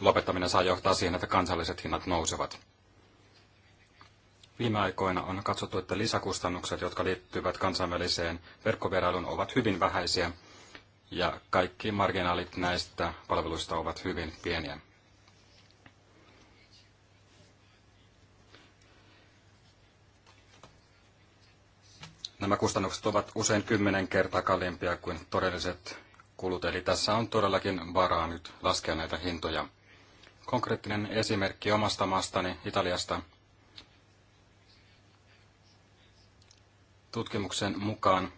lopettaminen saa johtaa siihen, että kansalliset hinnat nousevat. Viime aikoina on katsottu, että lisäkustannukset, jotka liittyvät kansainväliseen verkkovierailuun, ovat hyvin vähäisiä ja kaikki marginaalit näistä palveluista ovat hyvin pieniä. Nämä kustannukset ovat usein kymmenen kertaa kalliimpia kuin todelliset kulut, eli tässä on todellakin varaa nyt laskea näitä hintoja. Konkreettinen esimerkki omasta maastani Italiasta – tutkimuksen mukaan,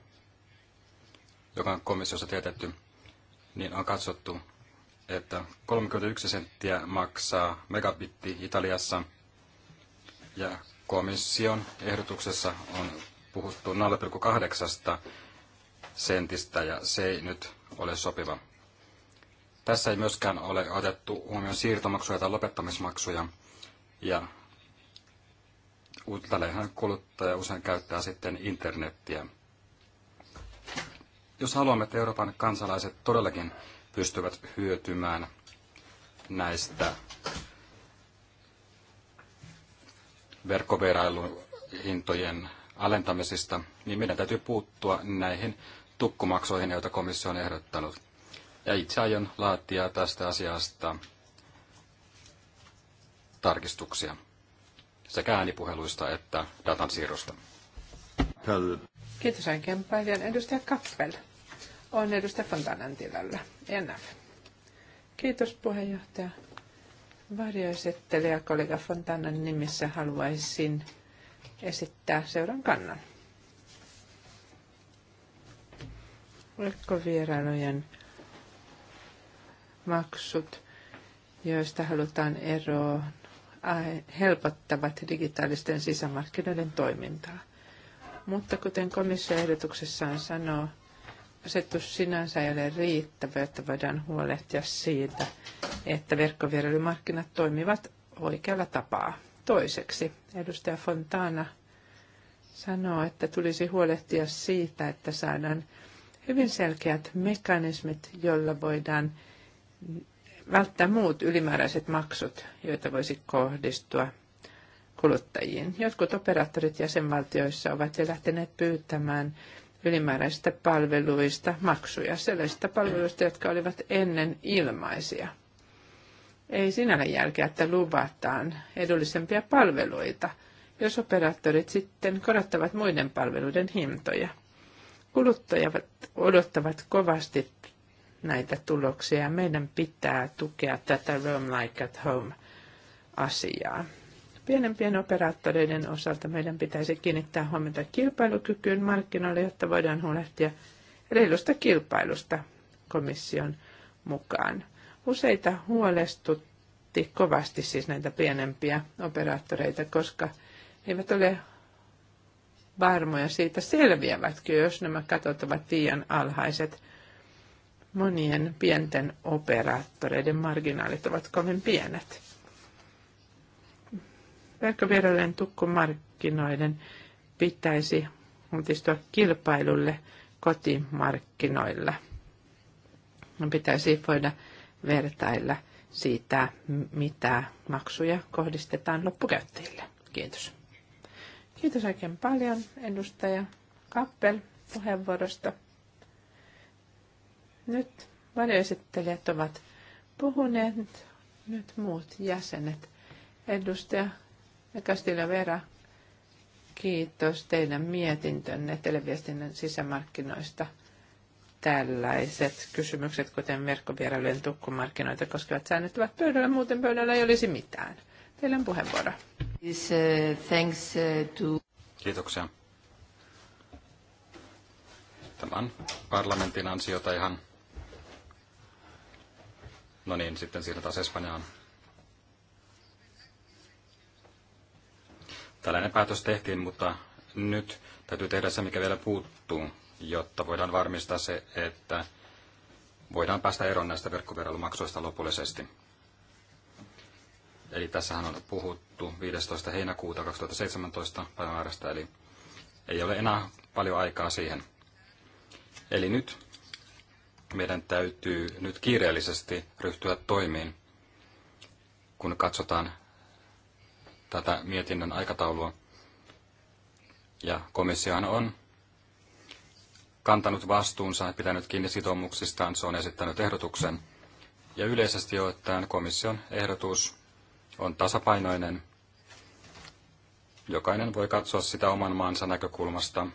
joka on komissiossa tietetty, niin on katsottu, että 31 senttiä maksaa megabitti Italiassa ja komission ehdotuksessa on puhuttu 0,8 sentistä ja se ei nyt ole sopiva. Tässä ei myöskään ole otettu huomioon siirtomaksuja tai lopettamismaksuja ja Tälleenhän kuluttaja usein käyttää sitten internettiä. Jos haluamme, että Euroopan kansalaiset todellakin pystyvät hyötymään näistä verkkoverailun hintojen alentamisista, niin meidän täytyy puuttua näihin tukkumaksoihin, joita komissio on ehdottanut. Ja itse aion laatia tästä asiasta tarkistuksia sekä äänipuheluista että datan siirrosta. Kiitos oikein Edustaja Kappel on edustaja Fontanan tilalla. NF. Kiitos puheenjohtaja. Varjoisettelija kollega Fontanan nimissä haluaisin esittää seuran kannan. Verkkovierailujen maksut, joista halutaan eroon helpottavat digitaalisten sisämarkkinoiden toimintaa. Mutta kuten ehdotuksessaan sanoo, asetus sinänsä ei ole riittävä, että voidaan huolehtia siitä, että verkkovierailumarkkinat toimivat oikealla tapaa. Toiseksi edustaja Fontana sanoo, että tulisi huolehtia siitä, että saadaan hyvin selkeät mekanismit, joilla voidaan välttää muut ylimääräiset maksut, joita voisi kohdistua kuluttajiin. Jotkut operaattorit jäsenvaltioissa ovat jo lähteneet pyytämään ylimääräisistä palveluista maksuja, sellaisista palveluista, jotka olivat ennen ilmaisia. Ei sinällä jälkeä, että luvataan edullisempia palveluita, jos operaattorit sitten korottavat muiden palveluiden hintoja. Kuluttajat odottavat kovasti näitä tuloksia. Meidän pitää tukea tätä Roam Like at Home-asiaa. Pienempien operaattoreiden osalta meidän pitäisi kiinnittää huomiota kilpailukykyyn markkinoille, jotta voidaan huolehtia reilusta kilpailusta komission mukaan. Useita huolestutti kovasti siis näitä pienempiä operaattoreita, koska ne eivät ole varmoja siitä selviävätkö, jos nämä katot ovat liian alhaiset monien pienten operaattoreiden marginaalit ovat kovin pienet. Verkkovirallinen tukkumarkkinoiden pitäisi mutistua kilpailulle kotimarkkinoilla. Pitäisi voida vertailla siitä, mitä maksuja kohdistetaan loppukäyttäjille. Kiitos. Kiitos oikein paljon edustaja Kappel puheenvuorosta. Nyt varjoesittelijät ovat puhuneet, nyt muut jäsenet. Edustaja Kastila Vera, kiitos teidän mietintönne televiestinnän sisämarkkinoista. Tällaiset kysymykset, kuten verkkovierailujen tukkumarkkinoita koskevat säännöt, ovat pöydällä, muuten pöydällä ei olisi mitään. Teillä on puheenvuoro. Uh, thanks uh, to... Kiitoksia. Tämän parlamentin ansiota ihan No niin, sitten siirrytään Espanjaan. Tällainen päätös tehtiin, mutta nyt täytyy tehdä se, mikä vielä puuttuu, jotta voidaan varmistaa se, että voidaan päästä eroon näistä verkkoverolumaksuista lopullisesti. Eli tässähän on puhuttu 15. heinäkuuta 2017 päivämäärästä, eli ei ole enää paljon aikaa siihen. Eli nyt meidän täytyy nyt kiireellisesti ryhtyä toimiin, kun katsotaan tätä mietinnön aikataulua. Ja komissiohan on kantanut vastuunsa, pitänyt kiinni sitoumuksistaan, se on esittänyt ehdotuksen. Ja yleisesti ottaen komission ehdotus on tasapainoinen. Jokainen voi katsoa sitä oman maansa näkökulmasta,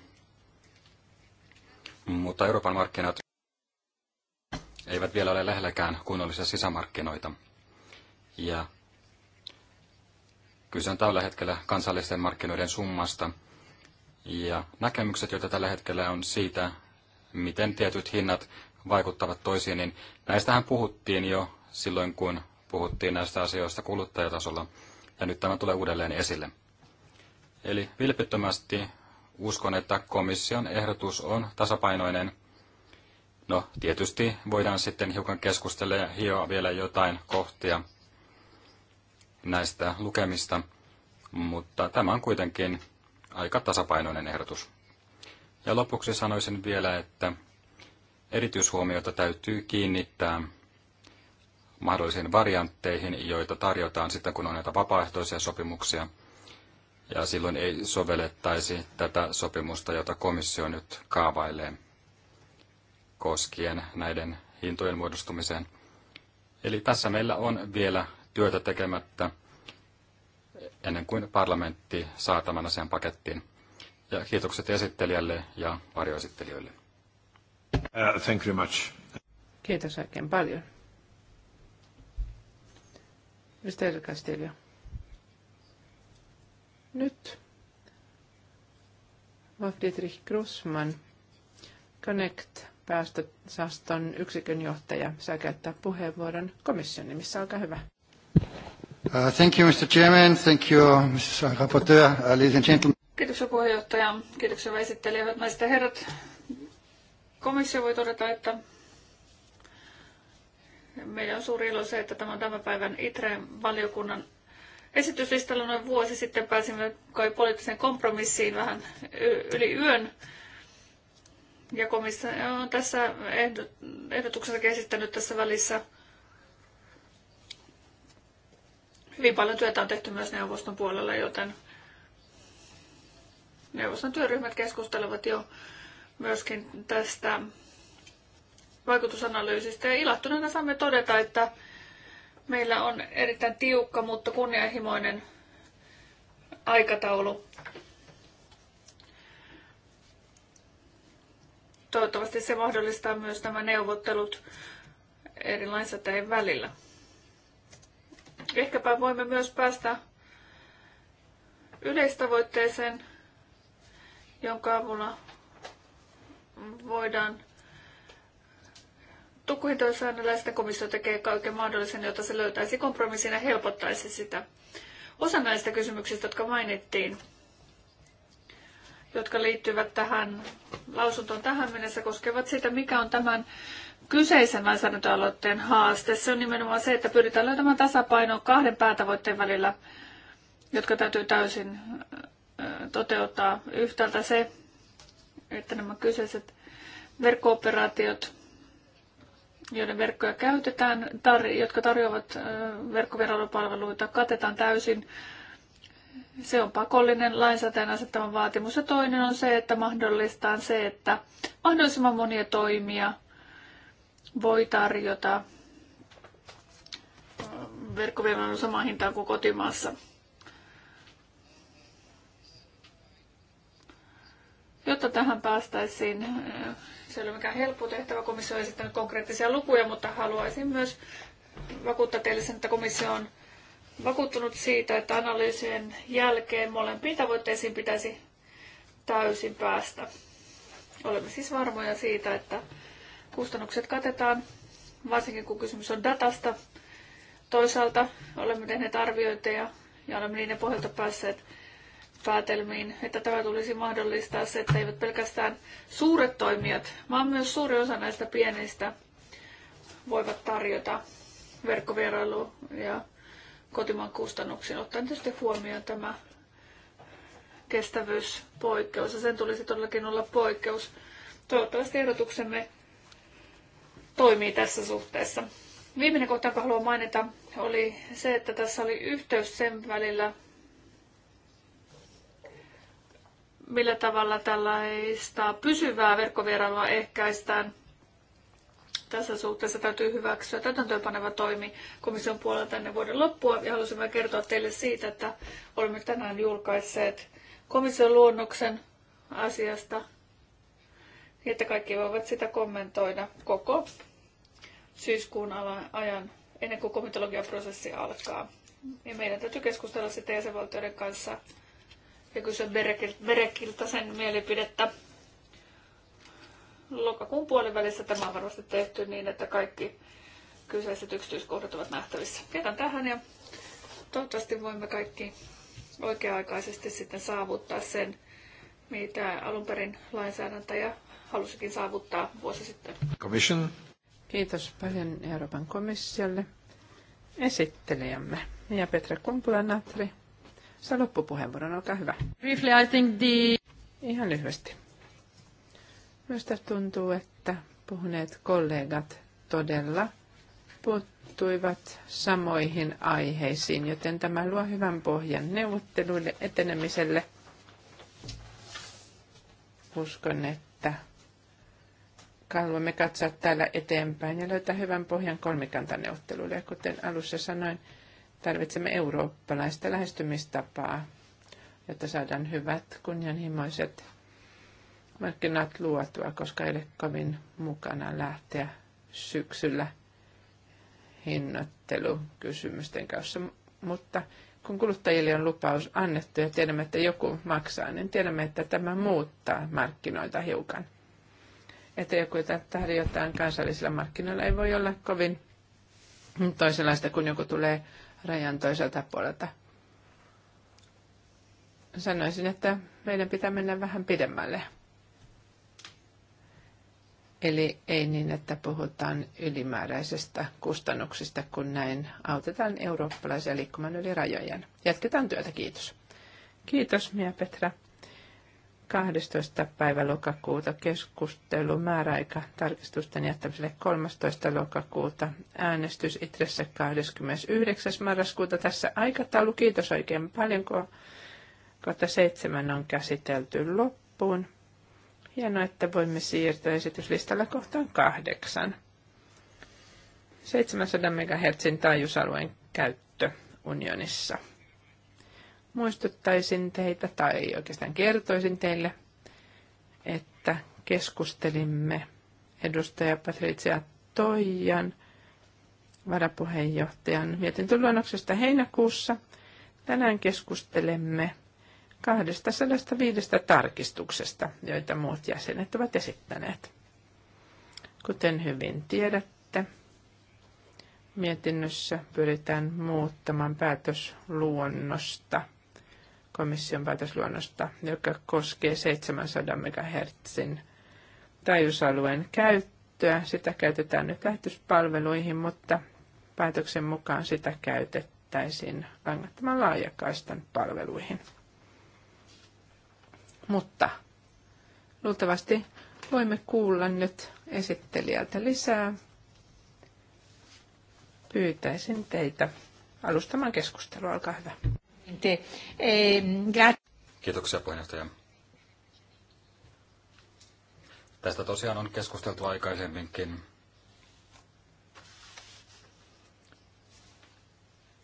mutta Euroopan markkinat eivät vielä ole lähelläkään kunnollisia sisämarkkinoita. Ja kyse on tällä hetkellä kansallisten markkinoiden summasta. Ja näkemykset, joita tällä hetkellä on siitä, miten tietyt hinnat vaikuttavat toisiin, niin näistähän puhuttiin jo silloin, kun puhuttiin näistä asioista kuluttajatasolla, ja nyt tämä tulee uudelleen esille. Eli vilpittömästi uskon, että komission ehdotus on tasapainoinen – No, tietysti voidaan sitten hiukan keskustella ja hioa vielä jotain kohtia näistä lukemista, mutta tämä on kuitenkin aika tasapainoinen ehdotus. Ja lopuksi sanoisin vielä, että erityishuomiota täytyy kiinnittää mahdollisiin variantteihin, joita tarjotaan sitten, kun on näitä vapaaehtoisia sopimuksia. Ja silloin ei sovellettaisi tätä sopimusta, jota komissio nyt kaavailee koskien näiden hintojen muodostumiseen. Eli tässä meillä on vielä työtä tekemättä ennen kuin parlamentti saa tämän asian pakettiin. Ja kiitokset esittelijälle ja varjoesittelijöille. Uh, thank you much. Kiitos oikein paljon. Mr. Castillo. Nyt var Fredrik Grossman, Connect päästösaston yksikön johtaja saa käyttää puheenvuoron komission nimissä. Olkaa hyvä. Uh, thank you, Mr. Chairman. Thank you, Mrs. Rapporteur, uh, ladies and gentlemen. Kiitoksia puheenjohtaja. Kiitoksia esittelijä. Hyvät naiset ja herrat. Komissio voi todeta, että meillä on suuri ilo se, että tämä on tämän päivän ITRE-valiokunnan esityslistalla noin vuosi sitten pääsimme kai poliittiseen kompromissiin vähän yli yön ja komissio on tässä ehdotuksessa esittänyt tässä välissä hyvin paljon työtä on tehty myös neuvoston puolella, joten neuvoston työryhmät keskustelevat jo myöskin tästä vaikutusanalyysistä. Ja ilahtuneena saamme todeta, että meillä on erittäin tiukka, mutta kunnianhimoinen aikataulu Toivottavasti se mahdollistaa myös nämä neuvottelut eri lainsäteen välillä. Ehkäpä voimme myös päästä yleistavoitteeseen, jonka avulla voidaan tukkuhintoisäännöllä sitä komissio tekee kaiken mahdollisen, jotta se löytäisi kompromissin ja helpottaisi sitä. Osa näistä kysymyksistä, jotka mainittiin, jotka liittyvät tähän lausuntoon tähän mennessä, koskevat sitä, mikä on tämän kyseisen lainsäädäntöaloitteen haaste. Se on nimenomaan se, että pyritään löytämään tasapaino kahden päätavoitteen välillä, jotka täytyy täysin toteuttaa. Yhtäältä se, että nämä kyseiset verkkooperaatiot, joiden verkkoja käytetään, tar- jotka tarjoavat verkkoverolopalveluita, katetaan täysin se on pakollinen lainsäätäjän asettama vaatimus. Ja toinen on se, että mahdollistaa se, että mahdollisimman monia toimia voi tarjota äh, verkkoviemään samaan hintaan kuin kotimaassa. Jotta tähän päästäisiin, äh, se ei ole mikään helppo tehtävä, komissio on esittänyt konkreettisia lukuja, mutta haluaisin myös vakuuttaa teille sen, että komissio on vakuuttunut siitä, että analyysien jälkeen molempiin tavoitteisiin pitäisi täysin päästä. Olemme siis varmoja siitä, että kustannukset katetaan, varsinkin kun kysymys on datasta. Toisaalta olemme tehneet arviointeja ja olemme niiden pohjalta päässeet päätelmiin, että tämä tulisi mahdollistaa se, että eivät pelkästään suuret toimijat, vaan myös suuri osa näistä pienistä voivat tarjota verkkovierailu- ja kotimaan kustannuksiin. Ottaen tietysti huomioon tämä kestävyyspoikkeus, ja sen tulisi todellakin olla poikkeus. Toivottavasti ehdotuksemme toimii tässä suhteessa. Viimeinen kohta, jonka haluan mainita, oli se, että tässä oli yhteys sen välillä, millä tavalla tällaista pysyvää verkkovierailua ehkäistään – tässä suhteessa täytyy hyväksyä täytäntöönpaneva toimi komission puolelta ennen vuoden loppua. Ja vielä kertoa teille siitä, että olemme tänään julkaisseet komission luonnoksen asiasta, niin että kaikki voivat sitä kommentoida koko syyskuun ajan ennen kuin komitologiaprosessi alkaa. Ja meidän täytyy keskustella sitten jäsenvaltioiden kanssa ja kysyä Berekiltä sen mielipidettä lokakuun puolivälissä tämä on varmasti tehty niin, että kaikki kyseiset yksityiskohdat ovat nähtävissä. Kerran tähän ja toivottavasti voimme kaikki oikea-aikaisesti sitten saavuttaa sen, mitä alun perin lainsäädäntäjä halusikin saavuttaa vuosi sitten. Commission. Kiitos paljon Euroopan komissiolle esittelijämme. Ja Petra Kumpula-Natri, saa loppupuheenvuoron, olkaa hyvä. Briefly, I think the... Ihan lyhyesti. Minusta tuntuu, että puhuneet kollegat todella puuttuivat samoihin aiheisiin, joten tämä luo hyvän pohjan neuvotteluille etenemiselle. Uskon, että haluamme katsoa täällä eteenpäin ja löytää hyvän pohjan kolmikantaneuvotteluille. kuten alussa sanoin, tarvitsemme eurooppalaista lähestymistapaa, jotta saadaan hyvät, kunnianhimoiset markkinat luotua, koska ei ole kovin mukana lähteä syksyllä hinnoittelukysymysten kanssa. Mutta kun kuluttajille on lupaus annettu ja tiedämme, että joku maksaa, niin tiedämme, että tämä muuttaa markkinoita hiukan. Että joku, jota tarjotaan kansallisilla markkinoilla, ei voi olla kovin toisenlaista, kun joku tulee rajan toiselta puolelta. Sanoisin, että meidän pitää mennä vähän pidemmälle. Eli ei niin, että puhutaan ylimääräisestä kustannuksista, kun näin autetaan eurooppalaisia liikkumaan yli rajojen. Jatketaan työtä, kiitos. Kiitos, Mia Petra. 12. päivä lokakuuta keskustelu määräaika tarkistusten jättämiselle 13. lokakuuta. Äänestys itressä 29. marraskuuta tässä aikataulu. Kiitos oikein paljon, kun kohta seitsemän on käsitelty loppuun. Hienoa, että voimme siirtyä esityslistalla kohtaan kahdeksan. 700 MHz taajuusalueen käyttö unionissa. Muistuttaisin teitä, tai oikeastaan kertoisin teille, että keskustelimme edustaja Patricia Toijan varapuheenjohtajan mietintöluonnoksesta heinäkuussa. Tänään keskustelemme 205 tarkistuksesta, joita muut jäsenet ovat esittäneet. Kuten hyvin tiedätte, mietinnössä pyritään muuttamaan päätösluonnosta, komission päätösluonnosta, joka koskee 700 MHz taajuusalueen käyttöä. Sitä käytetään nyt lähetyspalveluihin, mutta päätöksen mukaan sitä käytettäisiin langattoman laajakaistan palveluihin. Mutta luultavasti voimme kuulla nyt esittelijältä lisää. Pyytäisin teitä alustamaan keskustelua. Olkaa hyvä. Kiitoksia puheenjohtaja. Tästä tosiaan on keskusteltu aikaisemminkin.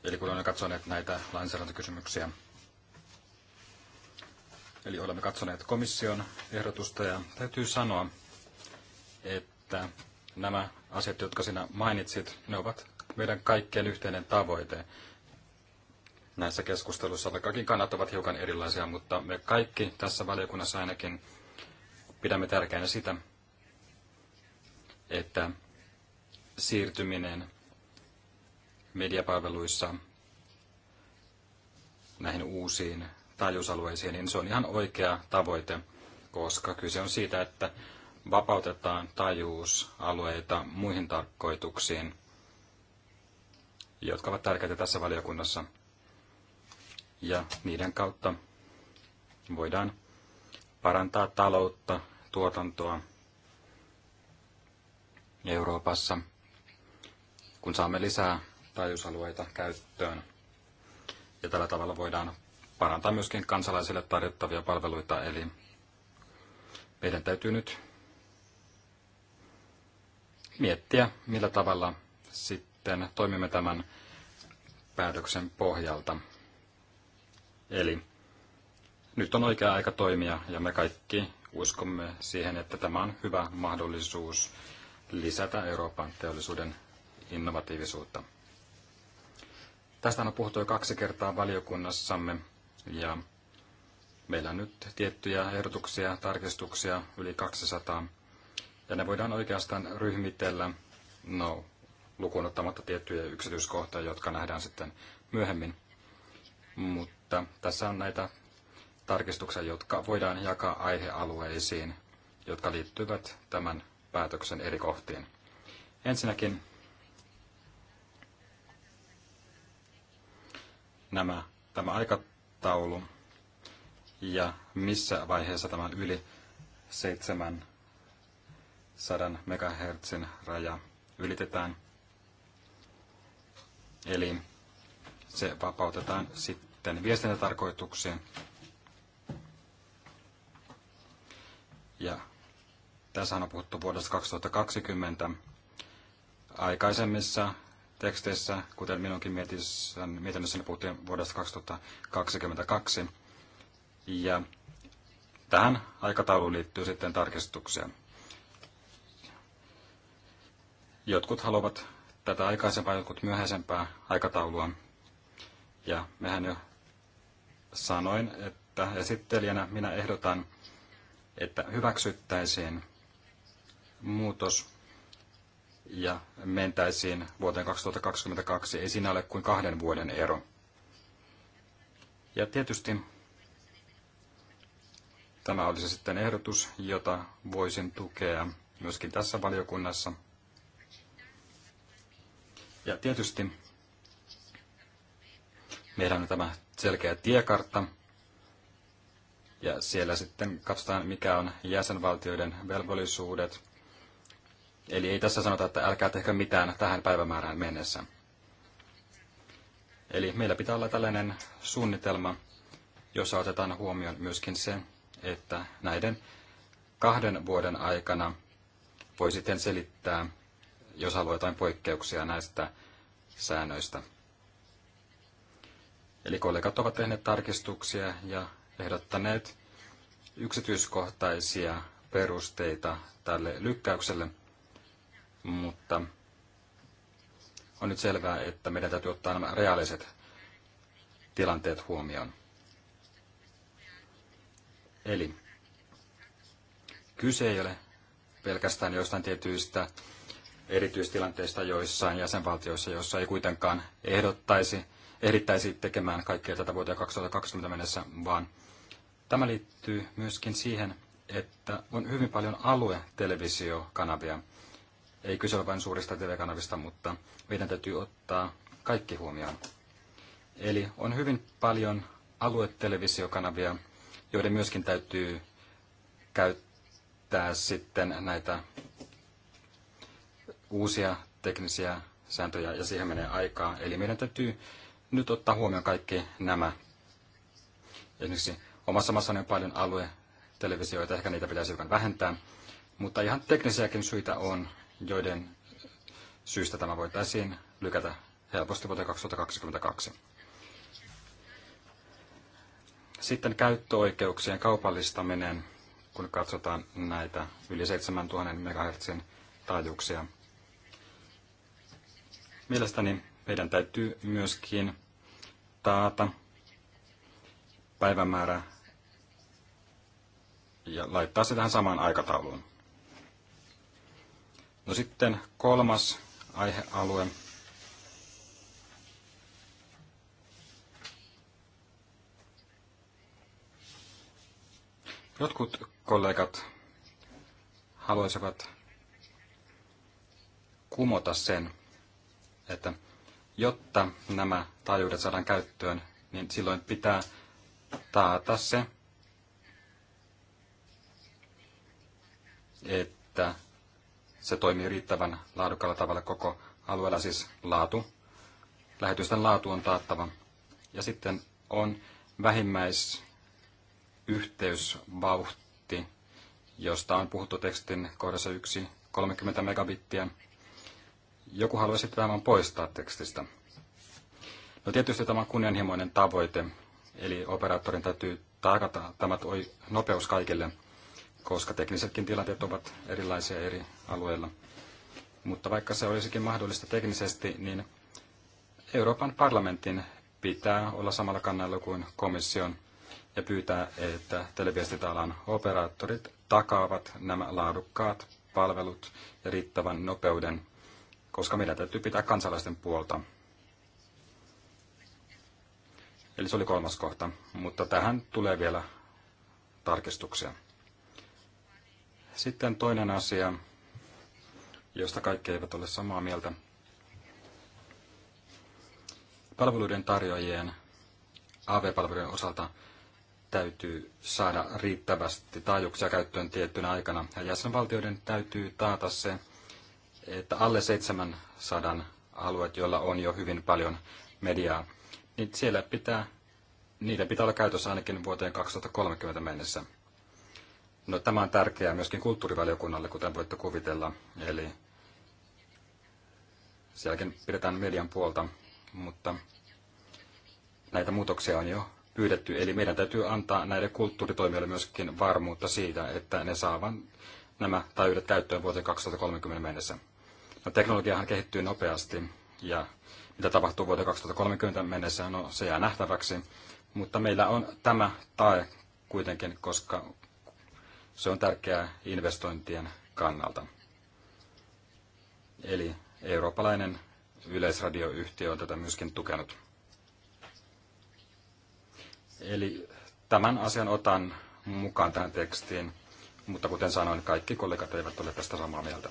Eli kun olemme katsoneet näitä lainsäädäntökysymyksiä, Eli olemme katsoneet komission ehdotusta ja täytyy sanoa, että nämä asiat, jotka sinä mainitsit, ne ovat meidän kaikkien yhteinen tavoite. Näissä keskusteluissa, vaikkakin kannat ovat hiukan erilaisia, mutta me kaikki tässä valiokunnassa ainakin pidämme tärkeänä sitä, että siirtyminen mediapalveluissa näihin uusiin taajuusalueisiin, niin se on ihan oikea tavoite, koska kyse on siitä, että vapautetaan taajuusalueita muihin tarkoituksiin, jotka ovat tärkeitä tässä valiokunnassa. Ja niiden kautta voidaan parantaa taloutta, tuotantoa Euroopassa, kun saamme lisää taajuusalueita käyttöön. Ja tällä tavalla voidaan parantaa myöskin kansalaisille tarjottavia palveluita. Eli meidän täytyy nyt miettiä, millä tavalla sitten toimimme tämän päätöksen pohjalta. Eli nyt on oikea aika toimia ja me kaikki uskomme siihen, että tämä on hyvä mahdollisuus lisätä Euroopan teollisuuden innovatiivisuutta. Tästä on puhuttu jo kaksi kertaa valiokunnassamme ja meillä on nyt tiettyjä ehdotuksia, tarkistuksia, yli 200. Ja ne voidaan oikeastaan ryhmitellä, no lukuun ottamatta tiettyjä yksityiskohtia, jotka nähdään sitten myöhemmin. Mutta tässä on näitä tarkistuksia, jotka voidaan jakaa aihealueisiin, jotka liittyvät tämän päätöksen eri kohtiin. Ensinnäkin nämä, tämä aikataulu aikataulu ja missä vaiheessa tämä yli 700 MHz raja ylitetään. Eli se vapautetaan sitten viestintätarkoituksiin. Ja tässä on puhuttu vuodesta 2020. Aikaisemmissa teksteissä, kuten minunkin mietinnössäni puhuttiin vuodesta 2022. Ja tähän aikatauluun liittyy sitten tarkistuksia. Jotkut haluavat tätä aikaisempaa, jotkut myöhäisempää aikataulua. Ja mehän jo sanoin, että esittelijänä minä ehdotan, että hyväksyttäisiin muutos ja mentäisiin vuoteen 2022. Ei siinä ole kuin kahden vuoden ero. Ja tietysti tämä olisi sitten ehdotus, jota voisin tukea myöskin tässä valiokunnassa. Ja tietysti meillä on tämä selkeä tiekartta, ja siellä sitten katsotaan, mikä on jäsenvaltioiden velvollisuudet – Eli ei tässä sanota, että älkää tehkö mitään tähän päivämäärään mennessä. Eli meillä pitää olla tällainen suunnitelma, jossa otetaan huomioon myöskin se, että näiden kahden vuoden aikana voi sitten selittää, jos haluaa jotain poikkeuksia näistä säännöistä. Eli kollegat ovat tehneet tarkistuksia ja ehdottaneet yksityiskohtaisia perusteita tälle lykkäykselle – mutta on nyt selvää, että meidän täytyy ottaa nämä reaaliset tilanteet huomioon. Eli kyse ei ole pelkästään joistain tietyistä erityistilanteista joissain jäsenvaltioissa, joissa ei kuitenkaan ehdottaisi, ehdittäisi tekemään kaikkea tätä vuoteen 2020 mennessä, vaan tämä liittyy myöskin siihen, että on hyvin paljon aluetelevisiokanavia, televisiokanavia ei kyse ole vain suurista TV-kanavista, mutta meidän täytyy ottaa kaikki huomioon. Eli on hyvin paljon aluetelevisiokanavia, joiden myöskin täytyy käyttää sitten näitä uusia teknisiä sääntöjä ja siihen menee aikaa. Eli meidän täytyy nyt ottaa huomioon kaikki nämä. Esimerkiksi omassa maassani on paljon alue ehkä niitä pitäisi hiukan vähentää, mutta ihan teknisiäkin syitä on, joiden syystä tämä voitaisiin lykätä helposti vuoteen 2022. Sitten käyttöoikeuksien kaupallistaminen, kun katsotaan näitä yli 7000 MHz taajuuksia. Mielestäni meidän täytyy myöskin taata päivämäärä ja laittaa se tähän samaan aikatauluun. No sitten kolmas aihealue. Jotkut kollegat haluaisivat kumota sen, että jotta nämä taajuudet saadaan käyttöön, niin silloin pitää taata se, että se toimii riittävän laadukkaalla tavalla koko alueella, siis laatu. Lähetysten laatu on taattava. Ja sitten on vähimmäisyhteysvauhti, josta on puhuttu tekstin kohdassa 1, 30 megabittiä. Joku haluaisi tämän poistaa tekstistä. No tietysti tämä on kunnianhimoinen tavoite, eli operaattorin täytyy taakata tämä nopeus kaikille – koska teknisetkin tilanteet ovat erilaisia eri alueilla. Mutta vaikka se olisikin mahdollista teknisesti, niin Euroopan parlamentin pitää olla samalla kannalla kuin komission ja pyytää, että televiestintäalan operaattorit takaavat nämä laadukkaat palvelut ja riittävän nopeuden, koska meidän täytyy pitää kansalaisten puolta. Eli se oli kolmas kohta, mutta tähän tulee vielä tarkistuksia. Sitten toinen asia, josta kaikki eivät ole samaa mieltä. Palveluiden tarjoajien AV-palvelujen osalta täytyy saada riittävästi taajuuksia käyttöön tiettynä aikana. Ja jäsenvaltioiden täytyy taata se, että alle 700 alueet, joilla on jo hyvin paljon mediaa, niin siellä pitää, niiden pitää olla käytössä ainakin vuoteen 2030 mennessä. No, tämä on tärkeää myöskin kulttuurivaliokunnalle, kuten voitte kuvitella. Eli sielläkin pidetään median puolta, mutta näitä muutoksia on jo pyydetty. Eli meidän täytyy antaa näille kulttuuritoimijoille myöskin varmuutta siitä, että ne saavat nämä taajuudet käyttöön vuoteen 2030 mennessä. No, teknologiahan kehittyy nopeasti ja mitä tapahtuu vuoteen 2030 mennessä, no se jää nähtäväksi. Mutta meillä on tämä tae kuitenkin, koska se on tärkeää investointien kannalta. Eli eurooppalainen yleisradioyhtiö on tätä myöskin tukenut. Eli tämän asian otan mukaan tähän tekstiin, mutta kuten sanoin, kaikki kollegat eivät ole tästä samaa mieltä.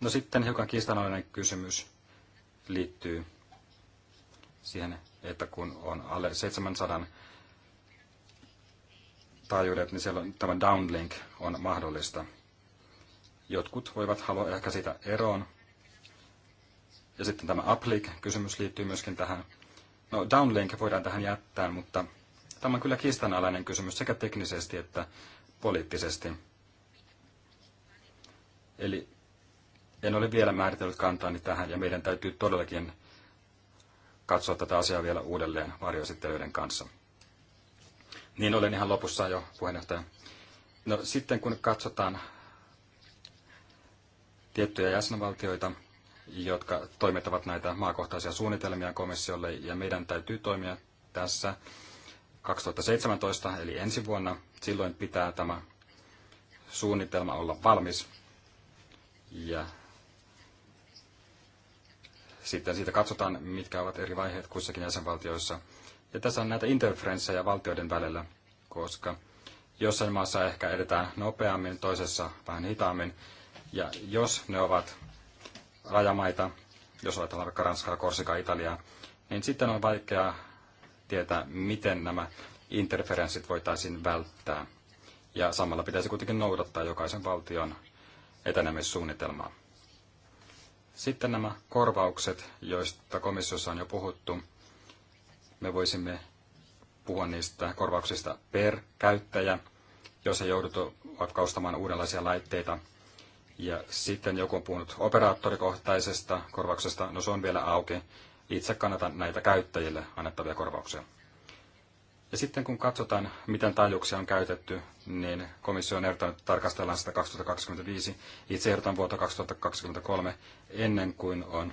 No sitten hiukan kiistanalainen kysymys liittyy siihen, että kun on alle 700 taajuudet, niin siellä on, tämä downlink on mahdollista. Jotkut voivat halua ehkä sitä eroon. Ja sitten tämä uplink-kysymys liittyy myöskin tähän. No downlink voidaan tähän jättää, mutta tämä on kyllä kiistanalainen kysymys sekä teknisesti että poliittisesti. Eli en ole vielä määritellyt kantaani tähän ja meidän täytyy todellakin katsoa tätä asiaa vielä uudelleen varjoesittelyiden kanssa. Niin olen ihan lopussa jo, puheenjohtaja. No sitten kun katsotaan tiettyjä jäsenvaltioita, jotka toimittavat näitä maakohtaisia suunnitelmia komissiolle, ja meidän täytyy toimia tässä 2017, eli ensi vuonna. Silloin pitää tämä suunnitelma olla valmis, ja sitten siitä katsotaan, mitkä ovat eri vaiheet kussakin jäsenvaltioissa – ja tässä on näitä interferenssejä valtioiden välillä, koska jossain maassa ehkä edetään nopeammin, toisessa vähän hitaammin. Ja jos ne ovat rajamaita, jos ajatellaan vaikka Ranskaa, Korsikaa, Italiaa, niin sitten on vaikea tietää, miten nämä interferenssit voitaisiin välttää. Ja samalla pitäisi kuitenkin noudattaa jokaisen valtion etenemissuunnitelmaa. Sitten nämä korvaukset, joista komissiossa on jo puhuttu me voisimme puhua niistä korvauksista per käyttäjä, jos ei joudutu vaikka ostamaan uudenlaisia laitteita. Ja sitten joku on puhunut operaattorikohtaisesta korvauksesta, no se on vielä auki. Itse kannatan näitä käyttäjille annettavia korvauksia. Ja sitten kun katsotaan, miten taajuuksia on käytetty, niin komissio on ehdottanut, että tarkastellaan sitä 2025. Itse ehdotan vuotta 2023 ennen kuin on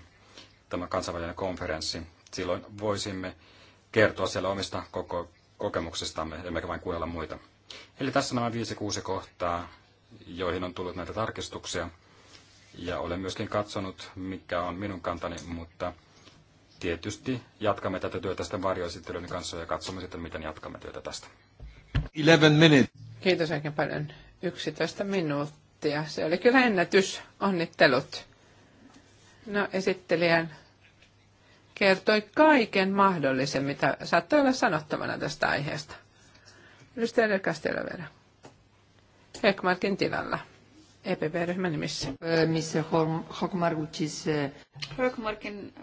tämä kansainvälinen konferenssi. Silloin voisimme kertoa siellä omista koko kokemuksistamme, emmekä vain kuulla muita. Eli tässä nämä viisi kuusi kohtaa, joihin on tullut näitä tarkistuksia. Ja olen myöskin katsonut, mikä on minun kantani, mutta tietysti jatkamme tätä työtä sitten varjoesittelyn kanssa ja katsomme sitten, miten jatkamme työtä tästä. 11 minutes. Kiitos oikein paljon. 11 minuuttia. Se oli kyllä ennätys. Onnittelut. No esittelijän kertoi kaiken mahdollisen, mitä saattoi olla sanottavana tästä aiheesta. Edustaja Del Castellovera. Hekmarkin tilalla. EPP-ryhmän nimissä. Missä Hekmarkin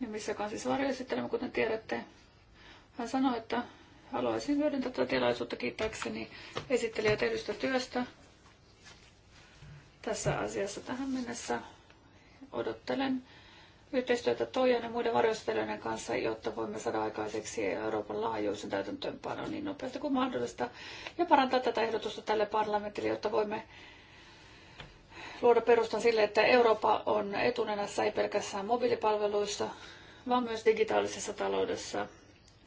nimissä, joka siis esittelemme, kuten tiedätte. Hän sanoi, että haluaisin hyödyntää tätä tilaisuutta kiittääkseni esittelijät tehdystä työstä tässä asiassa tähän mennessä. Odottelen yhteistyötä Toijan ja muiden varjostelijoiden kanssa, jotta voimme saada aikaiseksi Euroopan laajuisen täytäntöönpanon niin nopeasti kuin mahdollista ja parantaa tätä ehdotusta tälle parlamentille, jotta voimme luoda perustan sille, että Eurooppa on etunenässä ei pelkästään mobiilipalveluissa, vaan myös digitaalisessa taloudessa.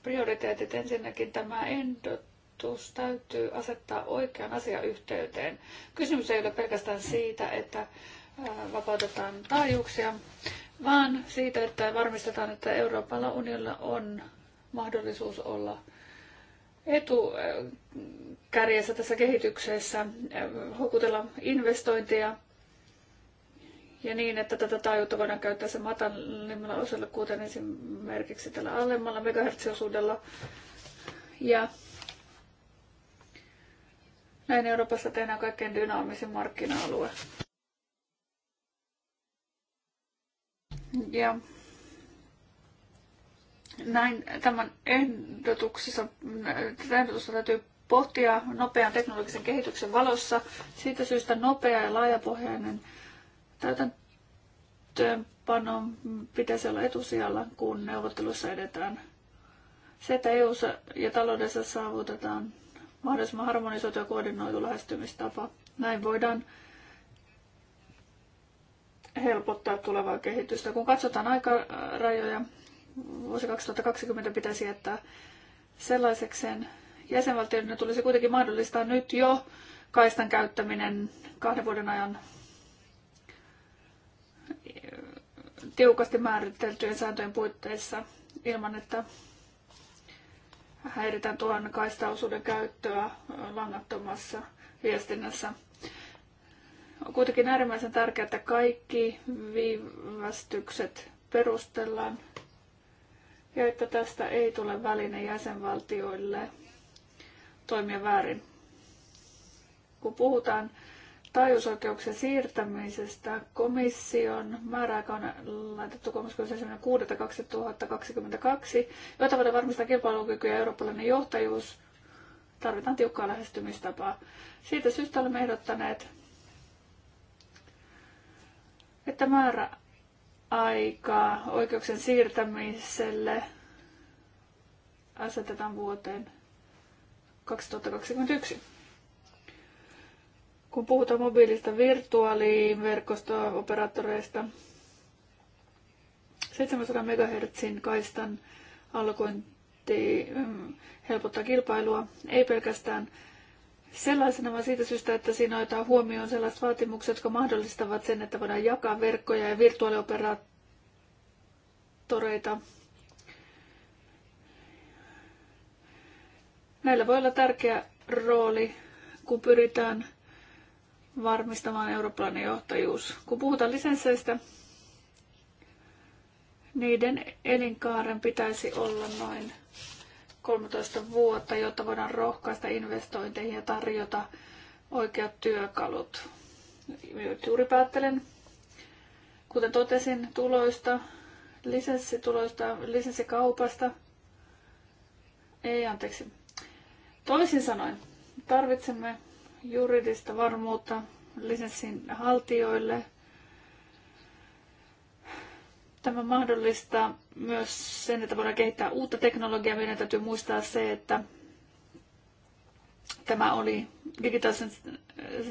Prioriteetit ensinnäkin tämä ehdotus täytyy asettaa oikean asiayhteyteen. Kysymys ei ole pelkästään siitä, että vapautetaan taajuuksia, vaan siitä, että varmistetaan, että Euroopan unionilla on mahdollisuus olla etukärjessä äh, tässä kehityksessä, äh, houkutella investointeja ja niin, että tätä taajuutta voidaan käyttää se matalimmalla osalla, kuten esimerkiksi tällä alemmalla megahertsiosuudella. Ja näin Euroopassa tehdään kaikkein dynaamisin markkina-alue. Ja näin tämän ehdotuksessa, tätä ehdotusta täytyy pohtia nopean teknologisen kehityksen valossa. Siitä syystä nopea ja laajapohjainen täytäntöönpano pitäisi olla etusijalla, kun neuvottelussa edetään. Se, että eu ja taloudessa saavutetaan mahdollisimman harmonisoitu ja koordinoitu lähestymistapa. Näin voidaan helpottaa tulevaa kehitystä. Kun katsotaan aikarajoja, vuosi 2020 pitäisi jättää sellaisekseen. Jäsenvaltioiden tulisi kuitenkin mahdollistaa nyt jo kaistan käyttäminen kahden vuoden ajan tiukasti määriteltyjen sääntöjen puitteissa ilman, että häiritään tuon kaistaosuuden käyttöä langattomassa viestinnässä. On kuitenkin äärimmäisen tärkeää, että kaikki viivästykset perustellaan ja että tästä ei tule väline jäsenvaltioille toimia väärin. Kun puhutaan taajuusoikeuksien siirtämisestä, komission määräaika on laitettu 31.6.2022, jotta voidaan varmistaa kilpailukyky ja eurooppalainen johtajuus. Tarvitaan tiukkaa lähestymistapaa. Siitä syystä olemme ehdottaneet että määrä aikaa oikeuksien siirtämiselle asetetaan vuoteen 2021. Kun puhutaan mobiilista virtuaaliverkosto-operaattoreista, 700 MHz kaistan alkointi mm, helpottaa kilpailua, ei pelkästään sellaisena, vaan siitä syystä, että siinä otetaan huomioon sellaiset vaatimukset, jotka mahdollistavat sen, että voidaan jakaa verkkoja ja virtuaalioperaattoreita. Näillä voi olla tärkeä rooli, kun pyritään varmistamaan eurooppalainen johtajuus. Kun puhutaan lisensseistä, niiden elinkaaren pitäisi olla noin 13 vuotta, jotta voidaan rohkaista investointeihin ja tarjota oikeat työkalut. Juuri päättelen, kuten totesin, tuloista, lisenssituloista, lisenssikaupasta. Ei, anteeksi. Toisin sanoen, tarvitsemme juridista varmuutta lisenssin haltijoille – Tämä mahdollistaa myös sen, että voidaan kehittää uutta teknologiaa. Meidän täytyy muistaa se, että tämä oli digitaalisen äh,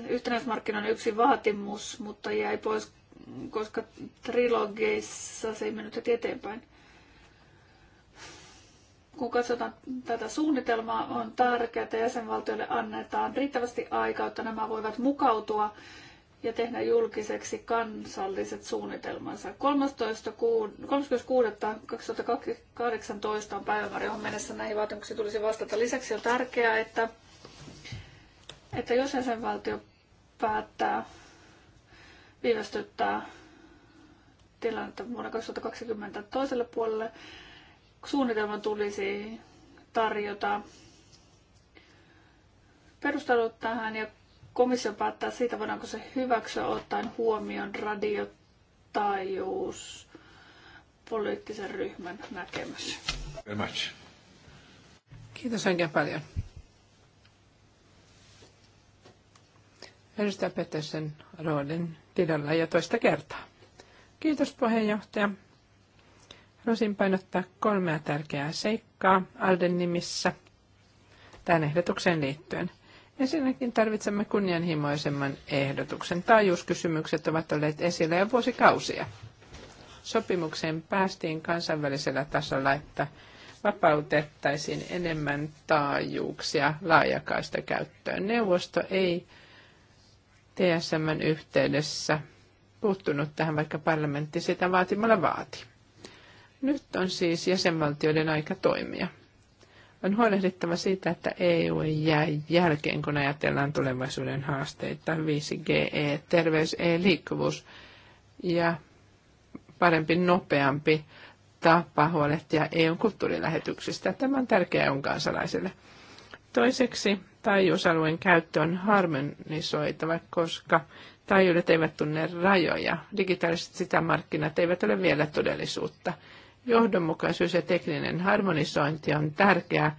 yhtenäismarkkinoiden yksi vaatimus, mutta jäi pois, koska trilogeissa se ei mennyt heti eteenpäin. Kun katsotaan tätä suunnitelmaa, on tärkeää, että jäsenvaltioille annetaan riittävästi aikaa, että nämä voivat mukautua ja tehdä julkiseksi kansalliset suunnitelmansa. kahdeksantoista on päivämäärä, johon mennessä näihin vaatimuksiin tulisi vastata. Lisäksi on tärkeää, että, että jos jäsenvaltio päättää viivästyttää tilannetta vuonna 2020 toiselle puolelle, suunnitelman tulisi tarjota perustelut tähän ja komissio päättää siitä, voidaanko se hyväksyä ottaen huomioon radiotaajuus, poliittisen ryhmän näkemys. Very much. Kiitos oikein paljon. Edustaja Petersen roolin tilalla ja toista kertaa. Kiitos puheenjohtaja. Haluaisin painottaa kolmea tärkeää seikkaa Alden nimissä tähän ehdotukseen liittyen. Ensinnäkin tarvitsemme kunnianhimoisemman ehdotuksen. Taajuuskysymykset ovat olleet esillä jo vuosikausia. Sopimukseen päästiin kansainvälisellä tasolla, että vapautettaisiin enemmän taajuuksia laajakaista käyttöön. Neuvosto ei tsm yhteydessä puuttunut tähän, vaikka parlamentti sitä vaatimalla vaati. Nyt on siis jäsenvaltioiden aika toimia. On huolehdittava siitä, että EU ei jää jälkeen, kun ajatellaan tulevaisuuden haasteita, 5G, e, terveys, e, liikkuvuus ja parempi, nopeampi tapa huolehtia EUn kulttuurilähetyksistä. Tämä on tärkeää EUn kansalaisille. Toiseksi taajuusalueen käyttö on harmonisoitava, koska taajuudet eivät tunne rajoja. Digitaaliset markkinat eivät ole vielä todellisuutta. Johdonmukaisuus ja tekninen harmonisointi on tärkeää,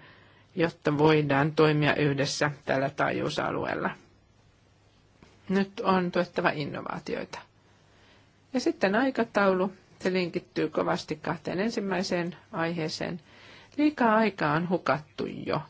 jotta voidaan toimia yhdessä tällä taajuusalueella. Nyt on tuettava innovaatioita. Ja sitten aikataulu. Se linkittyy kovasti kahteen ensimmäiseen aiheeseen. Liikaa aikaa on hukattu jo.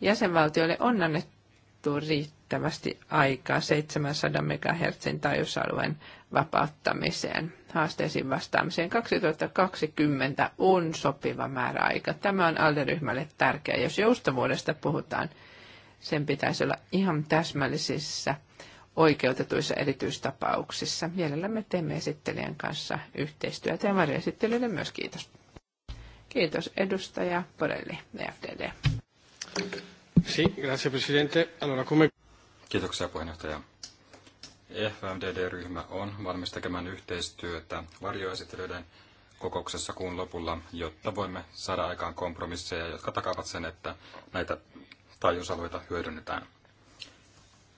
Jäsenvaltioille on annettu riittävästi riittävästi aikaa 700 MHz taajuusalueen vapauttamiseen, haasteisiin vastaamiseen. 2020 on sopiva määräaika. Tämä on alderyhmälle tärkeä. Jos joustavuudesta puhutaan, sen pitäisi olla ihan täsmällisissä oikeutetuissa erityistapauksissa. Mielellämme teemme esittelijän kanssa yhteistyötä ja varjoesittelijöille myös kiitos. Kiitos edustaja Porelli, EFDD. Sì, grazie Presidente. Allora, come... Kiitoksia puheenjohtaja. fmdd ryhmä on valmis tekemään yhteistyötä varjoesittelyiden kokouksessa kuun lopulla, jotta voimme saada aikaan kompromisseja, jotka takaavat sen, että näitä taajuusalueita hyödynnetään.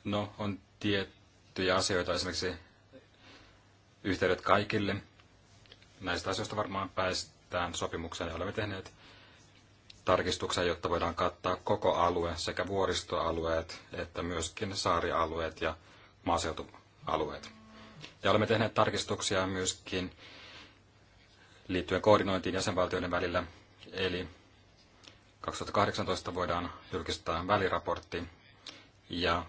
No, on tiettyjä asioita, esimerkiksi yhteydet kaikille. Näistä asioista varmaan päästään sopimukseen ja olemme tehneet tarkistuksia, jotta voidaan kattaa koko alue, sekä vuoristoalueet että myöskin saarialueet ja maaseutualueet. Ja olemme tehneet tarkistuksia myöskin liittyen koordinointiin jäsenvaltioiden välillä, eli 2018 voidaan julkistaa väliraportti ja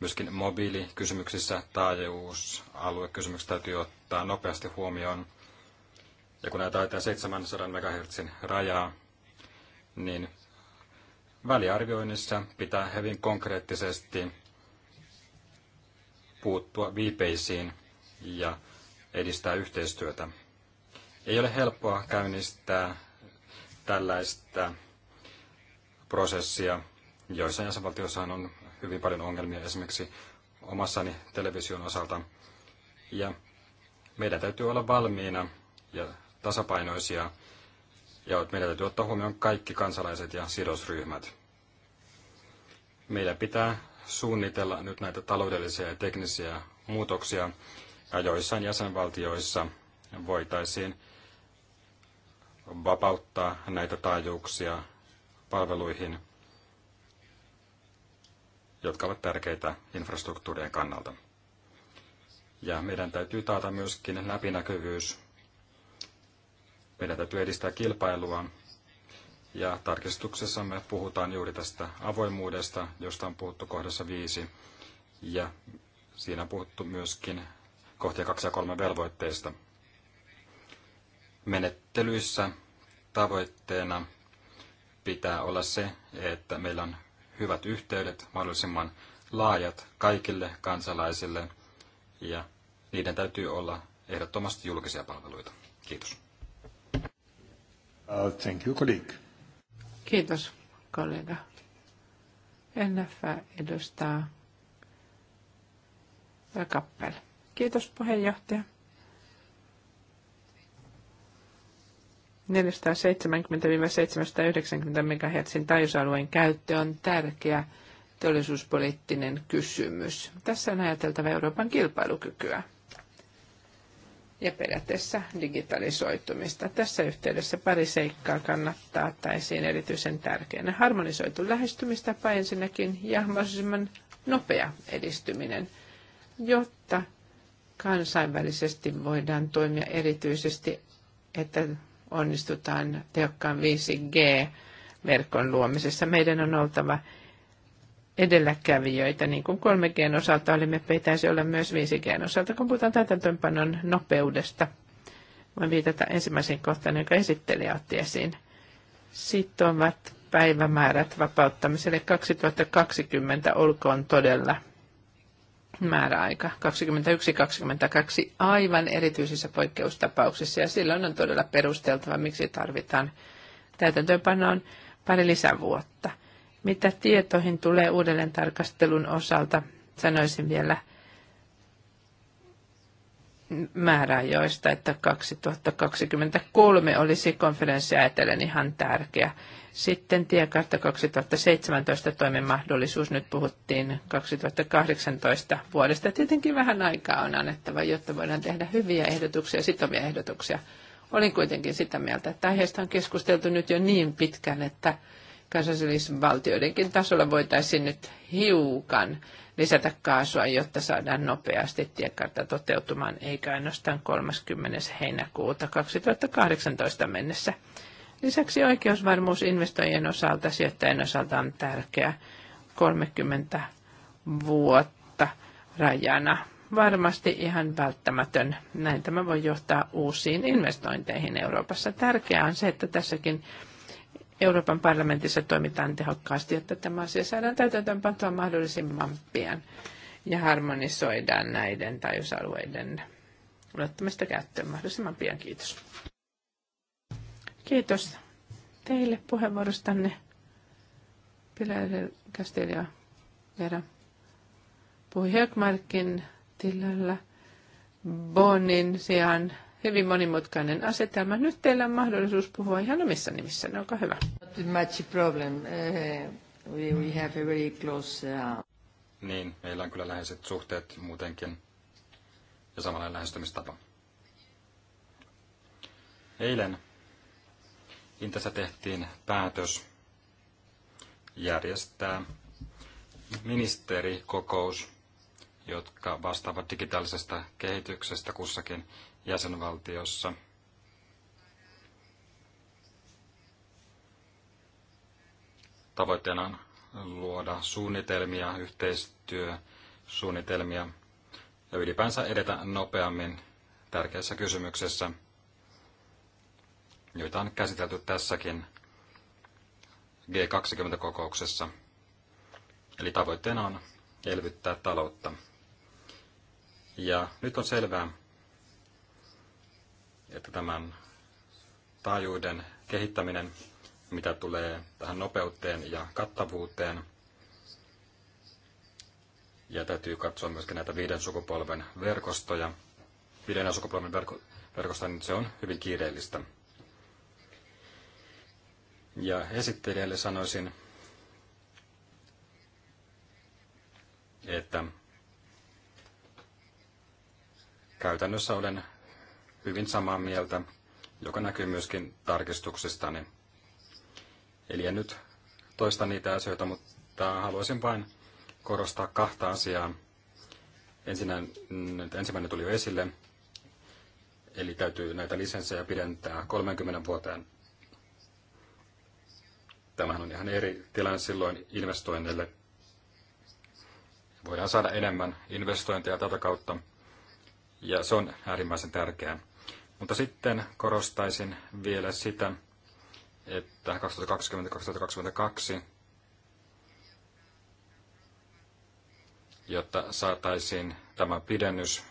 myöskin mobiilikysymyksissä taajuusaluekysymykset täytyy ottaa nopeasti huomioon. Ja kun näitä 700 MHz rajaa, niin väliarvioinnissa pitää hyvin konkreettisesti puuttua viipeisiin ja edistää yhteistyötä. Ei ole helppoa käynnistää tällaista prosessia. joissa jäsenvaltioissa on hyvin paljon ongelmia esimerkiksi omassani television osalta. Ja meidän täytyy olla valmiina ja tasapainoisia ja meidän täytyy ottaa huomioon kaikki kansalaiset ja sidosryhmät. Meidän pitää suunnitella nyt näitä taloudellisia ja teknisiä muutoksia, ja joissain jäsenvaltioissa voitaisiin vapauttaa näitä taajuuksia palveluihin, jotka ovat tärkeitä infrastruktuurien kannalta. Ja meidän täytyy taata myöskin läpinäkyvyys meidän täytyy edistää kilpailua. Ja tarkistuksessamme puhutaan juuri tästä avoimuudesta, josta on puhuttu kohdassa viisi. Ja siinä on puhuttu myöskin kohtia 2 ja 3 velvoitteista. Menettelyissä tavoitteena pitää olla se, että meillä on hyvät yhteydet, mahdollisimman laajat kaikille kansalaisille ja niiden täytyy olla ehdottomasti julkisia palveluita. Kiitos. Uh, thank you, colleague. Kiitos, kollega. NF edustaa Kappel. Kiitos, puheenjohtaja. 470-790 MHz taajuusalueen käyttö on tärkeä teollisuuspoliittinen kysymys. Tässä on ajateltava Euroopan kilpailukykyä ja periaatteessa digitalisoitumista. Tässä yhteydessä pari seikkaa kannattaa ottaa esiin erityisen tärkeänä. Harmonisoitu lähestymistapa ensinnäkin ja mahdollisimman nopea edistyminen, jotta kansainvälisesti voidaan toimia erityisesti, että onnistutaan tehokkaan 5G-verkon luomisessa. Meidän on oltava edelläkävijöitä, niin kuin 3Gn osalta olimme, pitäisi olla myös 5Gn osalta, kun puhutaan täytäntöönpanon nopeudesta. Voin viitata ensimmäisen kohtaan, jonka esittelijä otti esiin. Sitovat päivämäärät vapauttamiselle 2020 olkoon todella määräaika 21-22 aivan erityisissä poikkeustapauksissa ja silloin on todella perusteltava, miksi tarvitaan täytäntöönpanoon pari lisävuotta. Mitä tietoihin tulee uudelleen tarkastelun osalta, sanoisin vielä määräajoista, että 2023 olisi konferenssi ajatellen ihan tärkeä. Sitten tiekartta 2017 toimen mahdollisuus. Nyt puhuttiin 2018 vuodesta. Tietenkin vähän aikaa on annettava, jotta voidaan tehdä hyviä ehdotuksia, sitovia ehdotuksia. Olin kuitenkin sitä mieltä, että aiheesta on keskusteltu nyt jo niin pitkän, että kansallisvaltioidenkin tasolla voitaisiin nyt hiukan lisätä kaasua, jotta saadaan nopeasti tiekartta toteutumaan, eikä ainoastaan 30. heinäkuuta 2018 mennessä. Lisäksi oikeusvarmuus investoijien osalta, sijoittajien osalta on tärkeä 30 vuotta rajana. Varmasti ihan välttämätön. Näin tämä voi johtaa uusiin investointeihin Euroopassa. Tärkeää on se, että tässäkin Euroopan parlamentissa toimitaan tehokkaasti, että tämä asia saadaan täytäntöönpantoa mahdollisimman pian ja harmonisoidaan näiden tajusalueiden ulottamista käyttöön mahdollisimman pian. Kiitos. Kiitos teille puheenvuorostanne. Pilar Castillo Vera puhui tilalla Bonin sijaan hyvin monimutkainen asetelma. Nyt teillä on mahdollisuus puhua ihan omissa nimissä. ne olkaa hyvä. Much problem. Uh, we, we have a very close, uh, Niin, meillä on kyllä läheiset suhteet muutenkin ja samanlainen lähestymistapa. Eilen Intessä tehtiin päätös järjestää ministerikokous, jotka vastaavat digitaalisesta kehityksestä kussakin jäsenvaltiossa. Tavoitteena on luoda suunnitelmia, yhteistyösuunnitelmia ja ylipäänsä edetä nopeammin tärkeässä kysymyksessä, joita on käsitelty tässäkin G20-kokouksessa. Eli tavoitteena on elvyttää taloutta. Ja nyt on selvää, että tämän taajuuden kehittäminen, mitä tulee tähän nopeuteen ja kattavuuteen, ja täytyy katsoa myöskin näitä viiden sukupolven verkostoja, viiden sukupolven verko, verkostoja, niin se on hyvin kiireellistä. Ja esittelijälle sanoisin, että käytännössä olen hyvin samaa mieltä, joka näkyy myöskin tarkistuksistani. Eli en nyt toista niitä asioita, mutta haluaisin vain korostaa kahta asiaa. Ensinnä, ensimmäinen tuli jo esille, eli täytyy näitä lisenssejä pidentää 30 vuoteen. Tämähän on ihan eri tilanne silloin investoinneille. Voidaan saada enemmän investointeja tätä kautta, ja se on äärimmäisen tärkeää. Mutta sitten korostaisin vielä sitä, että 2020-2022, jotta saataisiin tämä pidennys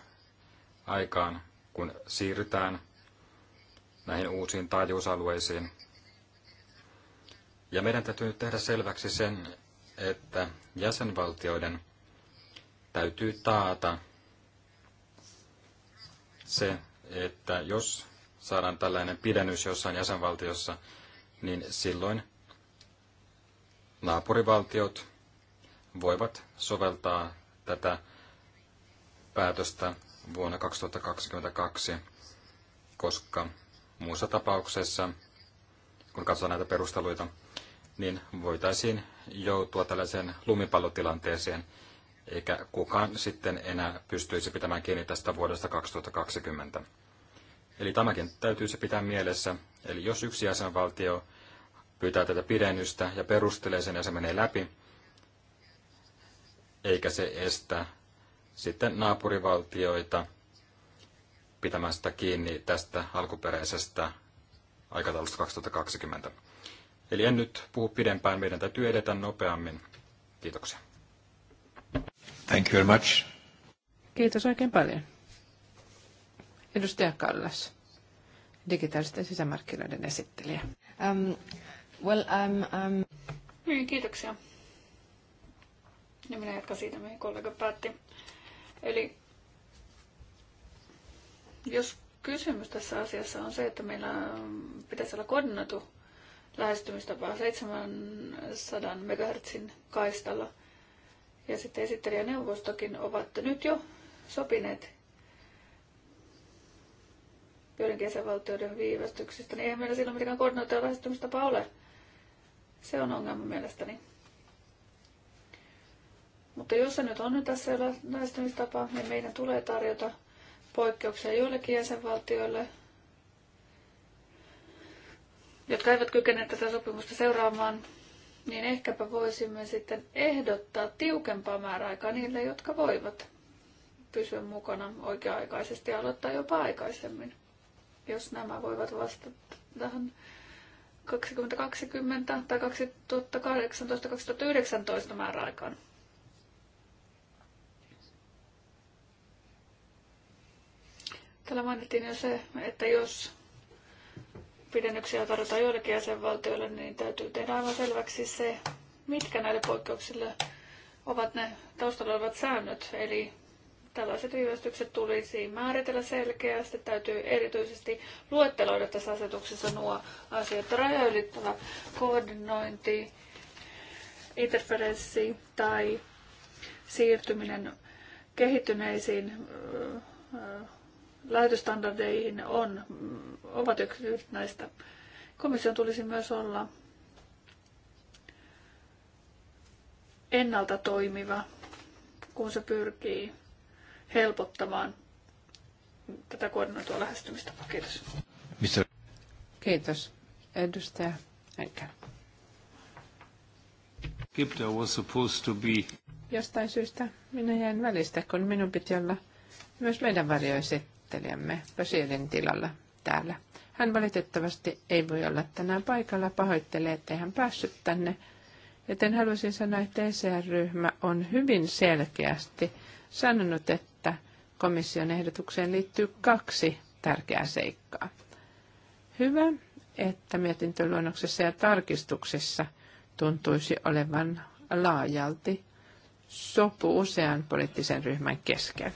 aikaan, kun siirrytään näihin uusiin taajuusalueisiin. Ja meidän täytyy nyt tehdä selväksi sen, että jäsenvaltioiden täytyy taata se, että jos saadaan tällainen pidennys jossain jäsenvaltiossa, niin silloin naapurivaltiot voivat soveltaa tätä päätöstä vuonna 2022, koska muussa tapauksessa, kun katsotaan näitä perusteluita, niin voitaisiin joutua tällaiseen lumipallotilanteeseen, eikä kukaan sitten enää pystyisi pitämään kiinni tästä vuodesta 2020. Eli tämäkin täytyy se pitää mielessä. Eli jos yksi jäsenvaltio pyytää tätä pidennystä ja perustelee sen ja se menee läpi, eikä se estä sitten naapurivaltioita pitämästä kiinni tästä alkuperäisestä aikataulusta 2020. Eli en nyt puhu pidempään, meidän täytyy edetä nopeammin. Kiitoksia. Thank you very much. Kiitos oikein paljon. Edustaja Kallas, digitaalisten sisämarkkinoiden esittelijä. Um, well, um, um... Niin, kiitoksia. Ja minä jatkan siitä, mihin kollega päätti. Eli jos kysymys tässä asiassa on se, että meillä pitäisi olla koordinoitu lähestymistapa 700 MHz kaistalla – ja sitten esittelijäneuvostokin ovat nyt jo sopineet joidenkin jäsenvaltioiden viivästyksistä, niin eihän meillä silloin mitenkään koordinoitua lähestymistapa ole. Se on ongelma mielestäni. Mutta jos se nyt on nyt niin tässä lähestymistapa, niin meidän tulee tarjota poikkeuksia joillekin jäsenvaltioille, jotka eivät kykene tätä sopimusta seuraamaan, niin ehkäpä voisimme sitten ehdottaa tiukempaa määräaikaa niille, jotka voivat pysyä mukana oikea-aikaisesti ja aloittaa jopa aikaisemmin, jos nämä voivat vastata tähän 2020 tai 2018-2019 määräaikaan. Täällä mainittiin jo se, että jos pidennyksiä tarjotaan joillekin jäsenvaltioille, niin täytyy tehdä aivan selväksi se, mitkä näille poikkeuksille ovat ne taustalla olevat säännöt. Eli tällaiset viivästykset tulisi määritellä selkeästi. Täytyy erityisesti luetteloida tässä asetuksessa nuo asiat. Rajoilittava koordinointi, interferenssi tai siirtyminen kehittyneisiin lähetystandardeihin on, ovat yksi näistä. Komission tulisi myös olla ennalta toimiva, kun se pyrkii helpottamaan tätä koordinoitua lähestymistä. Kiitos. Kiitos. Edustaja Enkä. Kipta was supposed to be. Jostain syystä minä jäin välistä, kun minun piti olla myös meidän varjoisi esittelijämme Basirin tilalla täällä. Hän valitettavasti ei voi olla tänään paikalla, pahoittelee, ettei hän päässyt tänne. Joten haluaisin sanoa, että ECR-ryhmä on hyvin selkeästi sanonut, että komission ehdotukseen liittyy kaksi tärkeää seikkaa. Hyvä, että mietintöluonnoksessa ja tarkistuksissa tuntuisi olevan laajalti sopu usean poliittisen ryhmän kesken.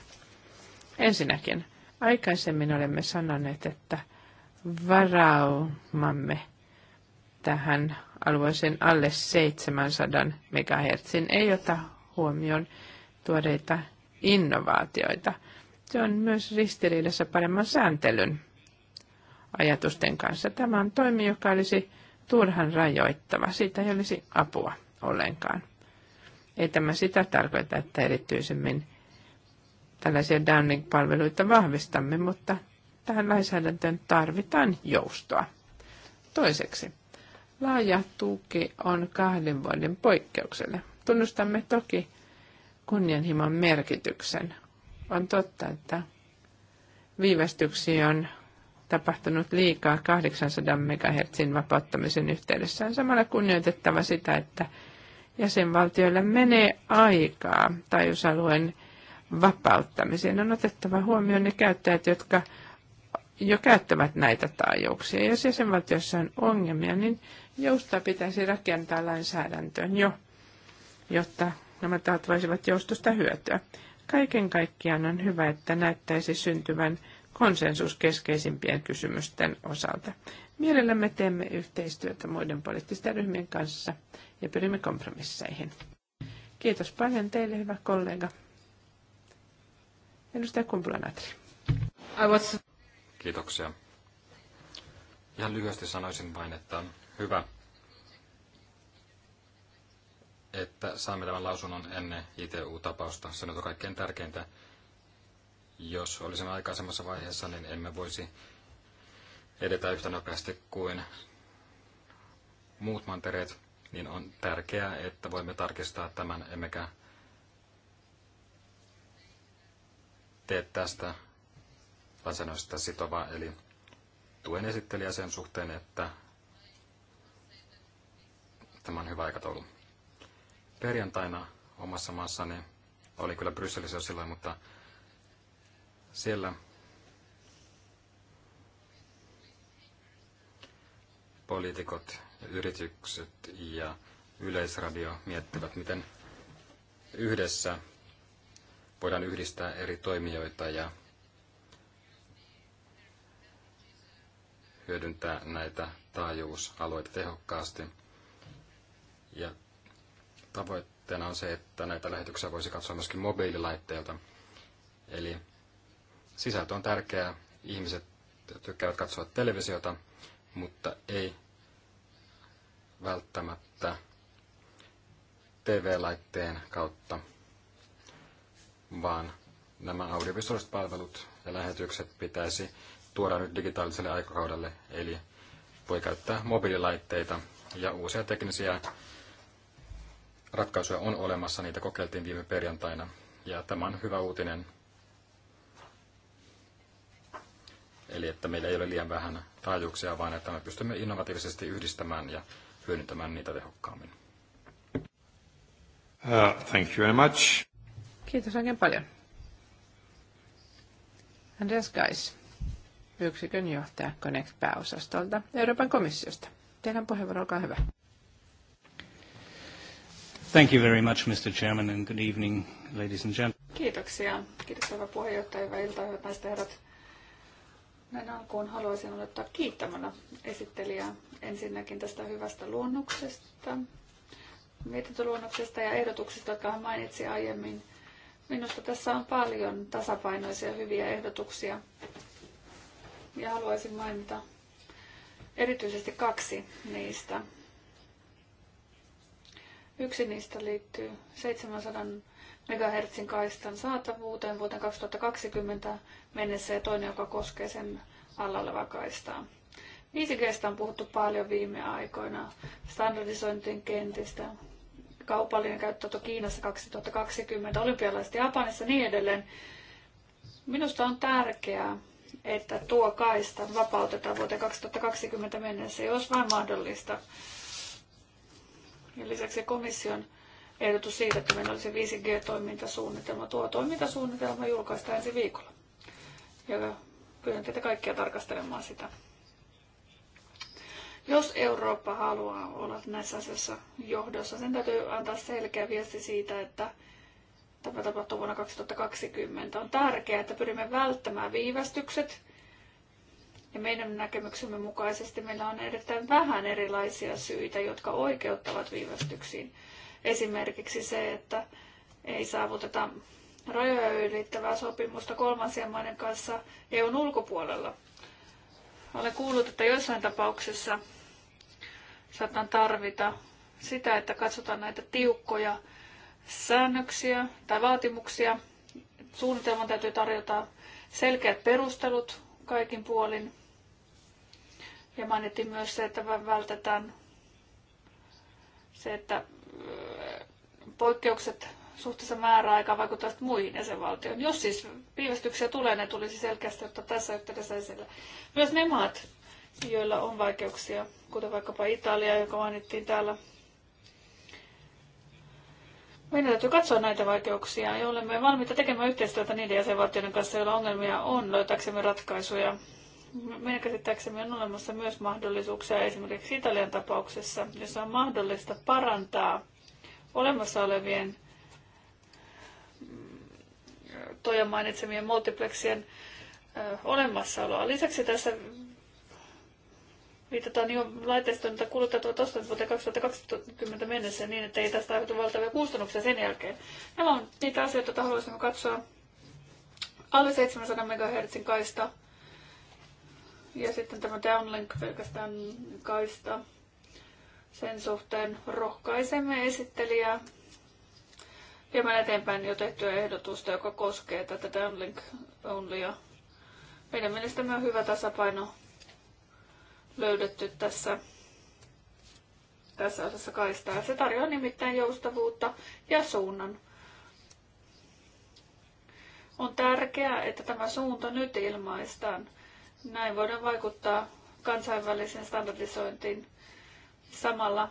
Ensinnäkin Aikaisemmin olemme sanoneet, että varaumamme tähän alueeseen alle 700 MHz ei ota huomioon tuoreita innovaatioita. Se on myös ristiriidassa paremman sääntelyn ajatusten kanssa. Tämä on toimi, joka olisi turhan rajoittava. Siitä ei olisi apua ollenkaan. Ei tämä sitä tarkoita, että erityisemmin tällaisia downlink-palveluita vahvistamme, mutta tähän lainsäädäntöön tarvitaan joustoa. Toiseksi, laaja tuki on kahden vuoden poikkeukselle. Tunnustamme toki kunnianhimon merkityksen. On totta, että viivästyksiä on tapahtunut liikaa 800 MHz vapauttamisen yhteydessä. On samalla kunnioitettava sitä, että jäsenvaltioille menee aikaa taajuusalueen vapauttamiseen. On otettava huomioon ne käyttäjät, jotka jo käyttävät näitä taajuuksia. Ja jos jäsenvaltiossa on ongelmia, niin joustoa pitäisi rakentaa lainsäädäntöön jo, jotta nämä taat voisivat joustosta hyötyä. Kaiken kaikkiaan on hyvä, että näyttäisi syntyvän konsensus keskeisimpien kysymysten osalta. Mielellämme teemme yhteistyötä muiden poliittisten ryhmien kanssa ja pyrimme kompromisseihin. Kiitos paljon teille, hyvä kollega. Edustaja Kumpula-Natri. Was... Kiitoksia. Ihan lyhyesti sanoisin vain, että hyvä, että saamme tämän lausunnon ennen ITU-tapausta. Se nyt on kaikkein tärkeintä. Jos olisimme aikaisemmassa vaiheessa, niin emme voisi edetä yhtä nopeasti kuin muut mantereet, niin on tärkeää, että voimme tarkistaa tämän, emmekä tee tästä sitä sitovaa, eli tuen esittelijä sen suhteen, että tämä on hyvä aikataulu. Perjantaina omassa maassani, oli kyllä Brysselissä jo silloin, mutta siellä poliitikot yritykset ja yleisradio miettivät, miten yhdessä voidaan yhdistää eri toimijoita ja hyödyntää näitä taajuusalueita tehokkaasti. Ja tavoitteena on se, että näitä lähetyksiä voisi katsoa myöskin mobiililaitteilta. Eli sisältö on tärkeää. Ihmiset tykkäävät katsoa televisiota, mutta ei välttämättä TV-laitteen kautta vaan nämä audiovisuaaliset palvelut ja lähetykset pitäisi tuoda nyt digitaaliselle aikakaudelle, eli voi käyttää mobiililaitteita ja uusia teknisiä ratkaisuja on olemassa, niitä kokeiltiin viime perjantaina ja tämä on hyvä uutinen. Eli että meillä ei ole liian vähän taajuuksia, vaan että me pystymme innovatiivisesti yhdistämään ja hyödyntämään niitä tehokkaammin. Uh, thank you very much. Kiitos oikein paljon. Andreas Gais, yksikön johtaja Connect-pääosastolta Euroopan komissiosta. Teidän puheenvuoro, olkaa hyvä. Thank you very much, Mr. Chairman, and good evening, ladies and gentlemen. Kiitoksia. Kiitos hyvä puheenjohtaja, hyvää iltaa hyvät naiset herrat. Näin alkuun haluaisin aloittaa kiittämällä esittelijää ensinnäkin tästä hyvästä luonnoksesta, mietintöluonnoksesta ja ehdotuksesta, jotka hän mainitsi aiemmin. Minusta tässä on paljon tasapainoisia hyviä ehdotuksia. Ja haluaisin mainita erityisesti kaksi niistä. Yksi niistä liittyy 700 MHz kaistan saatavuuteen vuoteen 2020 mennessä ja toinen, joka koskee sen alla olevaa kaistaa. 5 on puhuttu paljon viime aikoina standardisointien kentistä, kaupallinen käyttö Kiinassa 2020, olympialaiset Japanissa ja niin edelleen. Minusta on tärkeää, että tuo kaista vapautetaan vuoteen 2020 mennessä, jos vain mahdollista. Ja lisäksi komission ehdotus siitä, että meillä olisi 5G-toimintasuunnitelma. Tuo toimintasuunnitelma julkaistaan ensi viikolla. Ja pyydän teitä kaikkia tarkastelemaan sitä. Jos Eurooppa haluaa olla näissä asioissa johdossa, sen täytyy antaa selkeä viesti siitä, että tämä tapahtuu vuonna 2020. On tärkeää, että pyrimme välttämään viivästykset. Ja meidän näkemyksemme mukaisesti meillä on erittäin vähän erilaisia syitä, jotka oikeuttavat viivästyksiin. Esimerkiksi se, että ei saavuteta rajoja ylittävää sopimusta kolmansien maiden kanssa EUn ulkopuolella. Olen kuullut, että joissain tapauksissa Saatan tarvita sitä, että katsotaan näitä tiukkoja säännöksiä tai vaatimuksia. Suunnitelman täytyy tarjota selkeät perustelut kaikin puolin. Ja mainittiin myös se, että vältetään se, että poikkeukset suhteessa määräaikaan vaikuttavat muihin jäsenvaltioihin. Jos siis viivästyksiä tulee, ne tulisi selkeästi ottaa tässä yhteydessä esille. Myös ne maat, joilla on vaikeuksia, kuten vaikkapa Italia, joka mainittiin täällä. Meidän täytyy katsoa näitä vaikeuksia ja olemme valmiita tekemään yhteistyötä niiden jäsenvaltioiden kanssa, joilla ongelmia on, löytääksemme ratkaisuja. Meidän käsittääksemme on olemassa myös mahdollisuuksia esimerkiksi Italian tapauksessa, jossa on mahdollista parantaa olemassa olevien toja mainitsemien multiplexien olemassaoloa. Lisäksi tässä viitataan jo laitteiston jota kuluttajat ovat ostaneet vuoteen 2020 mennessä niin, että ei tästä aiheutu valtavia kustannuksia sen jälkeen. Nämä on niitä asioita, joita haluaisimme katsoa. Alle 700 MHz kaista ja sitten tämä downlink pelkästään kaista. Sen suhteen rohkaisemme esittelijää viemään eteenpäin jo tehtyä ehdotusta, joka koskee tätä downlink onlya. Meidän mielestämme on hyvä tasapaino löydetty tässä, tässä osassa kaistaa. Se tarjoaa nimittäin joustavuutta ja suunnan. On tärkeää, että tämä suunta nyt ilmaistaan. Näin voidaan vaikuttaa kansainväliseen standardisointiin samalla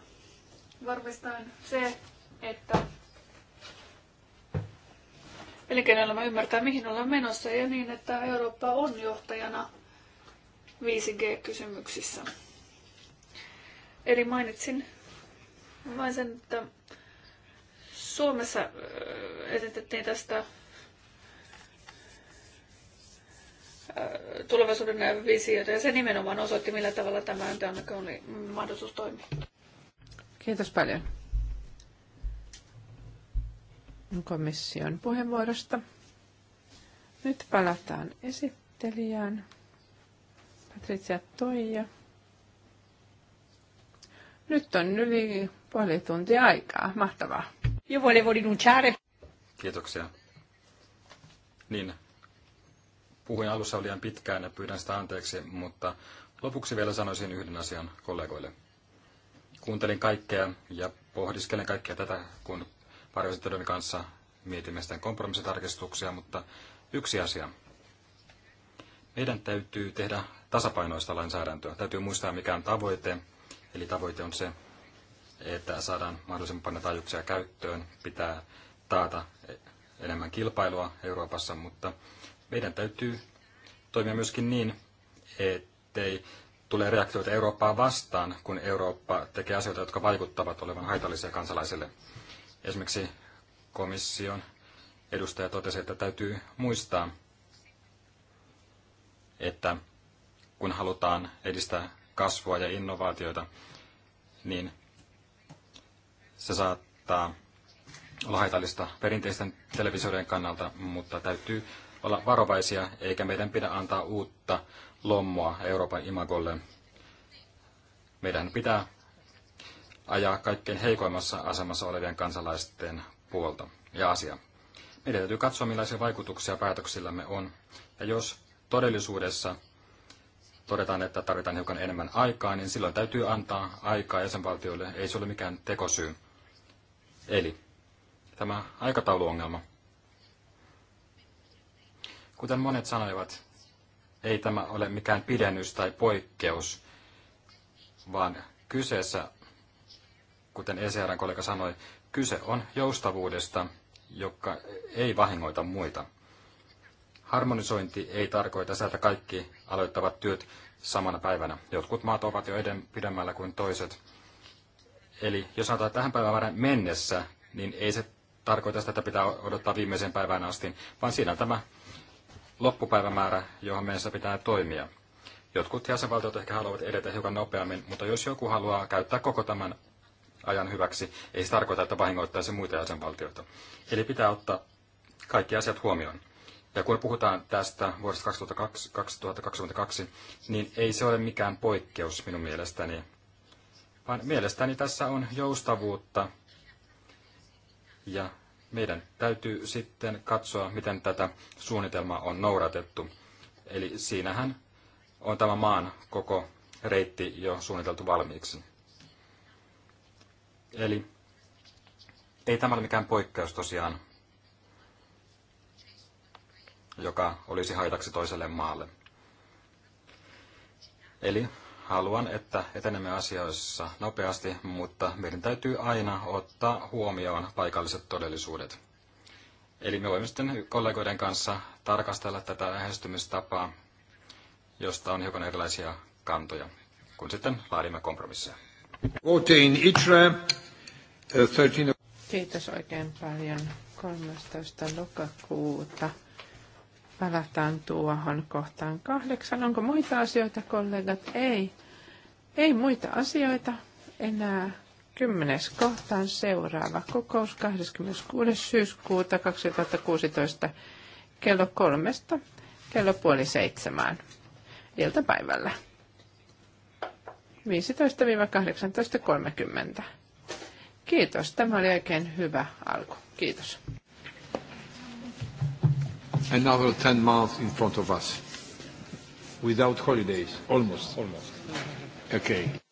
varmistaen se, että elinkeinoelämä ymmärtää, mihin ollaan menossa ja niin, että Eurooppa on johtajana 5G-kysymyksissä. Eli mainitsin vain sen, että Suomessa äh, esitettiin tästä äh, tulevaisuuden visiota ja se nimenomaan osoitti, millä tavalla tämä oli mahdollisuus toimia. Kiitos paljon komission puheenvuorosta. Nyt palataan esittelijään. Patricia Toija. Nyt on yli puoli tuntia aikaa. Mahtavaa. Io volevo rinunciare. Kiitoksia. Niin, puhuin alussa liian pitkään ja pyydän sitä anteeksi, mutta lopuksi vielä sanoisin yhden asian kollegoille. Kuuntelin kaikkea ja pohdiskelen kaikkea tätä, kun parjoisin kanssa mietimme sitä kompromissitarkistuksia, mutta yksi asia. Meidän täytyy tehdä tasapainoista lainsäädäntöä. Täytyy muistaa, mikä on tavoite. Eli tavoite on se, että saadaan mahdollisimman paljon taajuuksia käyttöön, pitää taata enemmän kilpailua Euroopassa, mutta meidän täytyy toimia myöskin niin, ettei tule reaktioita Eurooppaa vastaan, kun Eurooppa tekee asioita, jotka vaikuttavat olevan haitallisia kansalaisille. Esimerkiksi komission edustaja totesi, että täytyy muistaa, että kun halutaan edistää kasvua ja innovaatioita, niin se saattaa olla haitallista perinteisten televisioiden kannalta, mutta täytyy olla varovaisia, eikä meidän pidä antaa uutta lommoa Euroopan imagolle. Meidän pitää ajaa kaikkein heikoimmassa asemassa olevien kansalaisten puolta ja asia. Meidän täytyy katsoa, millaisia vaikutuksia päätöksillämme on. Ja jos todellisuudessa todetaan, että tarvitaan hiukan enemmän aikaa, niin silloin täytyy antaa aikaa jäsenvaltioille. Ei se ole mikään tekosyy. Eli tämä aikatauluongelma. Kuten monet sanoivat, ei tämä ole mikään pidennys tai poikkeus, vaan kyseessä, kuten ECRn kollega sanoi, kyse on joustavuudesta, joka ei vahingoita muita. Harmonisointi ei tarkoita sitä, että kaikki aloittavat työt samana päivänä. Jotkut maat ovat jo eden pidemmällä kuin toiset. Eli jos sanotaan tähän päivämäärään mennessä, niin ei se tarkoita sitä, että pitää odottaa viimeiseen päivään asti, vaan siinä on tämä loppupäivämäärä, johon mennessä pitää toimia. Jotkut jäsenvaltiot ehkä haluavat edetä hiukan nopeammin, mutta jos joku haluaa käyttää koko tämän ajan hyväksi, ei se tarkoita, että vahingoittaisi muita jäsenvaltioita. Eli pitää ottaa kaikki asiat huomioon. Ja kun puhutaan tästä vuodesta 2022, niin ei se ole mikään poikkeus minun mielestäni, vaan mielestäni tässä on joustavuutta ja meidän täytyy sitten katsoa, miten tätä suunnitelmaa on noudatettu. Eli siinähän on tämä maan koko reitti jo suunniteltu valmiiksi. Eli ei tämä ole mikään poikkeus tosiaan, joka olisi haitaksi toiselle maalle. Eli haluan, että etenemme asioissa nopeasti, mutta meidän täytyy aina ottaa huomioon paikalliset todellisuudet. Eli me voimme sitten kollegoiden kanssa tarkastella tätä lähestymistapaa, josta on hiukan erilaisia kantoja, kun sitten laadimme kompromisseja. Uh, Kiitos oikein paljon 13. lokakuuta palataan tuohon kohtaan kahdeksan. Onko muita asioita, kollegat? Ei. Ei muita asioita enää. Kymmenes kohtaan seuraava kokous 26. syyskuuta 2016 kello kolmesta kello puoli seitsemään iltapäivällä. 15-18.30. Kiitos, tämä oli oikein hyvä alku. Kiitos another 10 months in front of us without holidays, almost. Almost. Okay.